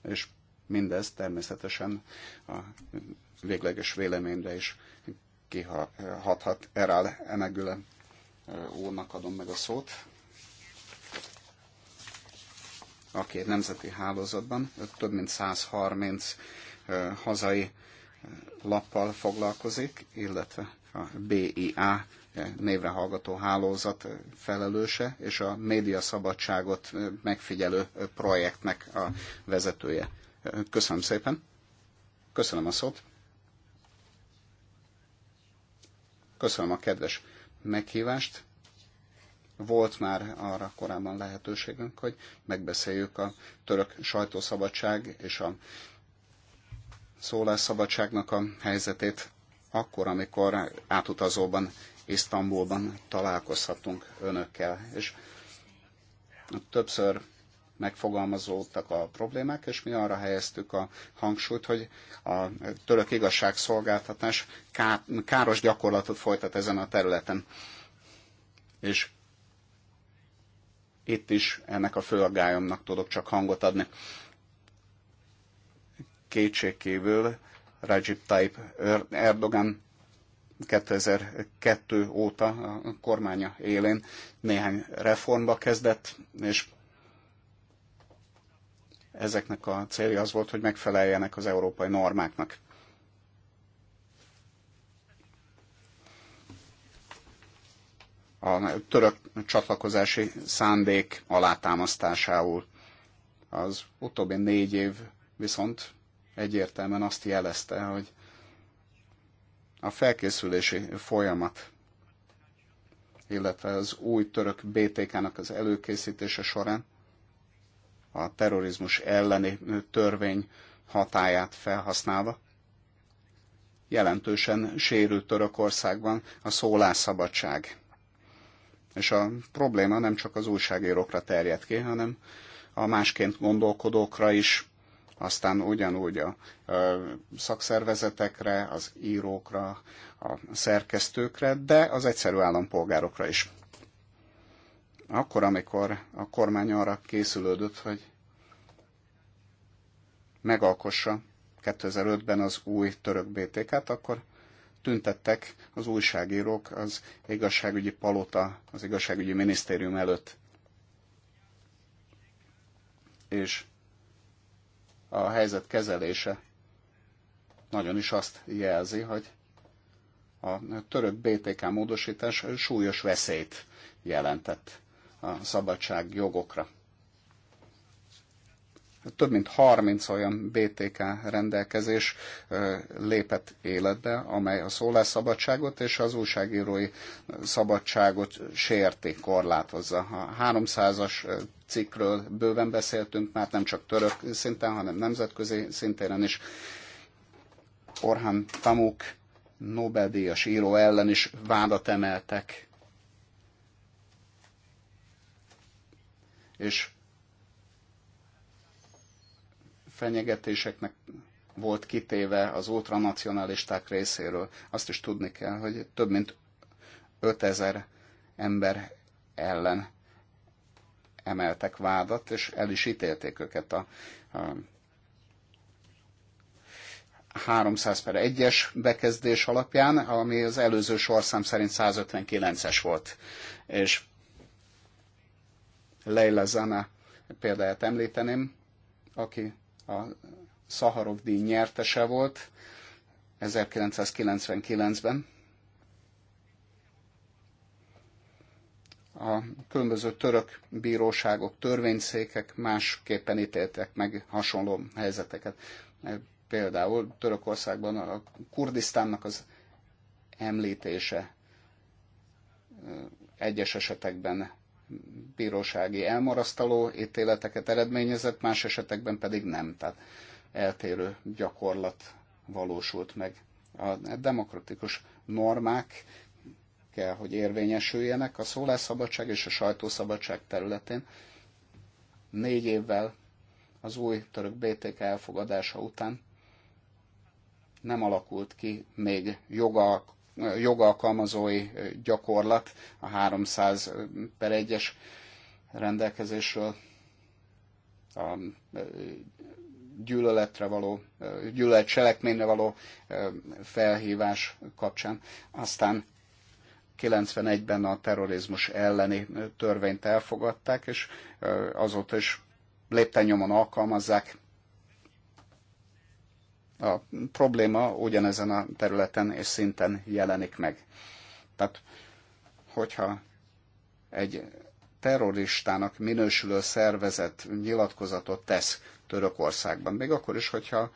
És mindez természetesen a végleges véleményre is kihathat. Erál Enegüle úrnak adom meg a szót, aki egy nemzeti hálózatban több mint 130 hazai lappal foglalkozik, illetve a BIA névre hallgató hálózat felelőse, és a média szabadságot megfigyelő projektnek a vezetője. Köszönöm szépen. Köszönöm a szót. Köszönöm a kedves meghívást. Volt már arra korábban lehetőségünk, hogy megbeszéljük a török sajtószabadság és a szólásszabadságnak a helyzetét akkor, amikor átutazóban Isztambulban találkozhatunk önökkel. És többször megfogalmazódtak a problémák, és mi arra helyeztük a hangsúlyt, hogy a török igazságszolgáltatás káros gyakorlatot folytat ezen a területen. És itt is ennek a főaggályomnak tudok csak hangot adni. Kétségkívül Recep Tayyip Erdogan 2002 óta a kormánya élén néhány reformba kezdett, és Ezeknek a célja az volt, hogy megfeleljenek az európai normáknak. A török csatlakozási szándék alátámasztásául az utóbbi négy év viszont egyértelműen azt jelezte, hogy a felkészülési folyamat, illetve az új török BTK-nak az előkészítése során a terrorizmus elleni törvény hatáját felhasználva. Jelentősen sérült Törökországban a szólásszabadság. És a probléma nem csak az újságírókra terjed ki, hanem a másként gondolkodókra is, aztán ugyanúgy a szakszervezetekre, az írókra, a szerkesztőkre, de az egyszerű állampolgárokra is akkor, amikor a kormány arra készülődött, hogy megalkossa 2005-ben az új török BTK-t, akkor tüntettek az újságírók az igazságügyi palota, az igazságügyi minisztérium előtt. És a helyzet kezelése nagyon is azt jelzi, hogy a török BTK módosítás súlyos veszélyt jelentett a jogokra Több mint 30 olyan BTK rendelkezés lépett életbe, amely a szólásszabadságot és az újságírói szabadságot sérti, korlátozza. A 300-as cikkről bőven beszéltünk, már nem csak török szinten, hanem nemzetközi szintén is. Orhan Pamuk Nobel-díjas író ellen is vádat emeltek és fenyegetéseknek volt kitéve az ultranacionalisták részéről. Azt is tudni kell, hogy több mint 5000 ember ellen emeltek vádat, és el is ítélték őket a, a 300 per 1-es bekezdés alapján, ami az előző sorszám szerint 159-es volt. És Leila Zana példáját említeném, aki a Szaharov díj nyertese volt 1999-ben. A különböző török bíróságok, törvényszékek másképpen ítéltek meg hasonló helyzeteket. Például Törökországban a Kurdisztánnak az említése egyes esetekben bírósági elmarasztaló ítéleteket eredményezett, más esetekben pedig nem. Tehát eltérő gyakorlat valósult meg. A demokratikus normák kell, hogy érvényesüljenek a szólásszabadság és a sajtószabadság területén. Négy évvel az új török BTK elfogadása után nem alakult ki még joga, jogalkalmazói gyakorlat a 300 per 1-es rendelkezésről a gyűlöletre való, gyűlölet cselekményre való felhívás kapcsán. Aztán 91-ben a terrorizmus elleni törvényt elfogadták, és azóta is lépten nyomon alkalmazzák a probléma ugyanezen a területen és szinten jelenik meg. Tehát, hogyha egy terroristának minősülő szervezet nyilatkozatot tesz Törökországban, még akkor is, hogyha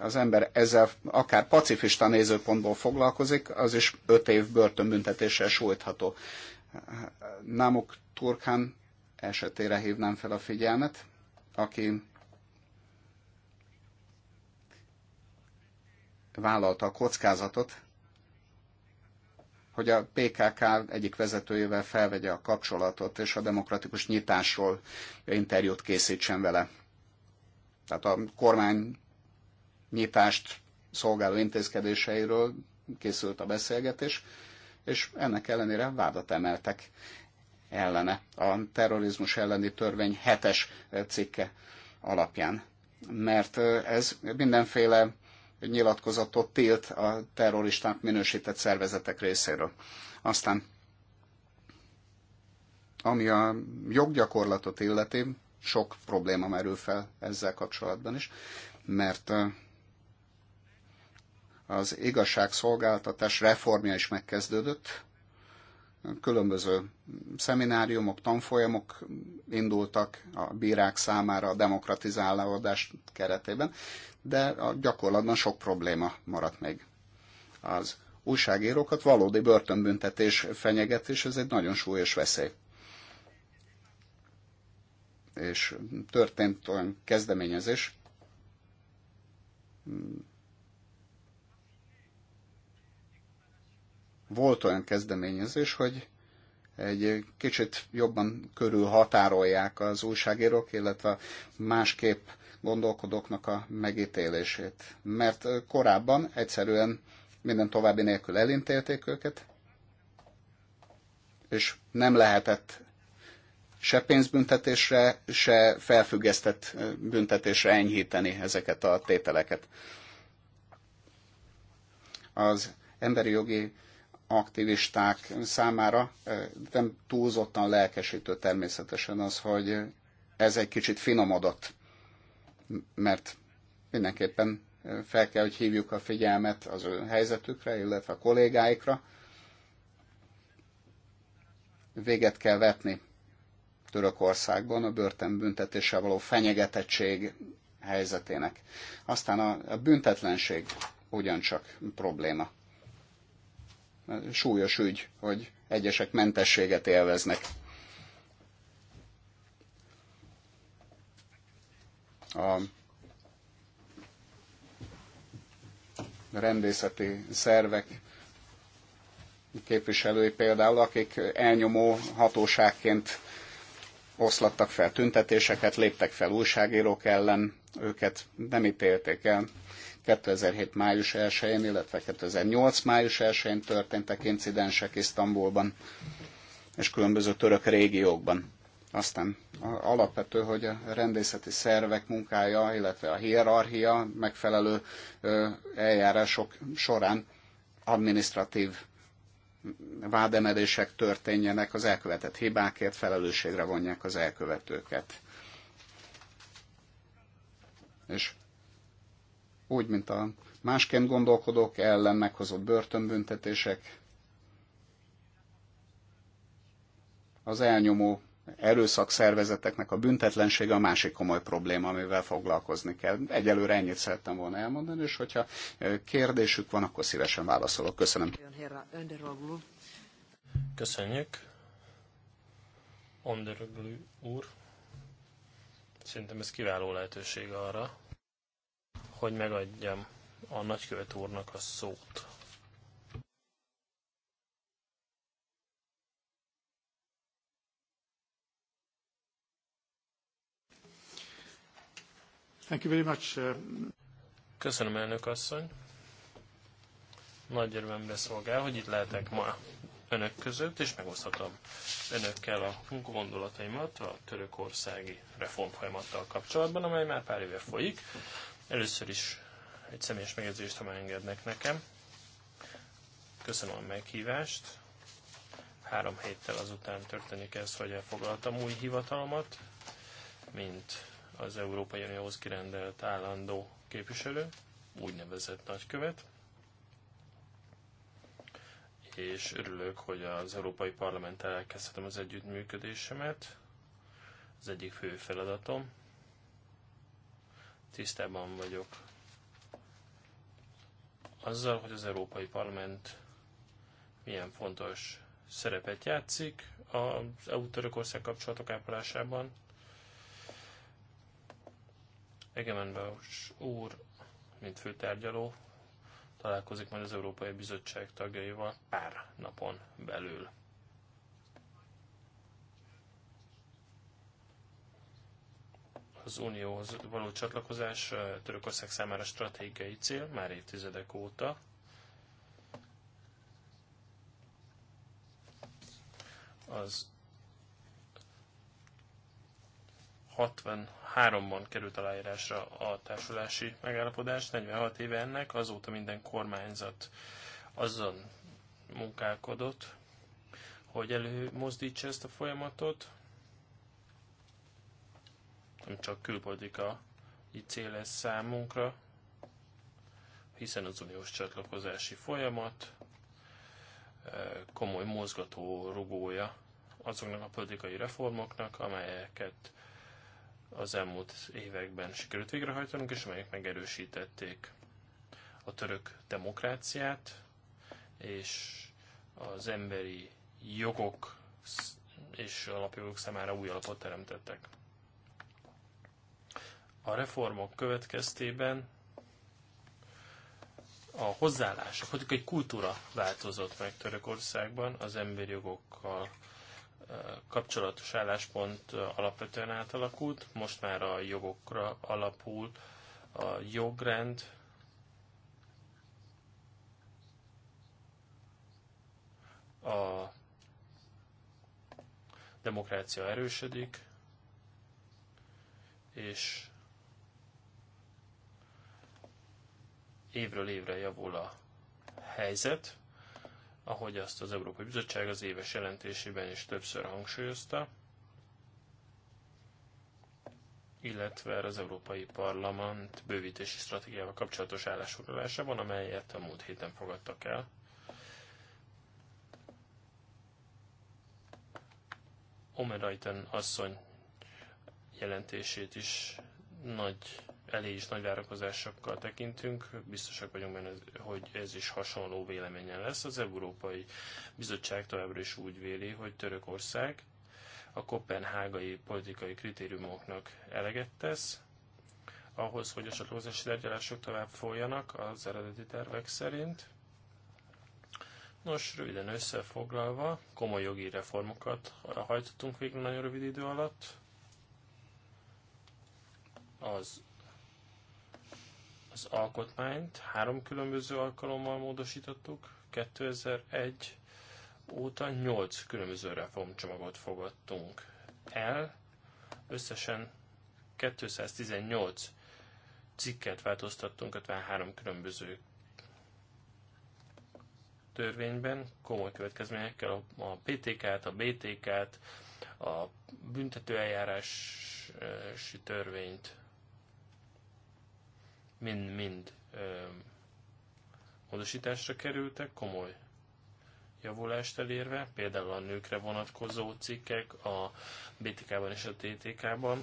az ember ezzel akár pacifista nézőpontból foglalkozik, az is öt év börtönbüntetéssel sújtható. Námuk Turkán esetére hívnám fel a figyelmet, aki vállalta a kockázatot, hogy a PKK egyik vezetőjével felvegye a kapcsolatot, és a demokratikus nyitásról interjút készítsen vele. Tehát a kormány nyitást szolgáló intézkedéseiről készült a beszélgetés, és ennek ellenére vádat emeltek ellene a terrorizmus elleni törvény hetes cikke alapján. Mert ez mindenféle nyilatkozatot tilt a terroristák minősített szervezetek részéről. Aztán, ami a joggyakorlatot illeti, sok probléma merül fel ezzel kapcsolatban is, mert az igazságszolgáltatás reformja is megkezdődött, különböző szemináriumok, tanfolyamok indultak a bírák számára a demokratizálódás keretében, de a gyakorlatban sok probléma maradt még. Az újságírókat valódi börtönbüntetés fenyeget, és ez egy nagyon súlyos veszély. És történt olyan kezdeményezés, volt olyan kezdeményezés, hogy egy kicsit jobban határolják az újságírók, illetve másképp gondolkodóknak a megítélését. Mert korábban egyszerűen minden további nélkül elintélték őket, és nem lehetett se pénzbüntetésre, se felfüggesztett büntetésre enyhíteni ezeket a tételeket. Az emberi jogi aktivisták számára nem túlzottan lelkesítő természetesen az, hogy ez egy kicsit finomodott, mert mindenképpen fel kell, hogy hívjuk a figyelmet az ő helyzetükre, illetve a kollégáikra. Véget kell vetni Törökországban a börtönbüntetéssel való fenyegetettség helyzetének. Aztán a büntetlenség ugyancsak probléma súlyos ügy, hogy egyesek mentességet élveznek. A rendészeti szervek képviselői például, akik elnyomó hatóságként oszlattak fel tüntetéseket, léptek fel újságírók ellen, őket nem ítélték el 2007. május 1-én, illetve 2008. május 1-én történtek incidensek Isztambulban és különböző török régiókban. Aztán alapvető, hogy a rendészeti szervek munkája, illetve a hierarchia megfelelő eljárások során administratív vádemelések történjenek az elkövetett hibákért, felelősségre vonják az elkövetőket. És úgy, mint a másként gondolkodók ellen meghozott börtönbüntetések, az elnyomó szervezeteknek a büntetlensége a másik komoly probléma, amivel foglalkozni kell. Egyelőre ennyit szerettem volna elmondani, és hogyha kérdésük van, akkor szívesen válaszolok. Köszönöm. Köszönjük. Onderoglu úr. Szerintem ez kiváló lehetőség arra, hogy megadjam a nagykövet úrnak a szót. Thank you very much. Uh, Köszönöm, elnök asszony. Nagy örömmel szolgál, hogy itt lehetek ma önök között, és megoszthatom önökkel a gondolataimat a törökországi reformfolyamattal kapcsolatban, amely már pár éve folyik. Először is egy személyes megjegyzést, ha már engednek nekem. Köszönöm a meghívást. Három héttel azután történik ez, hogy elfoglaltam új hivatalomat, mint az Európai Unióhoz kirendelt állandó képviselő, úgynevezett nagykövet. És örülök, hogy az Európai Parlamenttel elkezdhetem az együttműködésemet. Az egyik fő feladatom, tisztában vagyok azzal, hogy az Európai Parlament milyen fontos szerepet játszik az EU-Törökország kapcsolatok ápolásában. Egemen Baus úr, mint főtárgyaló, találkozik majd az Európai Bizottság tagjaival pár napon belül. az Unióhoz való csatlakozás Törökország számára stratégiai cél már évtizedek óta. Az 63-ban került aláírásra a társulási megállapodás, 46 éve ennek, azóta minden kormányzat azon munkálkodott, hogy előmozdítsa ezt a folyamatot, nem csak külpolitika cél lesz számunkra, hiszen az uniós csatlakozási folyamat eh, komoly mozgató rugója azoknak a politikai reformoknak, amelyeket az elmúlt években sikerült végrehajtanunk, és amelyek megerősítették a török demokráciát, és az emberi jogok és alapjogok számára új alapot teremtettek a reformok következtében a hozzáállás, a politikai kultúra változott meg Törökországban, az emberi jogokkal kapcsolatos álláspont alapvetően átalakult, most már a jogokra alapul a jogrend, a demokrácia erősödik, és évről évre javul a helyzet, ahogy azt az Európai Bizottság az éves jelentésében is többször hangsúlyozta, illetve az Európai Parlament bővítési stratégiával kapcsolatos van, amelyet a múlt héten fogadtak el. Omerajten asszony jelentését is nagy elé is nagy várakozásokkal tekintünk, biztosak vagyunk benne, hogy ez is hasonló véleményen lesz. Az Európai Bizottság továbbra is úgy véli, hogy Törökország a kopenhágai politikai kritériumoknak eleget tesz, ahhoz, hogy a csatlakozási tárgyalások tovább folyjanak az eredeti tervek szerint. Nos, röviden összefoglalva, komoly jogi reformokat hajtottunk végre nagyon rövid idő alatt. Az az alkotmányt három különböző alkalommal módosítottuk, 2001 óta 8 különböző reformcsomagot fogadtunk el, összesen 218 cikket változtattunk 53 különböző törvényben, komoly következményekkel a PTK-t, a BTK-t, a büntetőeljárási törvényt, mind-mind módosításra kerültek, komoly javulást elérve, például a nőkre vonatkozó cikkek a BTK-ban és a TTK-ban.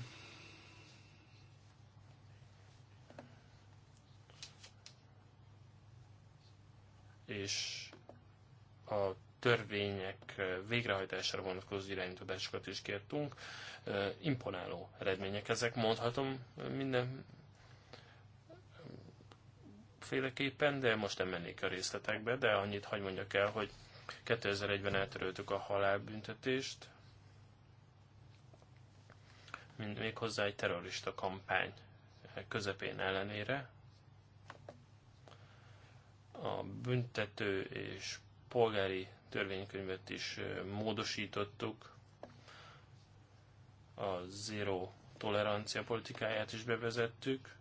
És a törvények végrehajtására vonatkozó irányítódásokat is kértünk. Imponáló eredmények ezek, mondhatom minden féleképpen, de most nem mennék a részletekbe, de annyit hagy mondjak el, hogy 2001-ben eltöröltük a halálbüntetést, méghozzá egy terrorista kampány közepén ellenére. A büntető és polgári törvénykönyvet is módosítottuk, a zero tolerancia politikáját is bevezettük,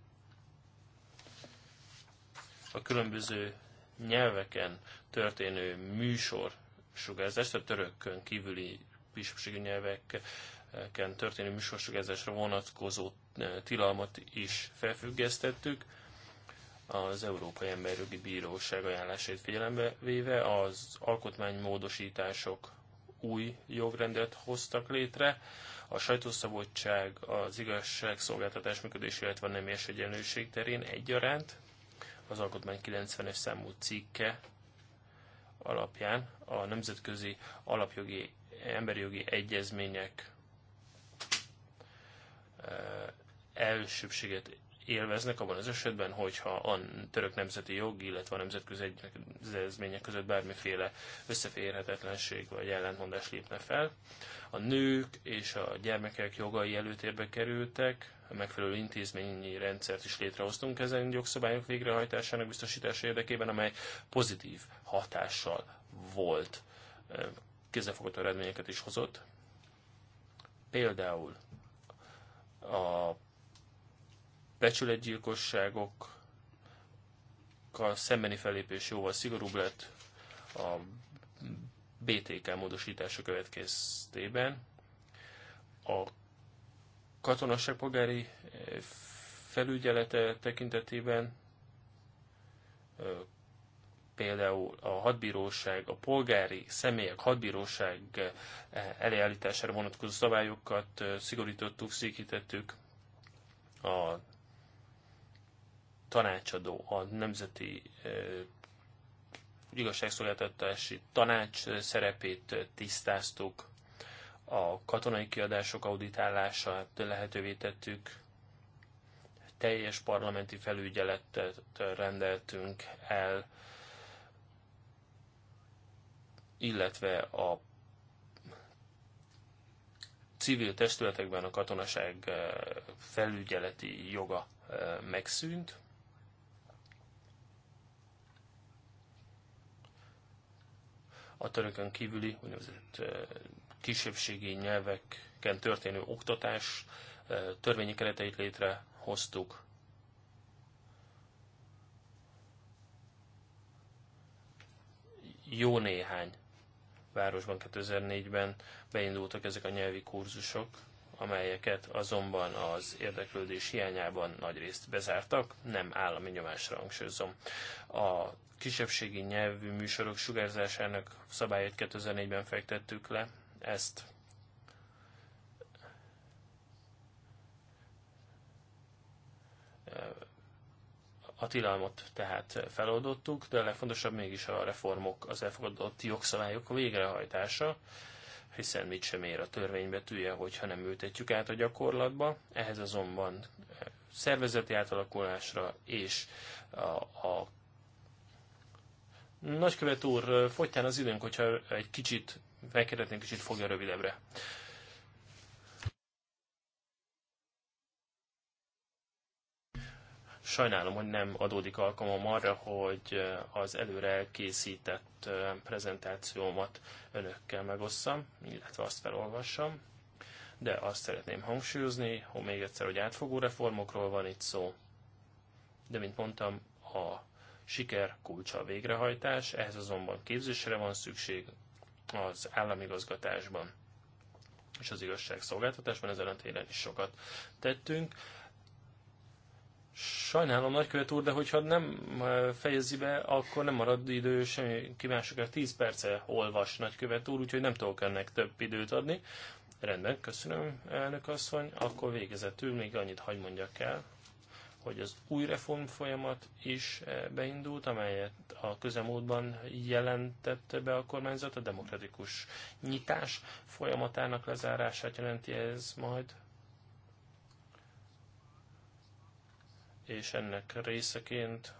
a különböző nyelveken történő műsor sugárzás, tehát törökön kívüli kisebbségi nyelveken történő műsorsugárzásra vonatkozó eh, tilalmat is felfüggesztettük. Az Európai Emberjogi Bíróság ajánlásait figyelembe véve az alkotmánymódosítások új jogrendet hoztak létre, a sajtószabadság, az igazságszolgáltatás működés, illetve a nemies egyenlőség terén egyaránt, az alkotmány 90-es számú cikke alapján a nemzetközi alapjogi, emberi jogi egyezmények eh, elsőbséget élveznek abban az esetben, hogyha a török nemzeti jog, illetve a nemzetközi egyezmények között bármiféle összeférhetetlenség vagy ellentmondás lépne fel. A nők és a gyermekek jogai előtérbe kerültek, megfelelő intézményi rendszert is létrehoztunk ezen jogszabályok végrehajtásának biztosítása érdekében, amely pozitív hatással volt, kézzelfogható eredményeket is hozott. Például a becsületgyilkosságokkal szembeni fellépés jóval szigorúbb lett a BTK módosítása következtében. A katonasság polgári eh, felügyelete tekintetében eh, például a hadbíróság, a polgári személyek hadbíróság eh, elejállítására vonatkozó szabályokat szigorítottuk, szikítettük, a tanácsadó, a Nemzeti Igazságszolgáltatási Tanács szerepét tisztáztuk, a katonai kiadások auditálását lehetővé tettük, teljes parlamenti felügyeletet rendeltünk el, illetve a civil testületekben a katonaság eh, felügyeleti joga eh, megszűnt. A törökön kívüli úgynevezett eh, kisebbségi nyelveken történő oktatás törvényi kereteit létrehoztuk. Jó néhány városban 2004-ben beindultak ezek a nyelvi kurzusok, amelyeket azonban az érdeklődés hiányában nagyrészt bezártak, nem állami nyomásra hangsúlyozom. A kisebbségi nyelvű műsorok sugárzásának szabályait 2004-ben fektettük le, ezt. A tilalmat tehát feloldottuk, de a legfontosabb mégis a reformok, az elfogadott jogszabályok a végrehajtása, hiszen mit sem ér a törvénybetűje, hogyha nem ültetjük át a gyakorlatba. Ehhez azonban eh, szervezeti átalakulásra és a, a Nagykövet úr, eh, fogytán az időnk, hogyha egy kicsit megkérdetném kicsit fogja rövidebbre. Sajnálom, hogy nem adódik alkalmam arra, hogy eh, az előre elkészített eh, prezentációmat önökkel megosszam, illetve azt felolvassam, de azt szeretném hangsúlyozni, hogy még egyszer, hogy átfogó reformokról van itt szó, de mint mondtam, a siker kulcsa a végrehajtás, ehhez azonban képzésre van szükség, az államigazgatásban és az igazságszolgáltatásban, ezzel a téren is sokat tettünk. Sajnálom, nagykövet úr, de hogyha nem fejezi be, akkor nem marad idő semmi kívánságra. 10 perce olvas nagykövet úr, úgyhogy nem tudok ennek több időt adni. Rendben, köszönöm, elnök asszony. Akkor végezetül még annyit hagy mondjak el, hogy az új reform folyamat is eh, beindult, amelyet a közelmúltban jelentett be a kormányzat, a demokratikus nyitás folyamatának lezárását jelenti ez majd, és ennek részeként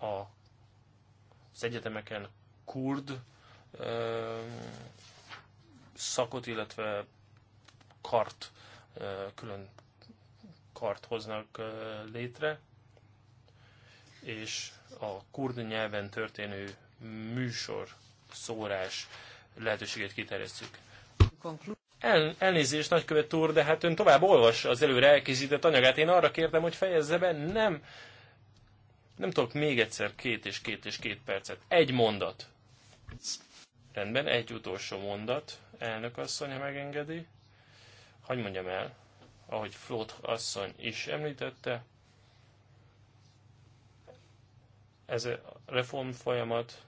a, az egyetemeken kurd ö, eh, szakot, illetve kart eh, külön kart hoznak létre, és a kurd nyelven történő műsor szórás lehetőségét kiterjesztjük. El, elnézést, nagykövet úr, de hát ön tovább olvas az előre elkészített anyagát. Én arra kértem, hogy fejezze be, nem, nem tudok még egyszer két és két és két percet. Egy mondat. Rendben, egy utolsó mondat, elnök asszony, ha megengedi. Hagy mondjam el, ahogy Flót asszony is említette, ez a reform folyamat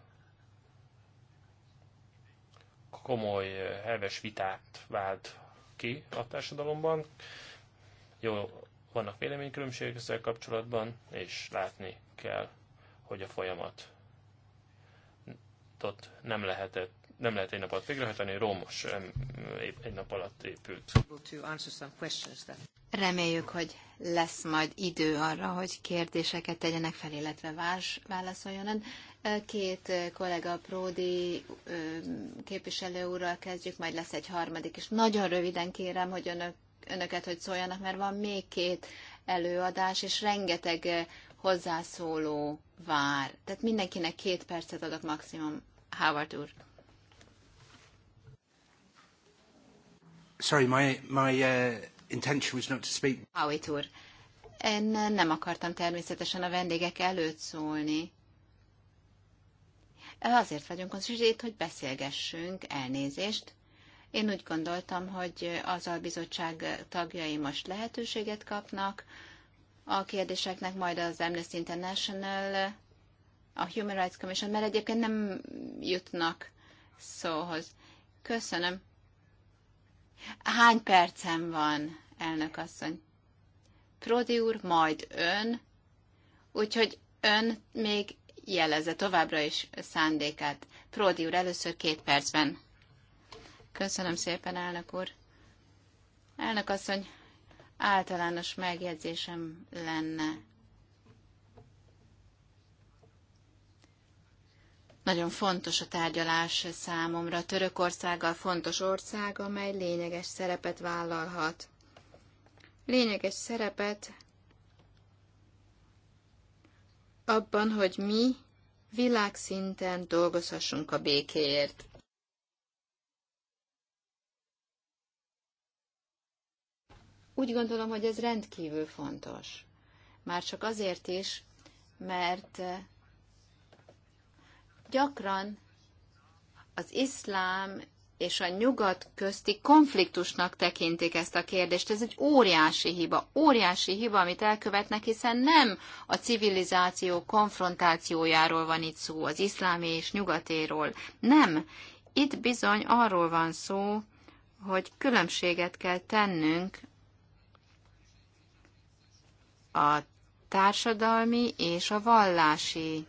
komoly, heves eh, vitát vált ki a társadalomban. Jó, vannak véleménykülönbségek ezzel kapcsolatban, és látni kell, hogy a folyamat ott nem lehetett nem lehet egy nap alatt végrehajtani, Rómos mm, egy nap alatt épült. Reméljük, hogy lesz majd idő arra, hogy kérdéseket tegyenek fel, illetve vás, válaszoljon. Két kollega, Pródi képviselő úrral kezdjük, majd lesz egy harmadik, és nagyon röviden kérem, hogy önök, önöket, hogy szóljanak, mert van még két előadás, és rengeteg hozzászóló vár. Tehát mindenkinek két percet adok maximum. Howard úr. Sorry, my, my uh, intention was not to speak. Howitt úr, én nem akartam természetesen a vendégek előtt szólni. Azért vagyunk az itt, hogy beszélgessünk, elnézést. Én úgy gondoltam, hogy az albizottság tagjai most lehetőséget kapnak, a kérdéseknek majd az Amnesty International, a Human Rights Commission, mert egyébként nem jutnak szóhoz. Köszönöm. Hány percem van, elnök asszony? Prodi úr, majd ön, úgyhogy ön még jelezze továbbra is szándékát. Prodi úr, először két percben. Köszönöm szépen, elnök úr. Elnök asszony, általános megjegyzésem lenne Nagyon fontos a tárgyalás számomra. Törökországgal fontos ország, amely lényeges szerepet vállalhat. Lényeges szerepet abban, hogy mi világszinten dolgozhassunk a békéért. Úgy gondolom, hogy ez rendkívül fontos. Már csak azért is, mert gyakran az iszlám és a nyugat közti konfliktusnak tekintik ezt a kérdést. Ez egy óriási hiba, óriási hiba, amit elkövetnek, hiszen nem a civilizáció konfrontációjáról van itt szó, az iszlámi és nyugatéről Nem. Itt bizony arról van szó, hogy különbséget kell tennünk a társadalmi és a vallási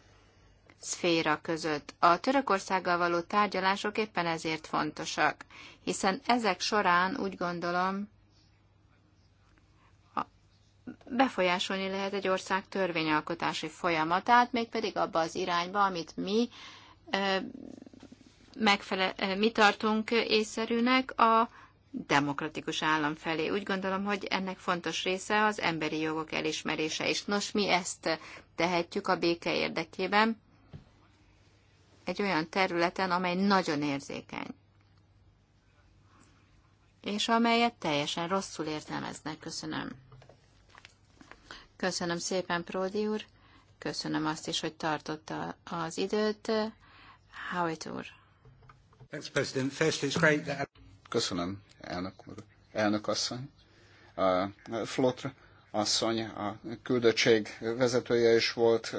szféra között. A Törökországgal való tárgyalások éppen ezért fontosak, hiszen ezek során úgy gondolom, befolyásolni lehet egy ország törvényalkotási folyamatát, mégpedig abba az irányba, amit mi, megfele- mi tartunk észszerűnek a demokratikus állam felé. Úgy gondolom, hogy ennek fontos része az emberi jogok elismerése is. Nos, mi ezt tehetjük a béke érdekében, egy olyan területen, amely nagyon érzékeny, és amelyet teljesen rosszul értelmeznek. Köszönöm. Köszönöm szépen, Pródi úr. Köszönöm azt is, hogy tartotta az időt. Howitt úr. Köszönöm, elnök úr. Elnök asszony. A flotra asszony, a küldöttség vezetője is volt,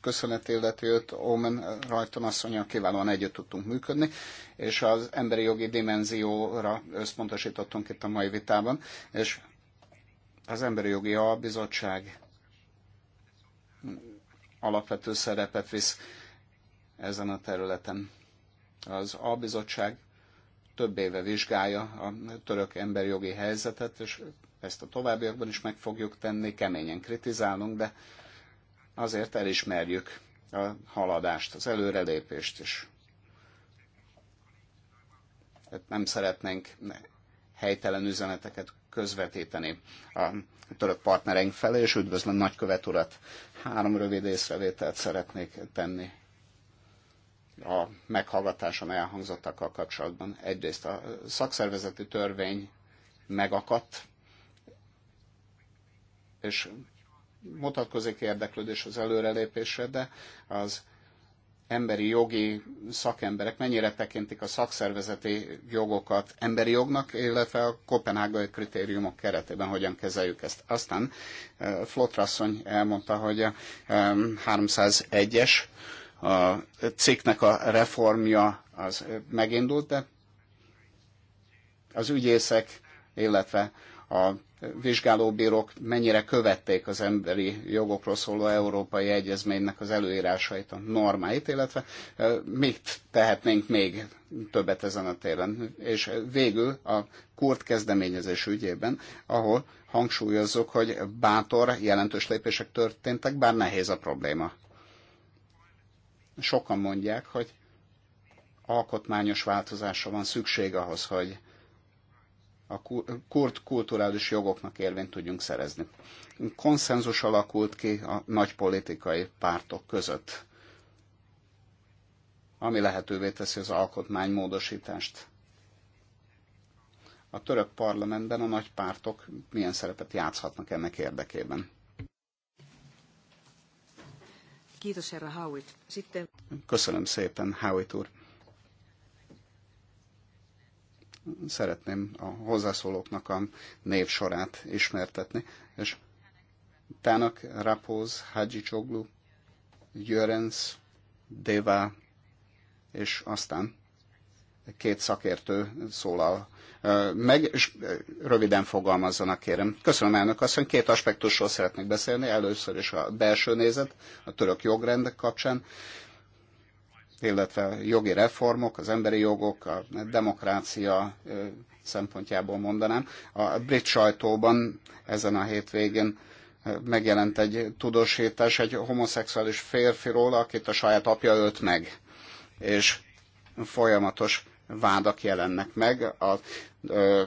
köszönet illeti őt, Omen Rajton asszonya kiválóan együtt tudtunk működni, és az emberi jogi dimenzióra összpontosítottunk itt a mai vitában, és az Emberi Jogi Albizottság alapvető szerepet visz ezen a területen. Az Albizottság több éve vizsgálja a török emberi jogi helyzetet, és ezt a továbbiakban is meg fogjuk tenni, keményen kritizálunk, de azért elismerjük a haladást, az előrelépést is. Hát nem szeretnénk helytelen üzeneteket közvetíteni a török partnereink felé, és üdvözlöm nagykövet urat. Három rövid észrevételt szeretnék tenni a meghallgatáson elhangzottakkal kapcsolatban. Egyrészt a szakszervezeti törvény megakadt, és mutatkozik érdeklődés az előrelépésre, de az emberi jogi szakemberek mennyire tekintik a szakszervezeti jogokat emberi jognak, illetve a kopenhágai kritériumok keretében hogyan kezeljük ezt. Aztán eh, Flotrasszony elmondta, hogy eh, a 301-es cikknek a reformja az megindult, de az ügyészek, illetve a vizsgálóbírok mennyire követték az emberi jogokról szóló Európai Egyezménynek az előírásait, a normáit, illetve mit tehetnénk még többet ezen a téren. És végül a kurt kezdeményezés ügyében, ahol hangsúlyozzuk, hogy bátor, jelentős lépések történtek, bár nehéz a probléma. Sokan mondják, hogy alkotmányos változásra van szükség ahhoz, hogy a kurt kulturális jogoknak érvényt tudjunk szerezni. Konszenzus alakult ki a nagy politikai pártok között, ami lehetővé teszi az alkotmány módosítást. A török parlamentben a nagy pártok milyen szerepet játszhatnak ennek érdekében? Köszönöm szépen, Howitt úr szeretném a hozzászólóknak a névsorát ismertetni, és Tának, Rapóz, Hadzsi Csoglu, Jörens, Deva, és aztán két szakértő szólal meg, és röviden fogalmazzanak, kérem. Köszönöm, elnök asszony. Két aspektusról szeretnék beszélni. Először is a belső nézet, a török jogrend kapcsán, illetve jogi reformok, az emberi jogok, a demokrácia szempontjából mondanám. A brit sajtóban ezen a hétvégén megjelent egy tudósítás egy homoszexuális férfiról, akit a saját apja ölt meg, és folyamatos vádak jelennek meg, a ö,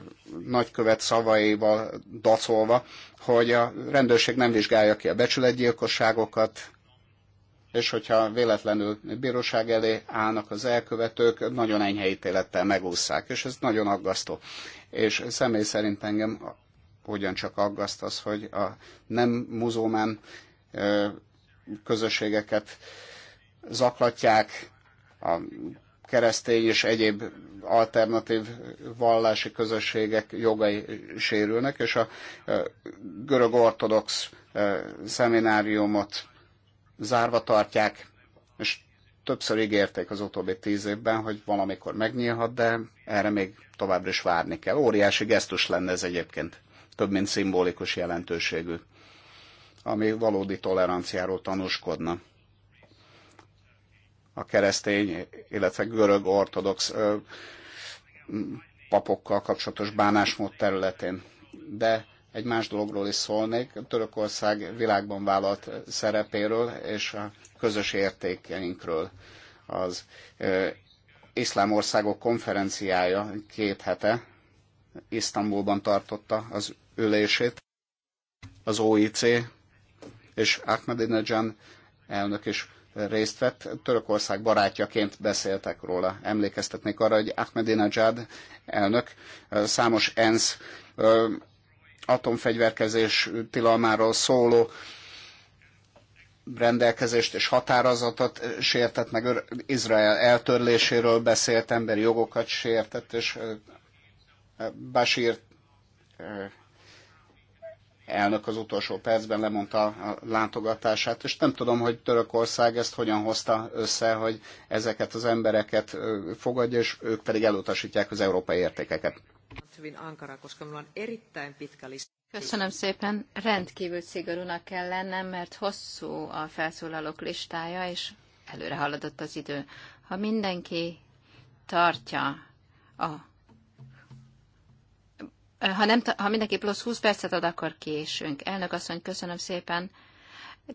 nagykövet szavaival dacolva, hogy a rendőrség nem vizsgálja ki a becsületgyilkosságokat, és hogyha véletlenül bíróság elé állnak az elkövetők, nagyon enyhe ítélettel megúszszák, és ez nagyon aggasztó. És személy szerint engem ugyancsak aggaszt az, hogy a nem muzulmán közösségeket zaklatják, a keresztény és egyéb alternatív vallási közösségek jogai sérülnek, és a görög ortodox szemináriumot zárva tartják, és többször ígérték az utóbbi tíz évben, hogy valamikor megnyílhat, de erre még továbbra is várni kell. Óriási gesztus lenne ez egyébként, több mint szimbolikus jelentőségű, ami valódi toleranciáról tanúskodna. A keresztény, illetve görög ortodox ö, papokkal kapcsolatos bánásmód területén. De egy más dologról is szólnék, Törökország világban vállalt szerepéről és a közös értékeinkről. Az iszlám országok konferenciája két hete Isztambulban tartotta az ülését. Az OIC és Ahmadinejad elnök is részt vett, Törökország barátjaként beszéltek róla. Emlékeztetnék arra, hogy Ahmadinejad elnök számos ENSZ atomfegyverkezés tilalmáról szóló rendelkezést és határozatot sértett, meg Izrael eltörléséről beszélt, emberi jogokat sértett, és Bashir elnök az utolsó percben lemondta a látogatását, és nem tudom, hogy Törökország ezt hogyan hozta össze, hogy ezeket az embereket fogadja, és ők pedig elutasítják az európai értékeket. Köszönöm szépen. Rendkívül szigorúnak kell lennem, mert hosszú a felszólalók listája, és előre haladott az idő. Ha mindenki tartja a ha, nem, ha mindenki plusz 20 percet ad, akkor késünk. Elnök asszony, köszönöm szépen.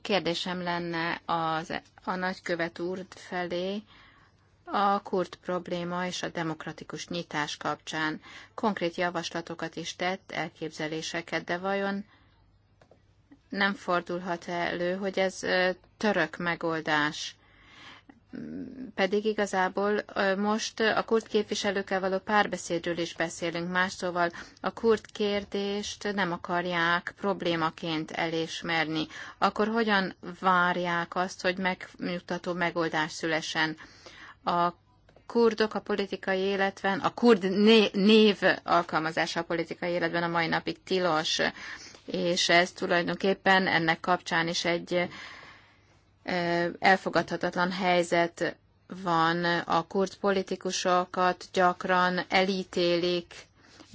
Kérdésem lenne az, a nagykövet úr felé, a kurt probléma és a demokratikus nyitás kapcsán. Konkrét javaslatokat is tett, elképzeléseket, de vajon nem fordulhat elő, hogy ez török megoldás? pedig igazából most a kurd képviselőkkel való párbeszédről is beszélünk. Más szóval a kurd kérdést nem akarják problémaként elismerni. Akkor hogyan várják azt, hogy megnyugtató megoldás szülesen? a kurdok a politikai életben, a kurd név alkalmazása a politikai életben a mai napig tilos, és ez tulajdonképpen ennek kapcsán is egy elfogadhatatlan helyzet van. A kurd politikusokat gyakran elítélik,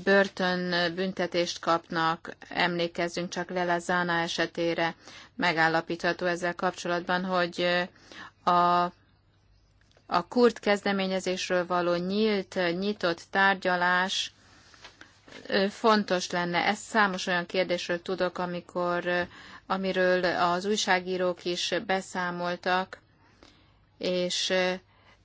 börtön büntetést kapnak, emlékezzünk csak Lela Zana esetére, megállapítható ezzel kapcsolatban, hogy a a kurd kezdeményezésről való nyílt, nyitott tárgyalás fontos lenne. Ez számos olyan kérdésről tudok, amikor, amiről az újságírók is beszámoltak, és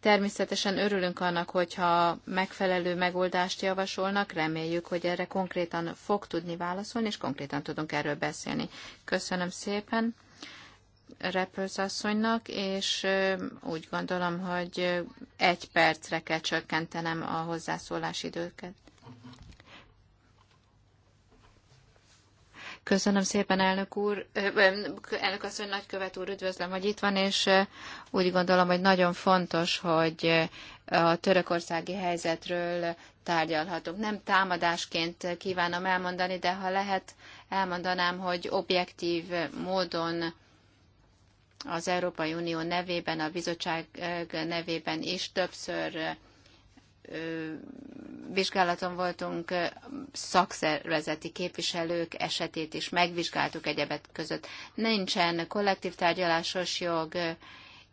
természetesen örülünk annak, hogyha megfelelő megoldást javasolnak, reméljük, hogy erre konkrétan fog tudni válaszolni, és konkrétan tudunk erről beszélni. Köszönöm szépen! Repülsz asszonynak, és úgy gondolom, hogy egy percre kell csökkentenem a hozzászólási időket. Köszönöm szépen, elnök úr, elnök asszony, nagykövet úr, üdvözlöm, hogy itt van, és úgy gondolom, hogy nagyon fontos, hogy a törökországi helyzetről tárgyalhatunk. Nem támadásként kívánom elmondani, de ha lehet, elmondanám, hogy objektív módon az Európai Unió nevében, a bizottság nevében is többször vizsgálaton voltunk, szakszervezeti képviselők esetét is megvizsgáltuk egyebet között. Nincsen kollektív tárgyalásos jog,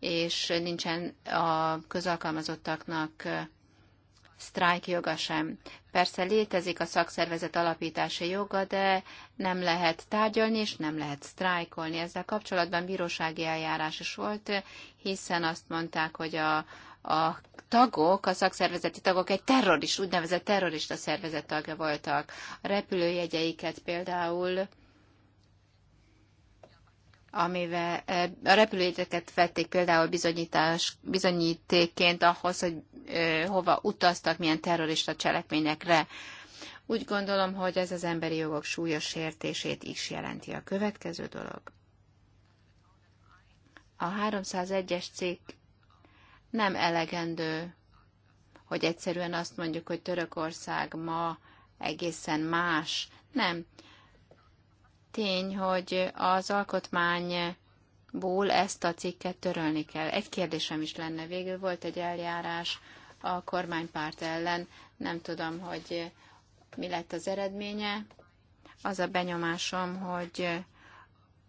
és nincsen a közalkalmazottaknak sztrájk joga sem. Persze létezik a szakszervezet alapítása joga, de nem lehet tárgyalni és nem lehet sztrájkolni. Ezzel kapcsolatban bírósági eljárás is volt, hiszen azt mondták, hogy a, a tagok, a szakszervezeti tagok egy terrorist, úgynevezett terrorista szervezet tagja voltak. A repülőjegyeiket például amivel eh, a repülőjegyeket vették például bizonyítás, bizonyítéként ahhoz, hogy eh, hova utaztak, milyen terrorista cselekményekre. Úgy gondolom, hogy ez az emberi jogok súlyos sértését is jelenti. A következő dolog. A 301-es cikk nem elegendő, hogy egyszerűen azt mondjuk, hogy Törökország ma egészen más. Nem tény, hogy az alkotmányból ezt a cikket törölni kell. Egy kérdésem is lenne. Végül volt egy eljárás a kormánypárt ellen. Nem tudom, hogy mi lett az eredménye. Az a benyomásom, hogy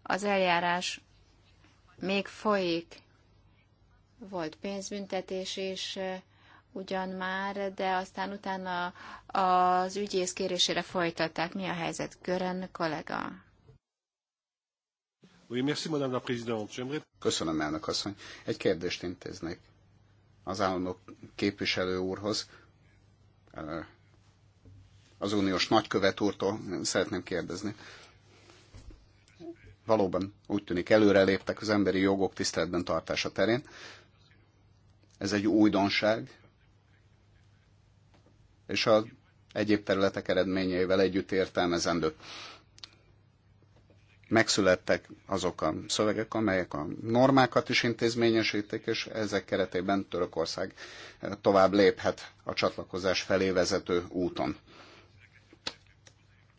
az eljárás még folyik. Volt pénzbüntetés is, eh, ugyan már, de aztán utána az ügyész kérésére folytatták. Mi a helyzet? Görön kollega. Köszönöm, elnök asszony. Egy kérdést intéznék az államok képviselő úrhoz. Az uniós nagykövet úrtól szeretném kérdezni. Valóban úgy tűnik előreléptek az emberi jogok tiszteletben tartása terén. Ez egy újdonság, és az egyéb területek eredményeivel együtt értelmezendő megszülettek azok a szövegek, amelyek a normákat is intézményesítik, és ezek keretében Törökország eh, tovább léphet a csatlakozás felé vezető úton.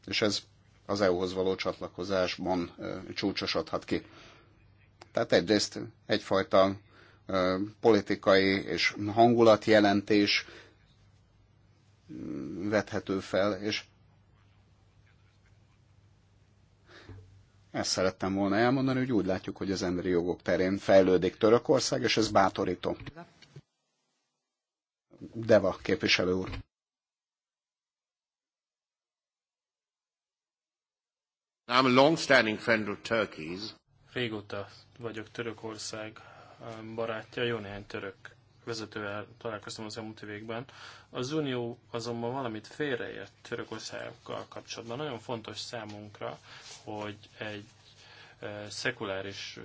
És ez az EU-hoz való csatlakozásban eh, csúcsosodhat ki. Tehát egyrészt egyfajta eh, politikai és hangulatjelentés mm, vethető fel, és Ezt szerettem volna elmondani, hogy úgy látjuk, hogy az emberi jogok terén fejlődik Törökország, és ez bátorító. Deva képviselő úr. I'm a long-standing friend of Turkey's. Régóta vagyok Törökország um, barátja, jó néhány török vezetővel találkoztam az elmúlt években. Az Unió azonban valamit félreért Törökországgal kapcsolatban. Nagyon fontos számunkra, hogy egy szekuláris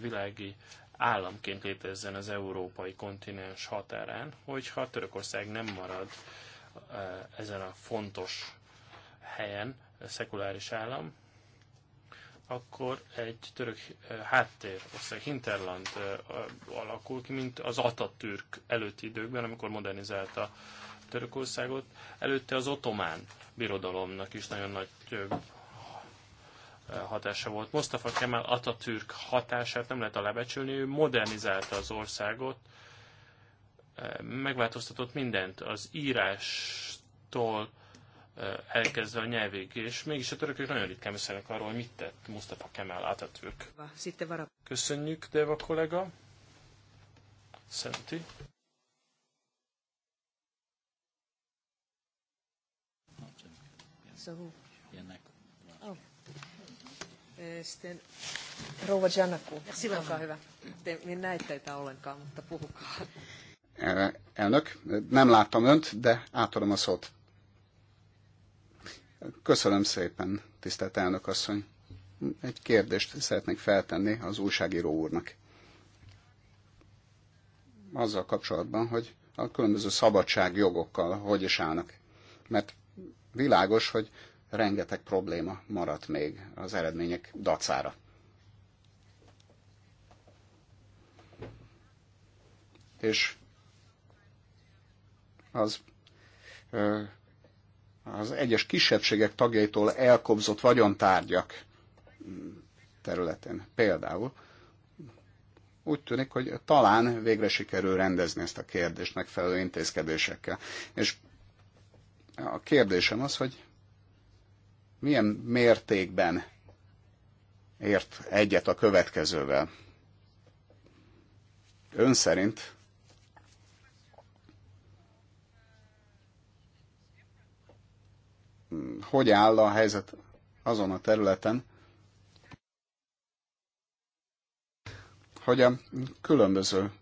világi államként létezzen az európai kontinens határán, hogyha Törökország nem marad ezen a fontos helyen szekuláris állam, akkor egy török háttér, ország Hinterland alakul ki, mint az Atatürk előtti időkben, amikor modernizálta Törökországot. Előtte az ottomán birodalomnak is nagyon nagy hatása volt. Mostafa Kemal Atatürk hatását nem lehet alábecsülni, ő modernizálta az országot, megváltoztatott mindent, az írástól elkezdve a nyelvig, és mégis a törökök nagyon ritkán beszélnek arról, hogy mit tett Mustafa Kemal Atatürk. Köszönjük, Deva kollega. Szenti. So Sitten Rouva Janaku, olkaa hyvä. Te, minä näin teitä ollenkaan, mutta puhukaa. Elnök, nem láttam önt, de átadom a szót. Köszönöm szépen, tisztelt elnök asszony. Egy kérdést szeretnék feltenni az újságíró úrnak. Azzal kapcsolatban, hogy a különböző szabadságjogokkal hogy is állnak. Mert világos, hogy rengeteg probléma maradt még az eredmények dacára. És az, az egyes kisebbségek tagjaitól elkobzott vagyontárgyak területén például úgy tűnik, hogy talán végre sikerül rendezni ezt a kérdést megfelelő intézkedésekkel. És a kérdésem az, hogy milyen mértékben ért egyet a következővel. Ön szerint hogy áll a helyzet azon a területen, hogy a különböző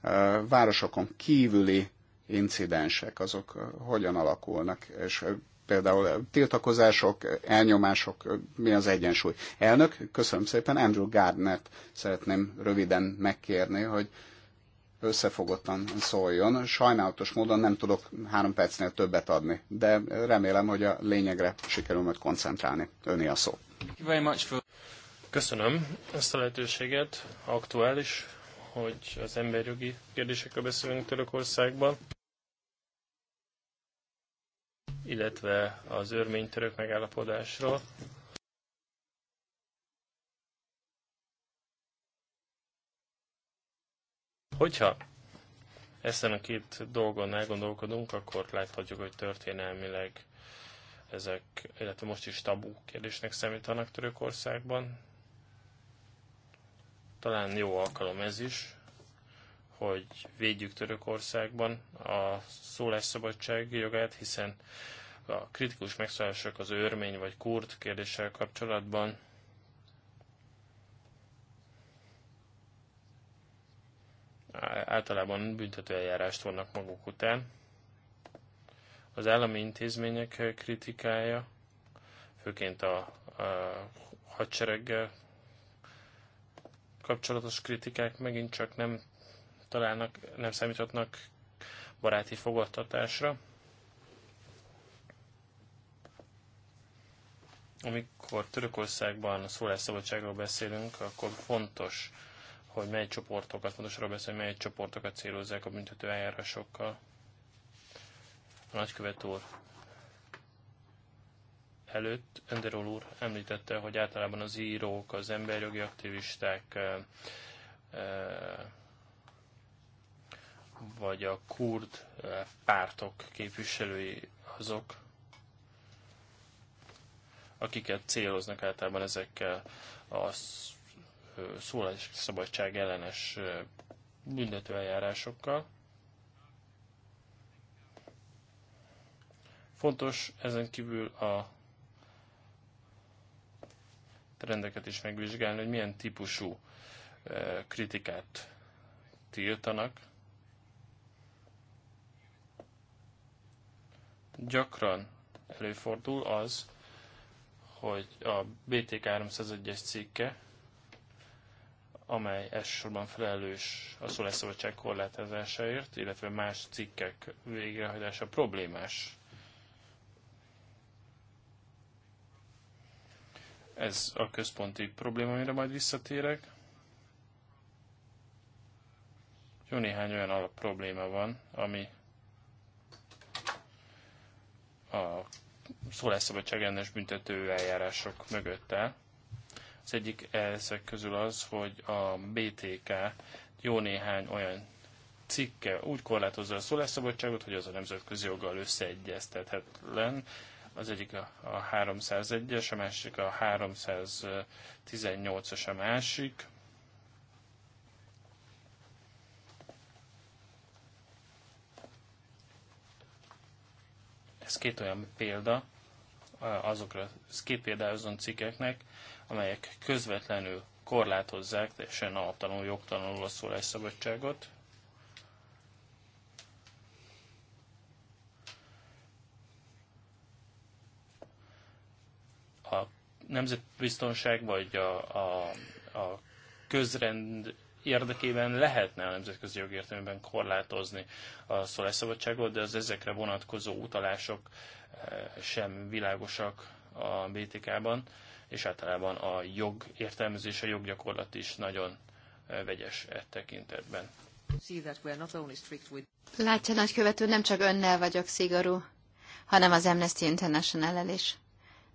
eh, városokon kívüli incidensek azok eh, hogyan alakulnak, és eh, például tiltakozások, elnyomások, mi az egyensúly. Elnök, köszönöm szépen, Andrew Gardnert szeretném röviden megkérni, hogy összefogottan szóljon. Sajnálatos módon nem tudok három percnél többet adni, de remélem, hogy a lényegre sikerül majd koncentrálni. Öné a szó. Köszönöm ezt a lehetőséget, aktuális, hogy az emberjogi kérdésekről beszélünk Törökországban illetve az örmény-török megállapodásról. Hogyha ezen a két dolgon elgondolkodunk, akkor láthatjuk, hogy történelmileg ezek, illetve most is tabú kérdésnek számítanak Törökországban. Talán jó alkalom ez is, hogy védjük Törökországban a szólásszabadság jogát, hiszen a kritikus megszállások az örmény vagy kurt kérdéssel kapcsolatban általában büntető eljárást vannak maguk után. Az állami intézmények kritikája, főként a, a hadsereggel kapcsolatos kritikák megint csak nem találnak, nem számíthatnak baráti fogadtatásra. Amikor Törökországban a szólásszabadságról beszélünk, akkor fontos, hogy mely csoportokat, fontos arról beszélni, mely csoportokat célozzák a büntető eljárásokkal. A nagykövet úr előtt Enderol úr említette, hogy általában az írók, az emberjogi aktivisták, eh, eh, vagy a kurd eh, pártok képviselői azok, akiket céloznak általában ezekkel a szólásszabadság ellenes büntetőeljárásokkal. Fontos ezen kívül a trendeket is megvizsgálni, hogy milyen típusú kritikát tiltanak. Gyakran előfordul az, hogy a BTK 301-es cikke, amely elsősorban felelős a szólásszabadság korlátozásáért, illetve más cikkek végrehajtása problémás. Ez a központi probléma, amire majd visszatérek. Jó néhány olyan alap probléma van, ami a szólásszabadság ellenes büntető eljárások mögötte. Az egyik ezek közül az, hogy a BTK jó néhány olyan cikke úgy korlátozza a szólásszabadságot, hogy az a nemzetközi joggal összeegyeztethetlen. Az egyik a, a 301-es, a másik a 318-as, a másik, Ez két olyan példa, eh, azokra, ez két példája azon cikkeknek, amelyek közvetlenül korlátozzák teljesen alaptalanul, jogtalanul a szólásszabadságot. A nemzetbiztonság vagy a, a, a közrend érdekében lehetne a nemzetközi jogértelmében korlátozni a szólásszabadságot, de az ezekre vonatkozó utalások eh, sem világosak a BTK-ban, és általában a jog értelmezés, a joggyakorlat is nagyon eh, vegyes e tekintetben. Látja, nagykövető, nem csak önnel vagyok szigorú, hanem az Amnesty International-el is.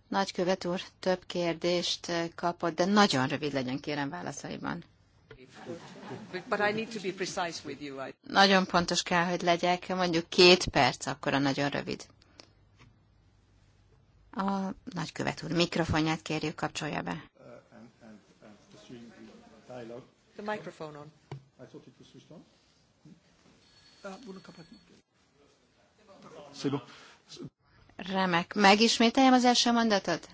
Nagykövet úr több kérdést eh, kapott, de nagyon rövid legyen, kérem válaszaiban. But I need to be precise with you. I... Nagyon pontos kell, hogy legyek, mondjuk két perc, akkor a nagyon rövid. A nagykövet úr mikrofonját kérjük, kapcsolja be. Uh, the microphone on. I thought it was switched on. Uh, Remek. Megismételjem az első mondatot?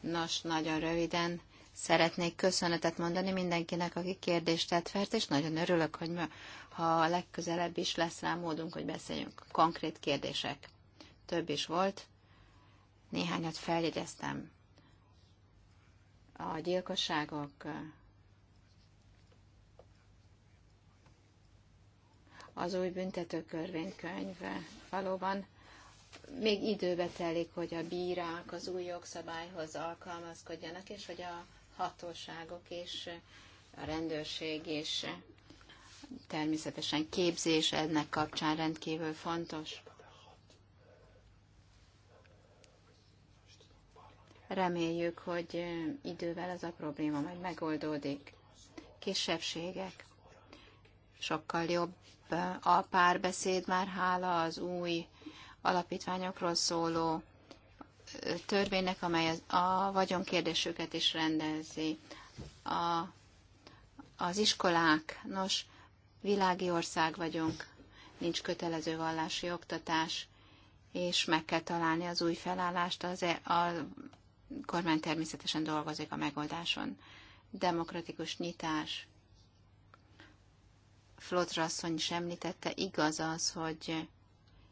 Nos, nagyon röviden. Szeretnék köszönetet mondani mindenkinek, aki kérdést tett fel, és nagyon örülök, hogy ha a legközelebb is lesz rá módunk, hogy beszéljünk. Konkrét kérdések. Több is volt. Néhányat feljegyeztem. A gyilkosságok, az új büntetőkörvénykönyv valóban még időbe telik, hogy a bírák az új jogszabályhoz alkalmazkodjanak, és hogy a hatóságok és a rendőrség és természetesen képzés ennek kapcsán rendkívül fontos. Reméljük, hogy idővel ez a probléma majd megoldódik. Kisebbségek. Sokkal jobb a párbeszéd már hála az új alapítványokról szóló törvénynek, amely a vagyonkérdésüket is rendezi. A, az iskolák, nos, világi ország vagyunk, nincs kötelező vallási oktatás, és meg kell találni az új felállást, az, e, a kormány természetesen dolgozik a megoldáson. Demokratikus nyitás. Flotra asszony is említette, igaz az, hogy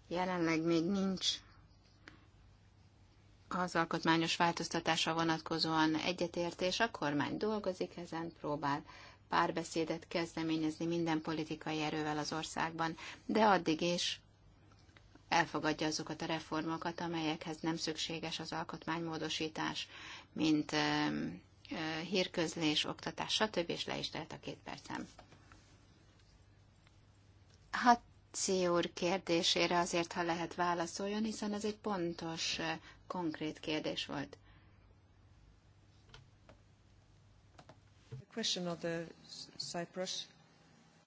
jelenleg még nincs az alkotmányos változtatása vonatkozóan egyetértés, a kormány dolgozik ezen, próbál párbeszédet kezdeményezni minden politikai erővel az országban, de addig is elfogadja azokat a reformokat, amelyekhez nem szükséges az alkotmánymódosítás, mint hírközlés, oktatás, stb. és le is telt a két percem. Hát úr kérdésére azért, ha lehet válaszoljon, hiszen ez egy pontos konkrét kérdés volt.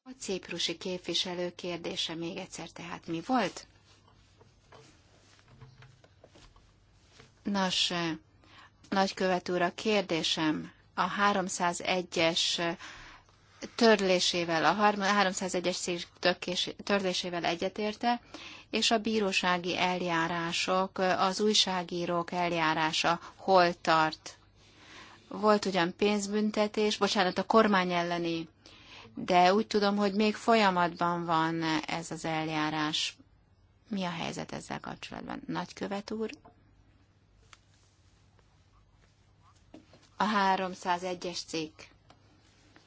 A ciprusi képviselő kérdése még egyszer tehát mi volt? Nos, eh, nagykövet úr, a kérdésem a 301-es eh, törlésével, a 301-es törlésével egyetérte, és a bírósági eljárások, az újságírók eljárása hol tart. Volt ugyan pénzbüntetés, bocsánat, a kormány elleni, de úgy tudom, hogy még folyamatban van ez az eljárás. Mi a helyzet ezzel kapcsolatban? Nagykövet úr? A 301-es cikk.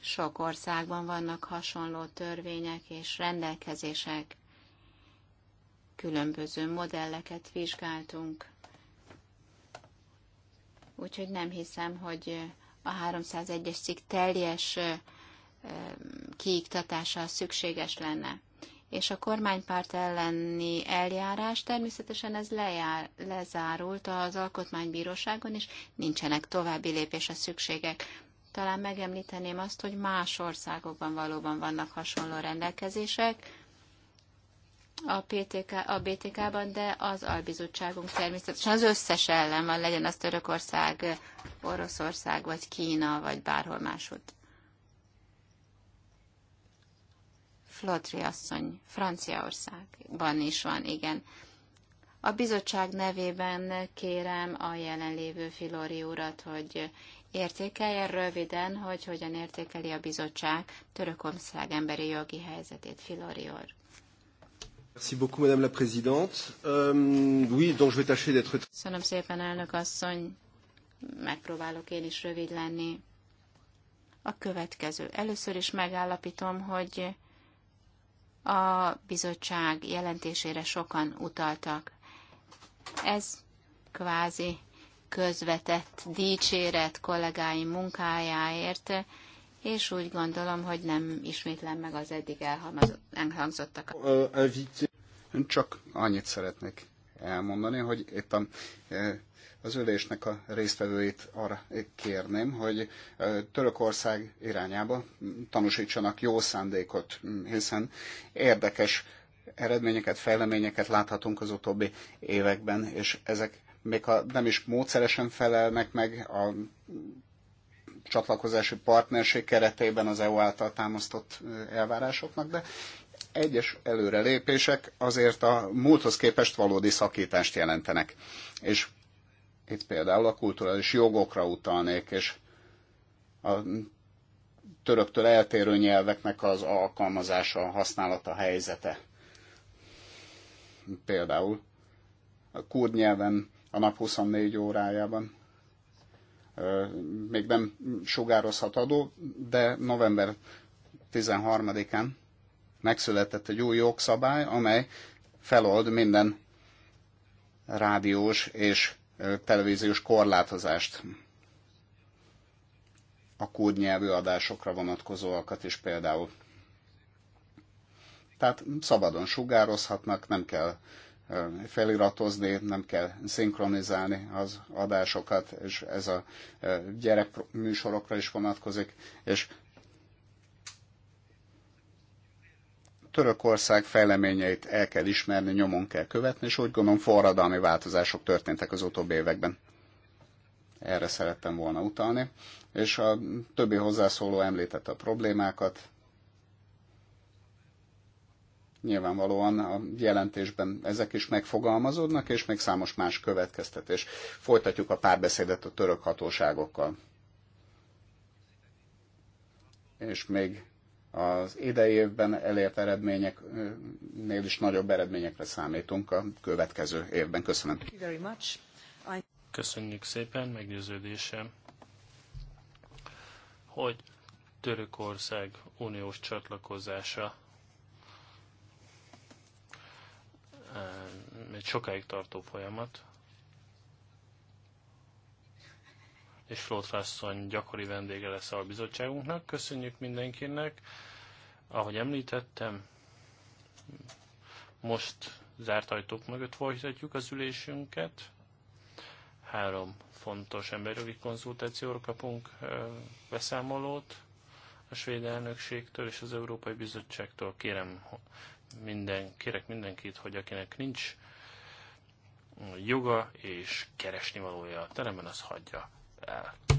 Sok országban vannak hasonló törvények és rendelkezések különböző modelleket vizsgáltunk. Úgyhogy nem hiszem, hogy a 301-es cikk teljes kiiktatása szükséges lenne. És a kormánypárt elleni eljárás természetesen ez lejár, lezárult az alkotmánybíróságon, és nincsenek további lépése szükségek. Talán megemlíteném azt, hogy más országokban valóban vannak hasonló rendelkezések, a, PTK, a BTK-ban, de az albizottságunk természetesen az összes ellen van, legyen az Törökország, Oroszország, vagy Kína, vagy bárhol máshogy. Flotri asszony, Franciaországban is van, igen. A bizottság nevében kérem a jelenlévő Filori urat, hogy értékelje röviden, hogy hogyan értékeli a bizottság Törökország emberi jogi helyzetét. Filori úr. Merci beaucoup, Madame la Présidente. Euh, oui, donc je vais tâcher d'être... Köszönöm szépen, elnök asszony. Megpróbálok én is rövid lenni. A következő. Először is megállapítom, hogy a bizottság jelentésére sokan utaltak. Ez kvázi közvetett dicséret kollégáim munkájáért, és úgy gondolom, hogy nem ismétlem meg az eddig elhangzottakat. Euh, csak annyit szeretnék elmondani, hogy itt a, e, az ülésnek a résztvevőit arra kérném, hogy e, Törökország irányába tanúsítsanak jó szándékot, hiszen érdekes eredményeket, fejleményeket láthatunk az utóbbi években, és ezek még ha nem is módszeresen felelnek meg a csatlakozási partnerség keretében az EU által támasztott e, elvárásoknak, de egyes előrelépések azért a múlthoz képest valódi szakítást jelentenek. És itt például a kulturális jogokra utalnék, és a töröktől eltérő nyelveknek az alkalmazása, a használata, helyzete. Például a kurd nyelven a nap 24 órájában még nem sugározhat adó, de november 13-án megszületett egy új jogszabály, amely felold minden rádiós és televíziós korlátozást a kurd nyelvű adásokra vonatkozóakat is például. Tehát szabadon sugározhatnak, nem kell feliratozni, nem kell szinkronizálni az adásokat, és ez a gyerekműsorokra is vonatkozik, és Törökország fejleményeit el kell ismerni, nyomon kell követni, és úgy gondolom forradalmi változások történtek az utóbbi években. Erre szerettem volna utalni. És a többi hozzászóló említette a problémákat. Nyilvánvalóan a jelentésben ezek is megfogalmazódnak, és még számos más következtetés. Folytatjuk a párbeszédet a török hatóságokkal. És még az idei évben elért eredményeknél is nagyobb eredményekre számítunk a következő évben. Köszönöm. Köszönjük szépen, meggyőződésem, hogy Törökország uniós csatlakozása eh, egy sokáig tartó folyamat, és Flótrászony gyakori vendége lesz a bizottságunknak. Köszönjük mindenkinek! Ahogy említettem, most zárt ajtók mögött folytatjuk az ülésünket. Három fontos emberjogi konzultációra kapunk beszámolót a svéd elnökségtől és az Európai Bizottságtól. Kérem minden, kérek mindenkit, hogy akinek nincs joga és valója a teremben, az hagyja el.